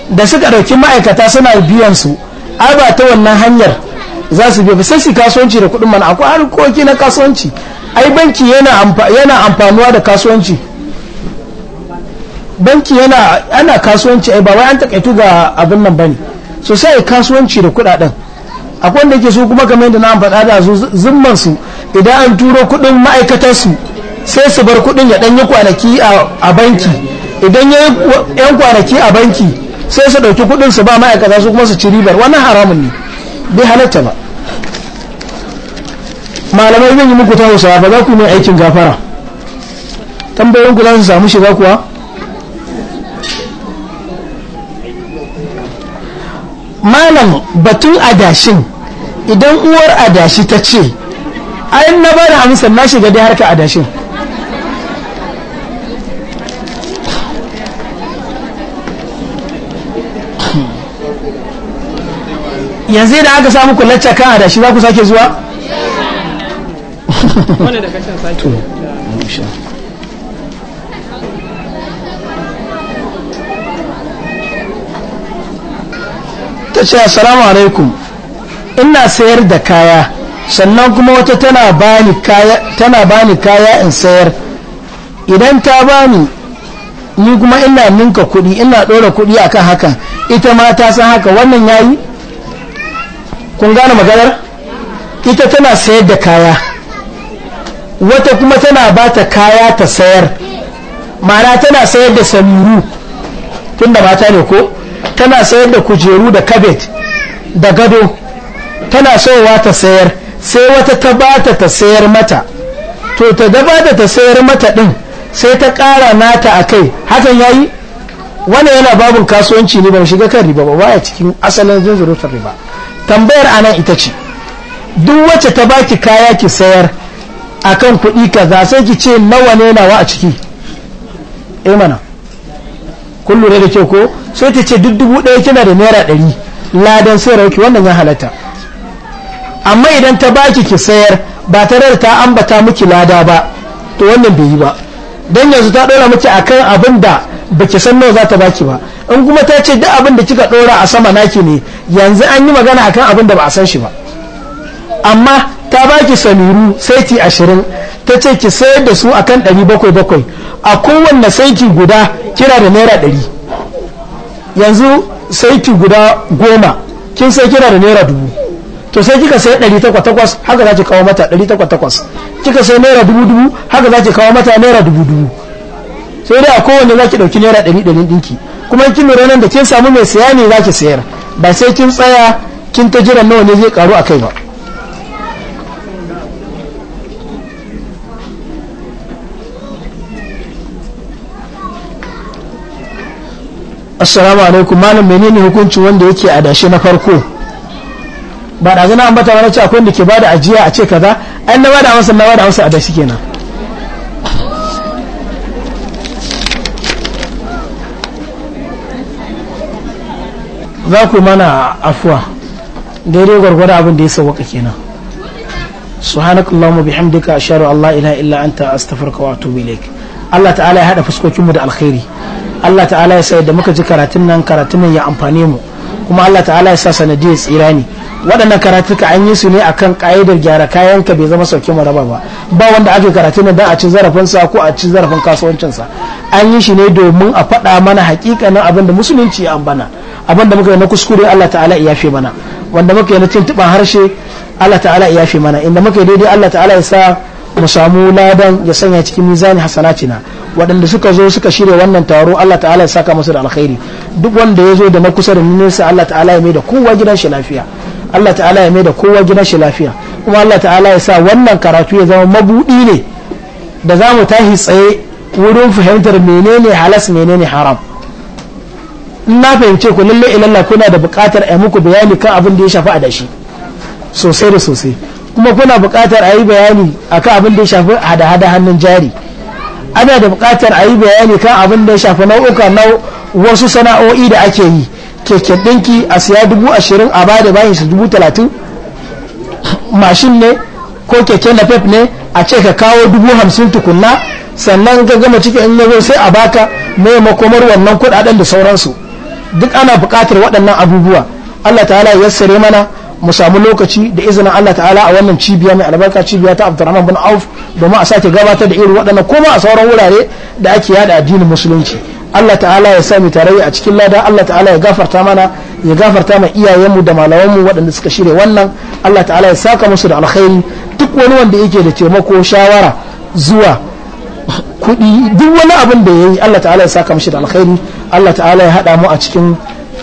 Speaker 2: da suka ɗauki ma'aikata suna biyan su ai ba ta wannan hanyar za su biya sai su kasuwanci da kuɗin mana akwai harkoki na kasuwanci ai banki yana amfanuwa da kasuwanci banki yana ana kasuwanci ai ba wai an takaitu ga abin nan bane so sai kasuwanci da kuɗaɗen akwai wanda yake su kuma kamar yadda na faɗa da su zimman su idan an turo kuɗin ma'aikatar su sai su bar kuɗin ya yi kwanaki a banki idan ya yan kwanaki a banki sai su ɗauki kuɗin su ba ma'aikata su kuma su ci ribar wannan haramun ne bai halatta ba malamai zan yi muku ta hausawa ba za ku mai aikin gafara tambayoyin ku za su samu shiga kuwa malam batun adashin idan uwar adashi ta ce ayin na ba da amsar na shiga dai harka adashin yanzu da aka samu kullacca kan adashi za ku sake zuwa wani da assalamu alaikum ina sayar da kaya sannan kuma wata tana bani kaya tana bani kaya in sayar idan ta bani ni kuma ina ninka kudi ina ɗora kuɗi akan haka ita ma ta san haka wannan yayi kun gane maganar ita tana sayar da kaya wata kuma tana ba ta kaya ta sayar ma'ana tana sayar da samiru tun da mata ne ko tana sayar da kujeru da kabet da gado tana sowa ta sayar sai wata ta ba ta ta sayar mata to ta da ta sayar mata din sai ta ƙara nata a kai hakan yayi wani yana babin kasuwanci ne ba mu shiga kan riba ba baya cikin asalin zunzurutar riba tambayar ana ita ce duk wacce ta baki kaya ki sayar akan kuɗi ka kaza sai ki ce nawa ne nawa a ciki eh mana kun lura da kyau ko sai ta ce duk dubu ɗaya kina da naira ɗari ladan sai rauki wannan ya halatta amma idan ta baki ki sayar ba tare da ta ambata miki lada ba to wannan bai yi ba dan yanzu ta ɗora miki akan abin da baki san nawa za ta baki ba in kuma ta ce duk abin da kika ɗora a sama naki ne yanzu an yi magana akan abin da ba a san shi ba amma ta ba ki samiru saiti ashirin ta ce ki sayar da su akan ɗari bakwai bakwai a kowanne saiti guda kira da naira ɗari yanzu saiti guda goma kin sai kira da naira dubu to sai kika sai ɗari takwas takwas haka za ki kawo mata ɗari takwas takwas kika sai naira dubu dubu haka za ki kawo mata naira dubu dubu sai dai a kowanne za ki ɗauki naira ɗari ɗari ɗinki kuma kin lura nan da kin samu mai saya ne za ki sayar ba sai kin tsaya kin ta jiran nawa ne zai karu a kai ba assalamu alaikum malam menene hukunci wanda yake dashe na farko ba da an ambata wani ce akwai wanda ke bada ajiya a ce kaza an na bada masa na bada masa adashi kenan za ku mana afuwa daidai gwargwada abin da ya sauwaka kenan subhanakallahumma bihamdika asharu allah ilaha illa anta astaghfiruka wa atubu ilaik Allah ta'ala ya hada fuskokinmu da alkhairi Allah ta'ala ya sa da muka ji karatun nan karatun nan ya amfane mu kuma Allah ta'ala ya sa sanadiyar tsira ne waɗannan karatuka an yi su ne akan ka'idar gyara kayan ka bai zama sauke maraba ba ba wanda ake karatu nan da a ci zarafin sa ko a ci zarafin kasuwancin sa an yi shi ne domin a faɗa mana hakikanin abin da musulunci ya ambana abin da muka yi na kuskure Allah ta'ala ya yafe mana wanda muka yi na tuntuɓan harshe Allah ta'ala ya yafe mana inda muka yi daidai Allah ta'ala ya sa mu samu ladan ya sanya cikin mizani hasanatina waɗanda suka zo suka shirya wannan taro Allah ta'ala ya saka musu da alkhairi duk wanda ya zo da na kusa da nesa Allah ta'ala ya mai da kowa gidan shi lafiya Allah ta'ala ya mai da kowa gidan shi lafiya kuma Allah ta'ala ya sa wannan karatu ya zama mabuɗi ne da za mu tashi tsaye wurin fahimtar menene halas menene haram in na fahimce ku lalle ilalla kuna da buƙatar a muku bayani kan abin da ya shafi adashi sosai da sosai kuma kuna buƙatar a yi bayani akan abin da ya shafi hada-hada hannun jari ana da buƙatar a yi bayani kan abin da ya shafi nau'uka na wasu sana'o'i da ake yi keke ɗinki a siya dubu ashirin a bada bayan su dubu talatin mashin ne ko keke na pep ne a ce ka kawo dubu hamsin tukunna sannan ka gama ciki in yazo sai a baka mai makomar wannan kuɗaɗen da sauransu duk ana buƙatar waɗannan abubuwa allah ta'ala ya sare mana mu samu lokaci da izinin Allah ta'ala a wannan cibiya mai albarka cibiya ta Abdurrahman bin Auf domin a sake gabatar da irin waɗannan kuma a sauran wurare da ake yada addinin musulunci Allah ta'ala ya sami tarayya a cikin lada Allah ta'ala ya gafarta mana ya gafarta ma iyayenmu da malamanmu waɗanda suka shirya wannan Allah ta'ala ya saka musu da alkhairi duk wani wanda yake da taimako shawara zuwa kuɗi duk wani abin da ya yi Allah ta'ala ya saka musu da alkhairi Allah ta'ala ya haɗa mu a cikin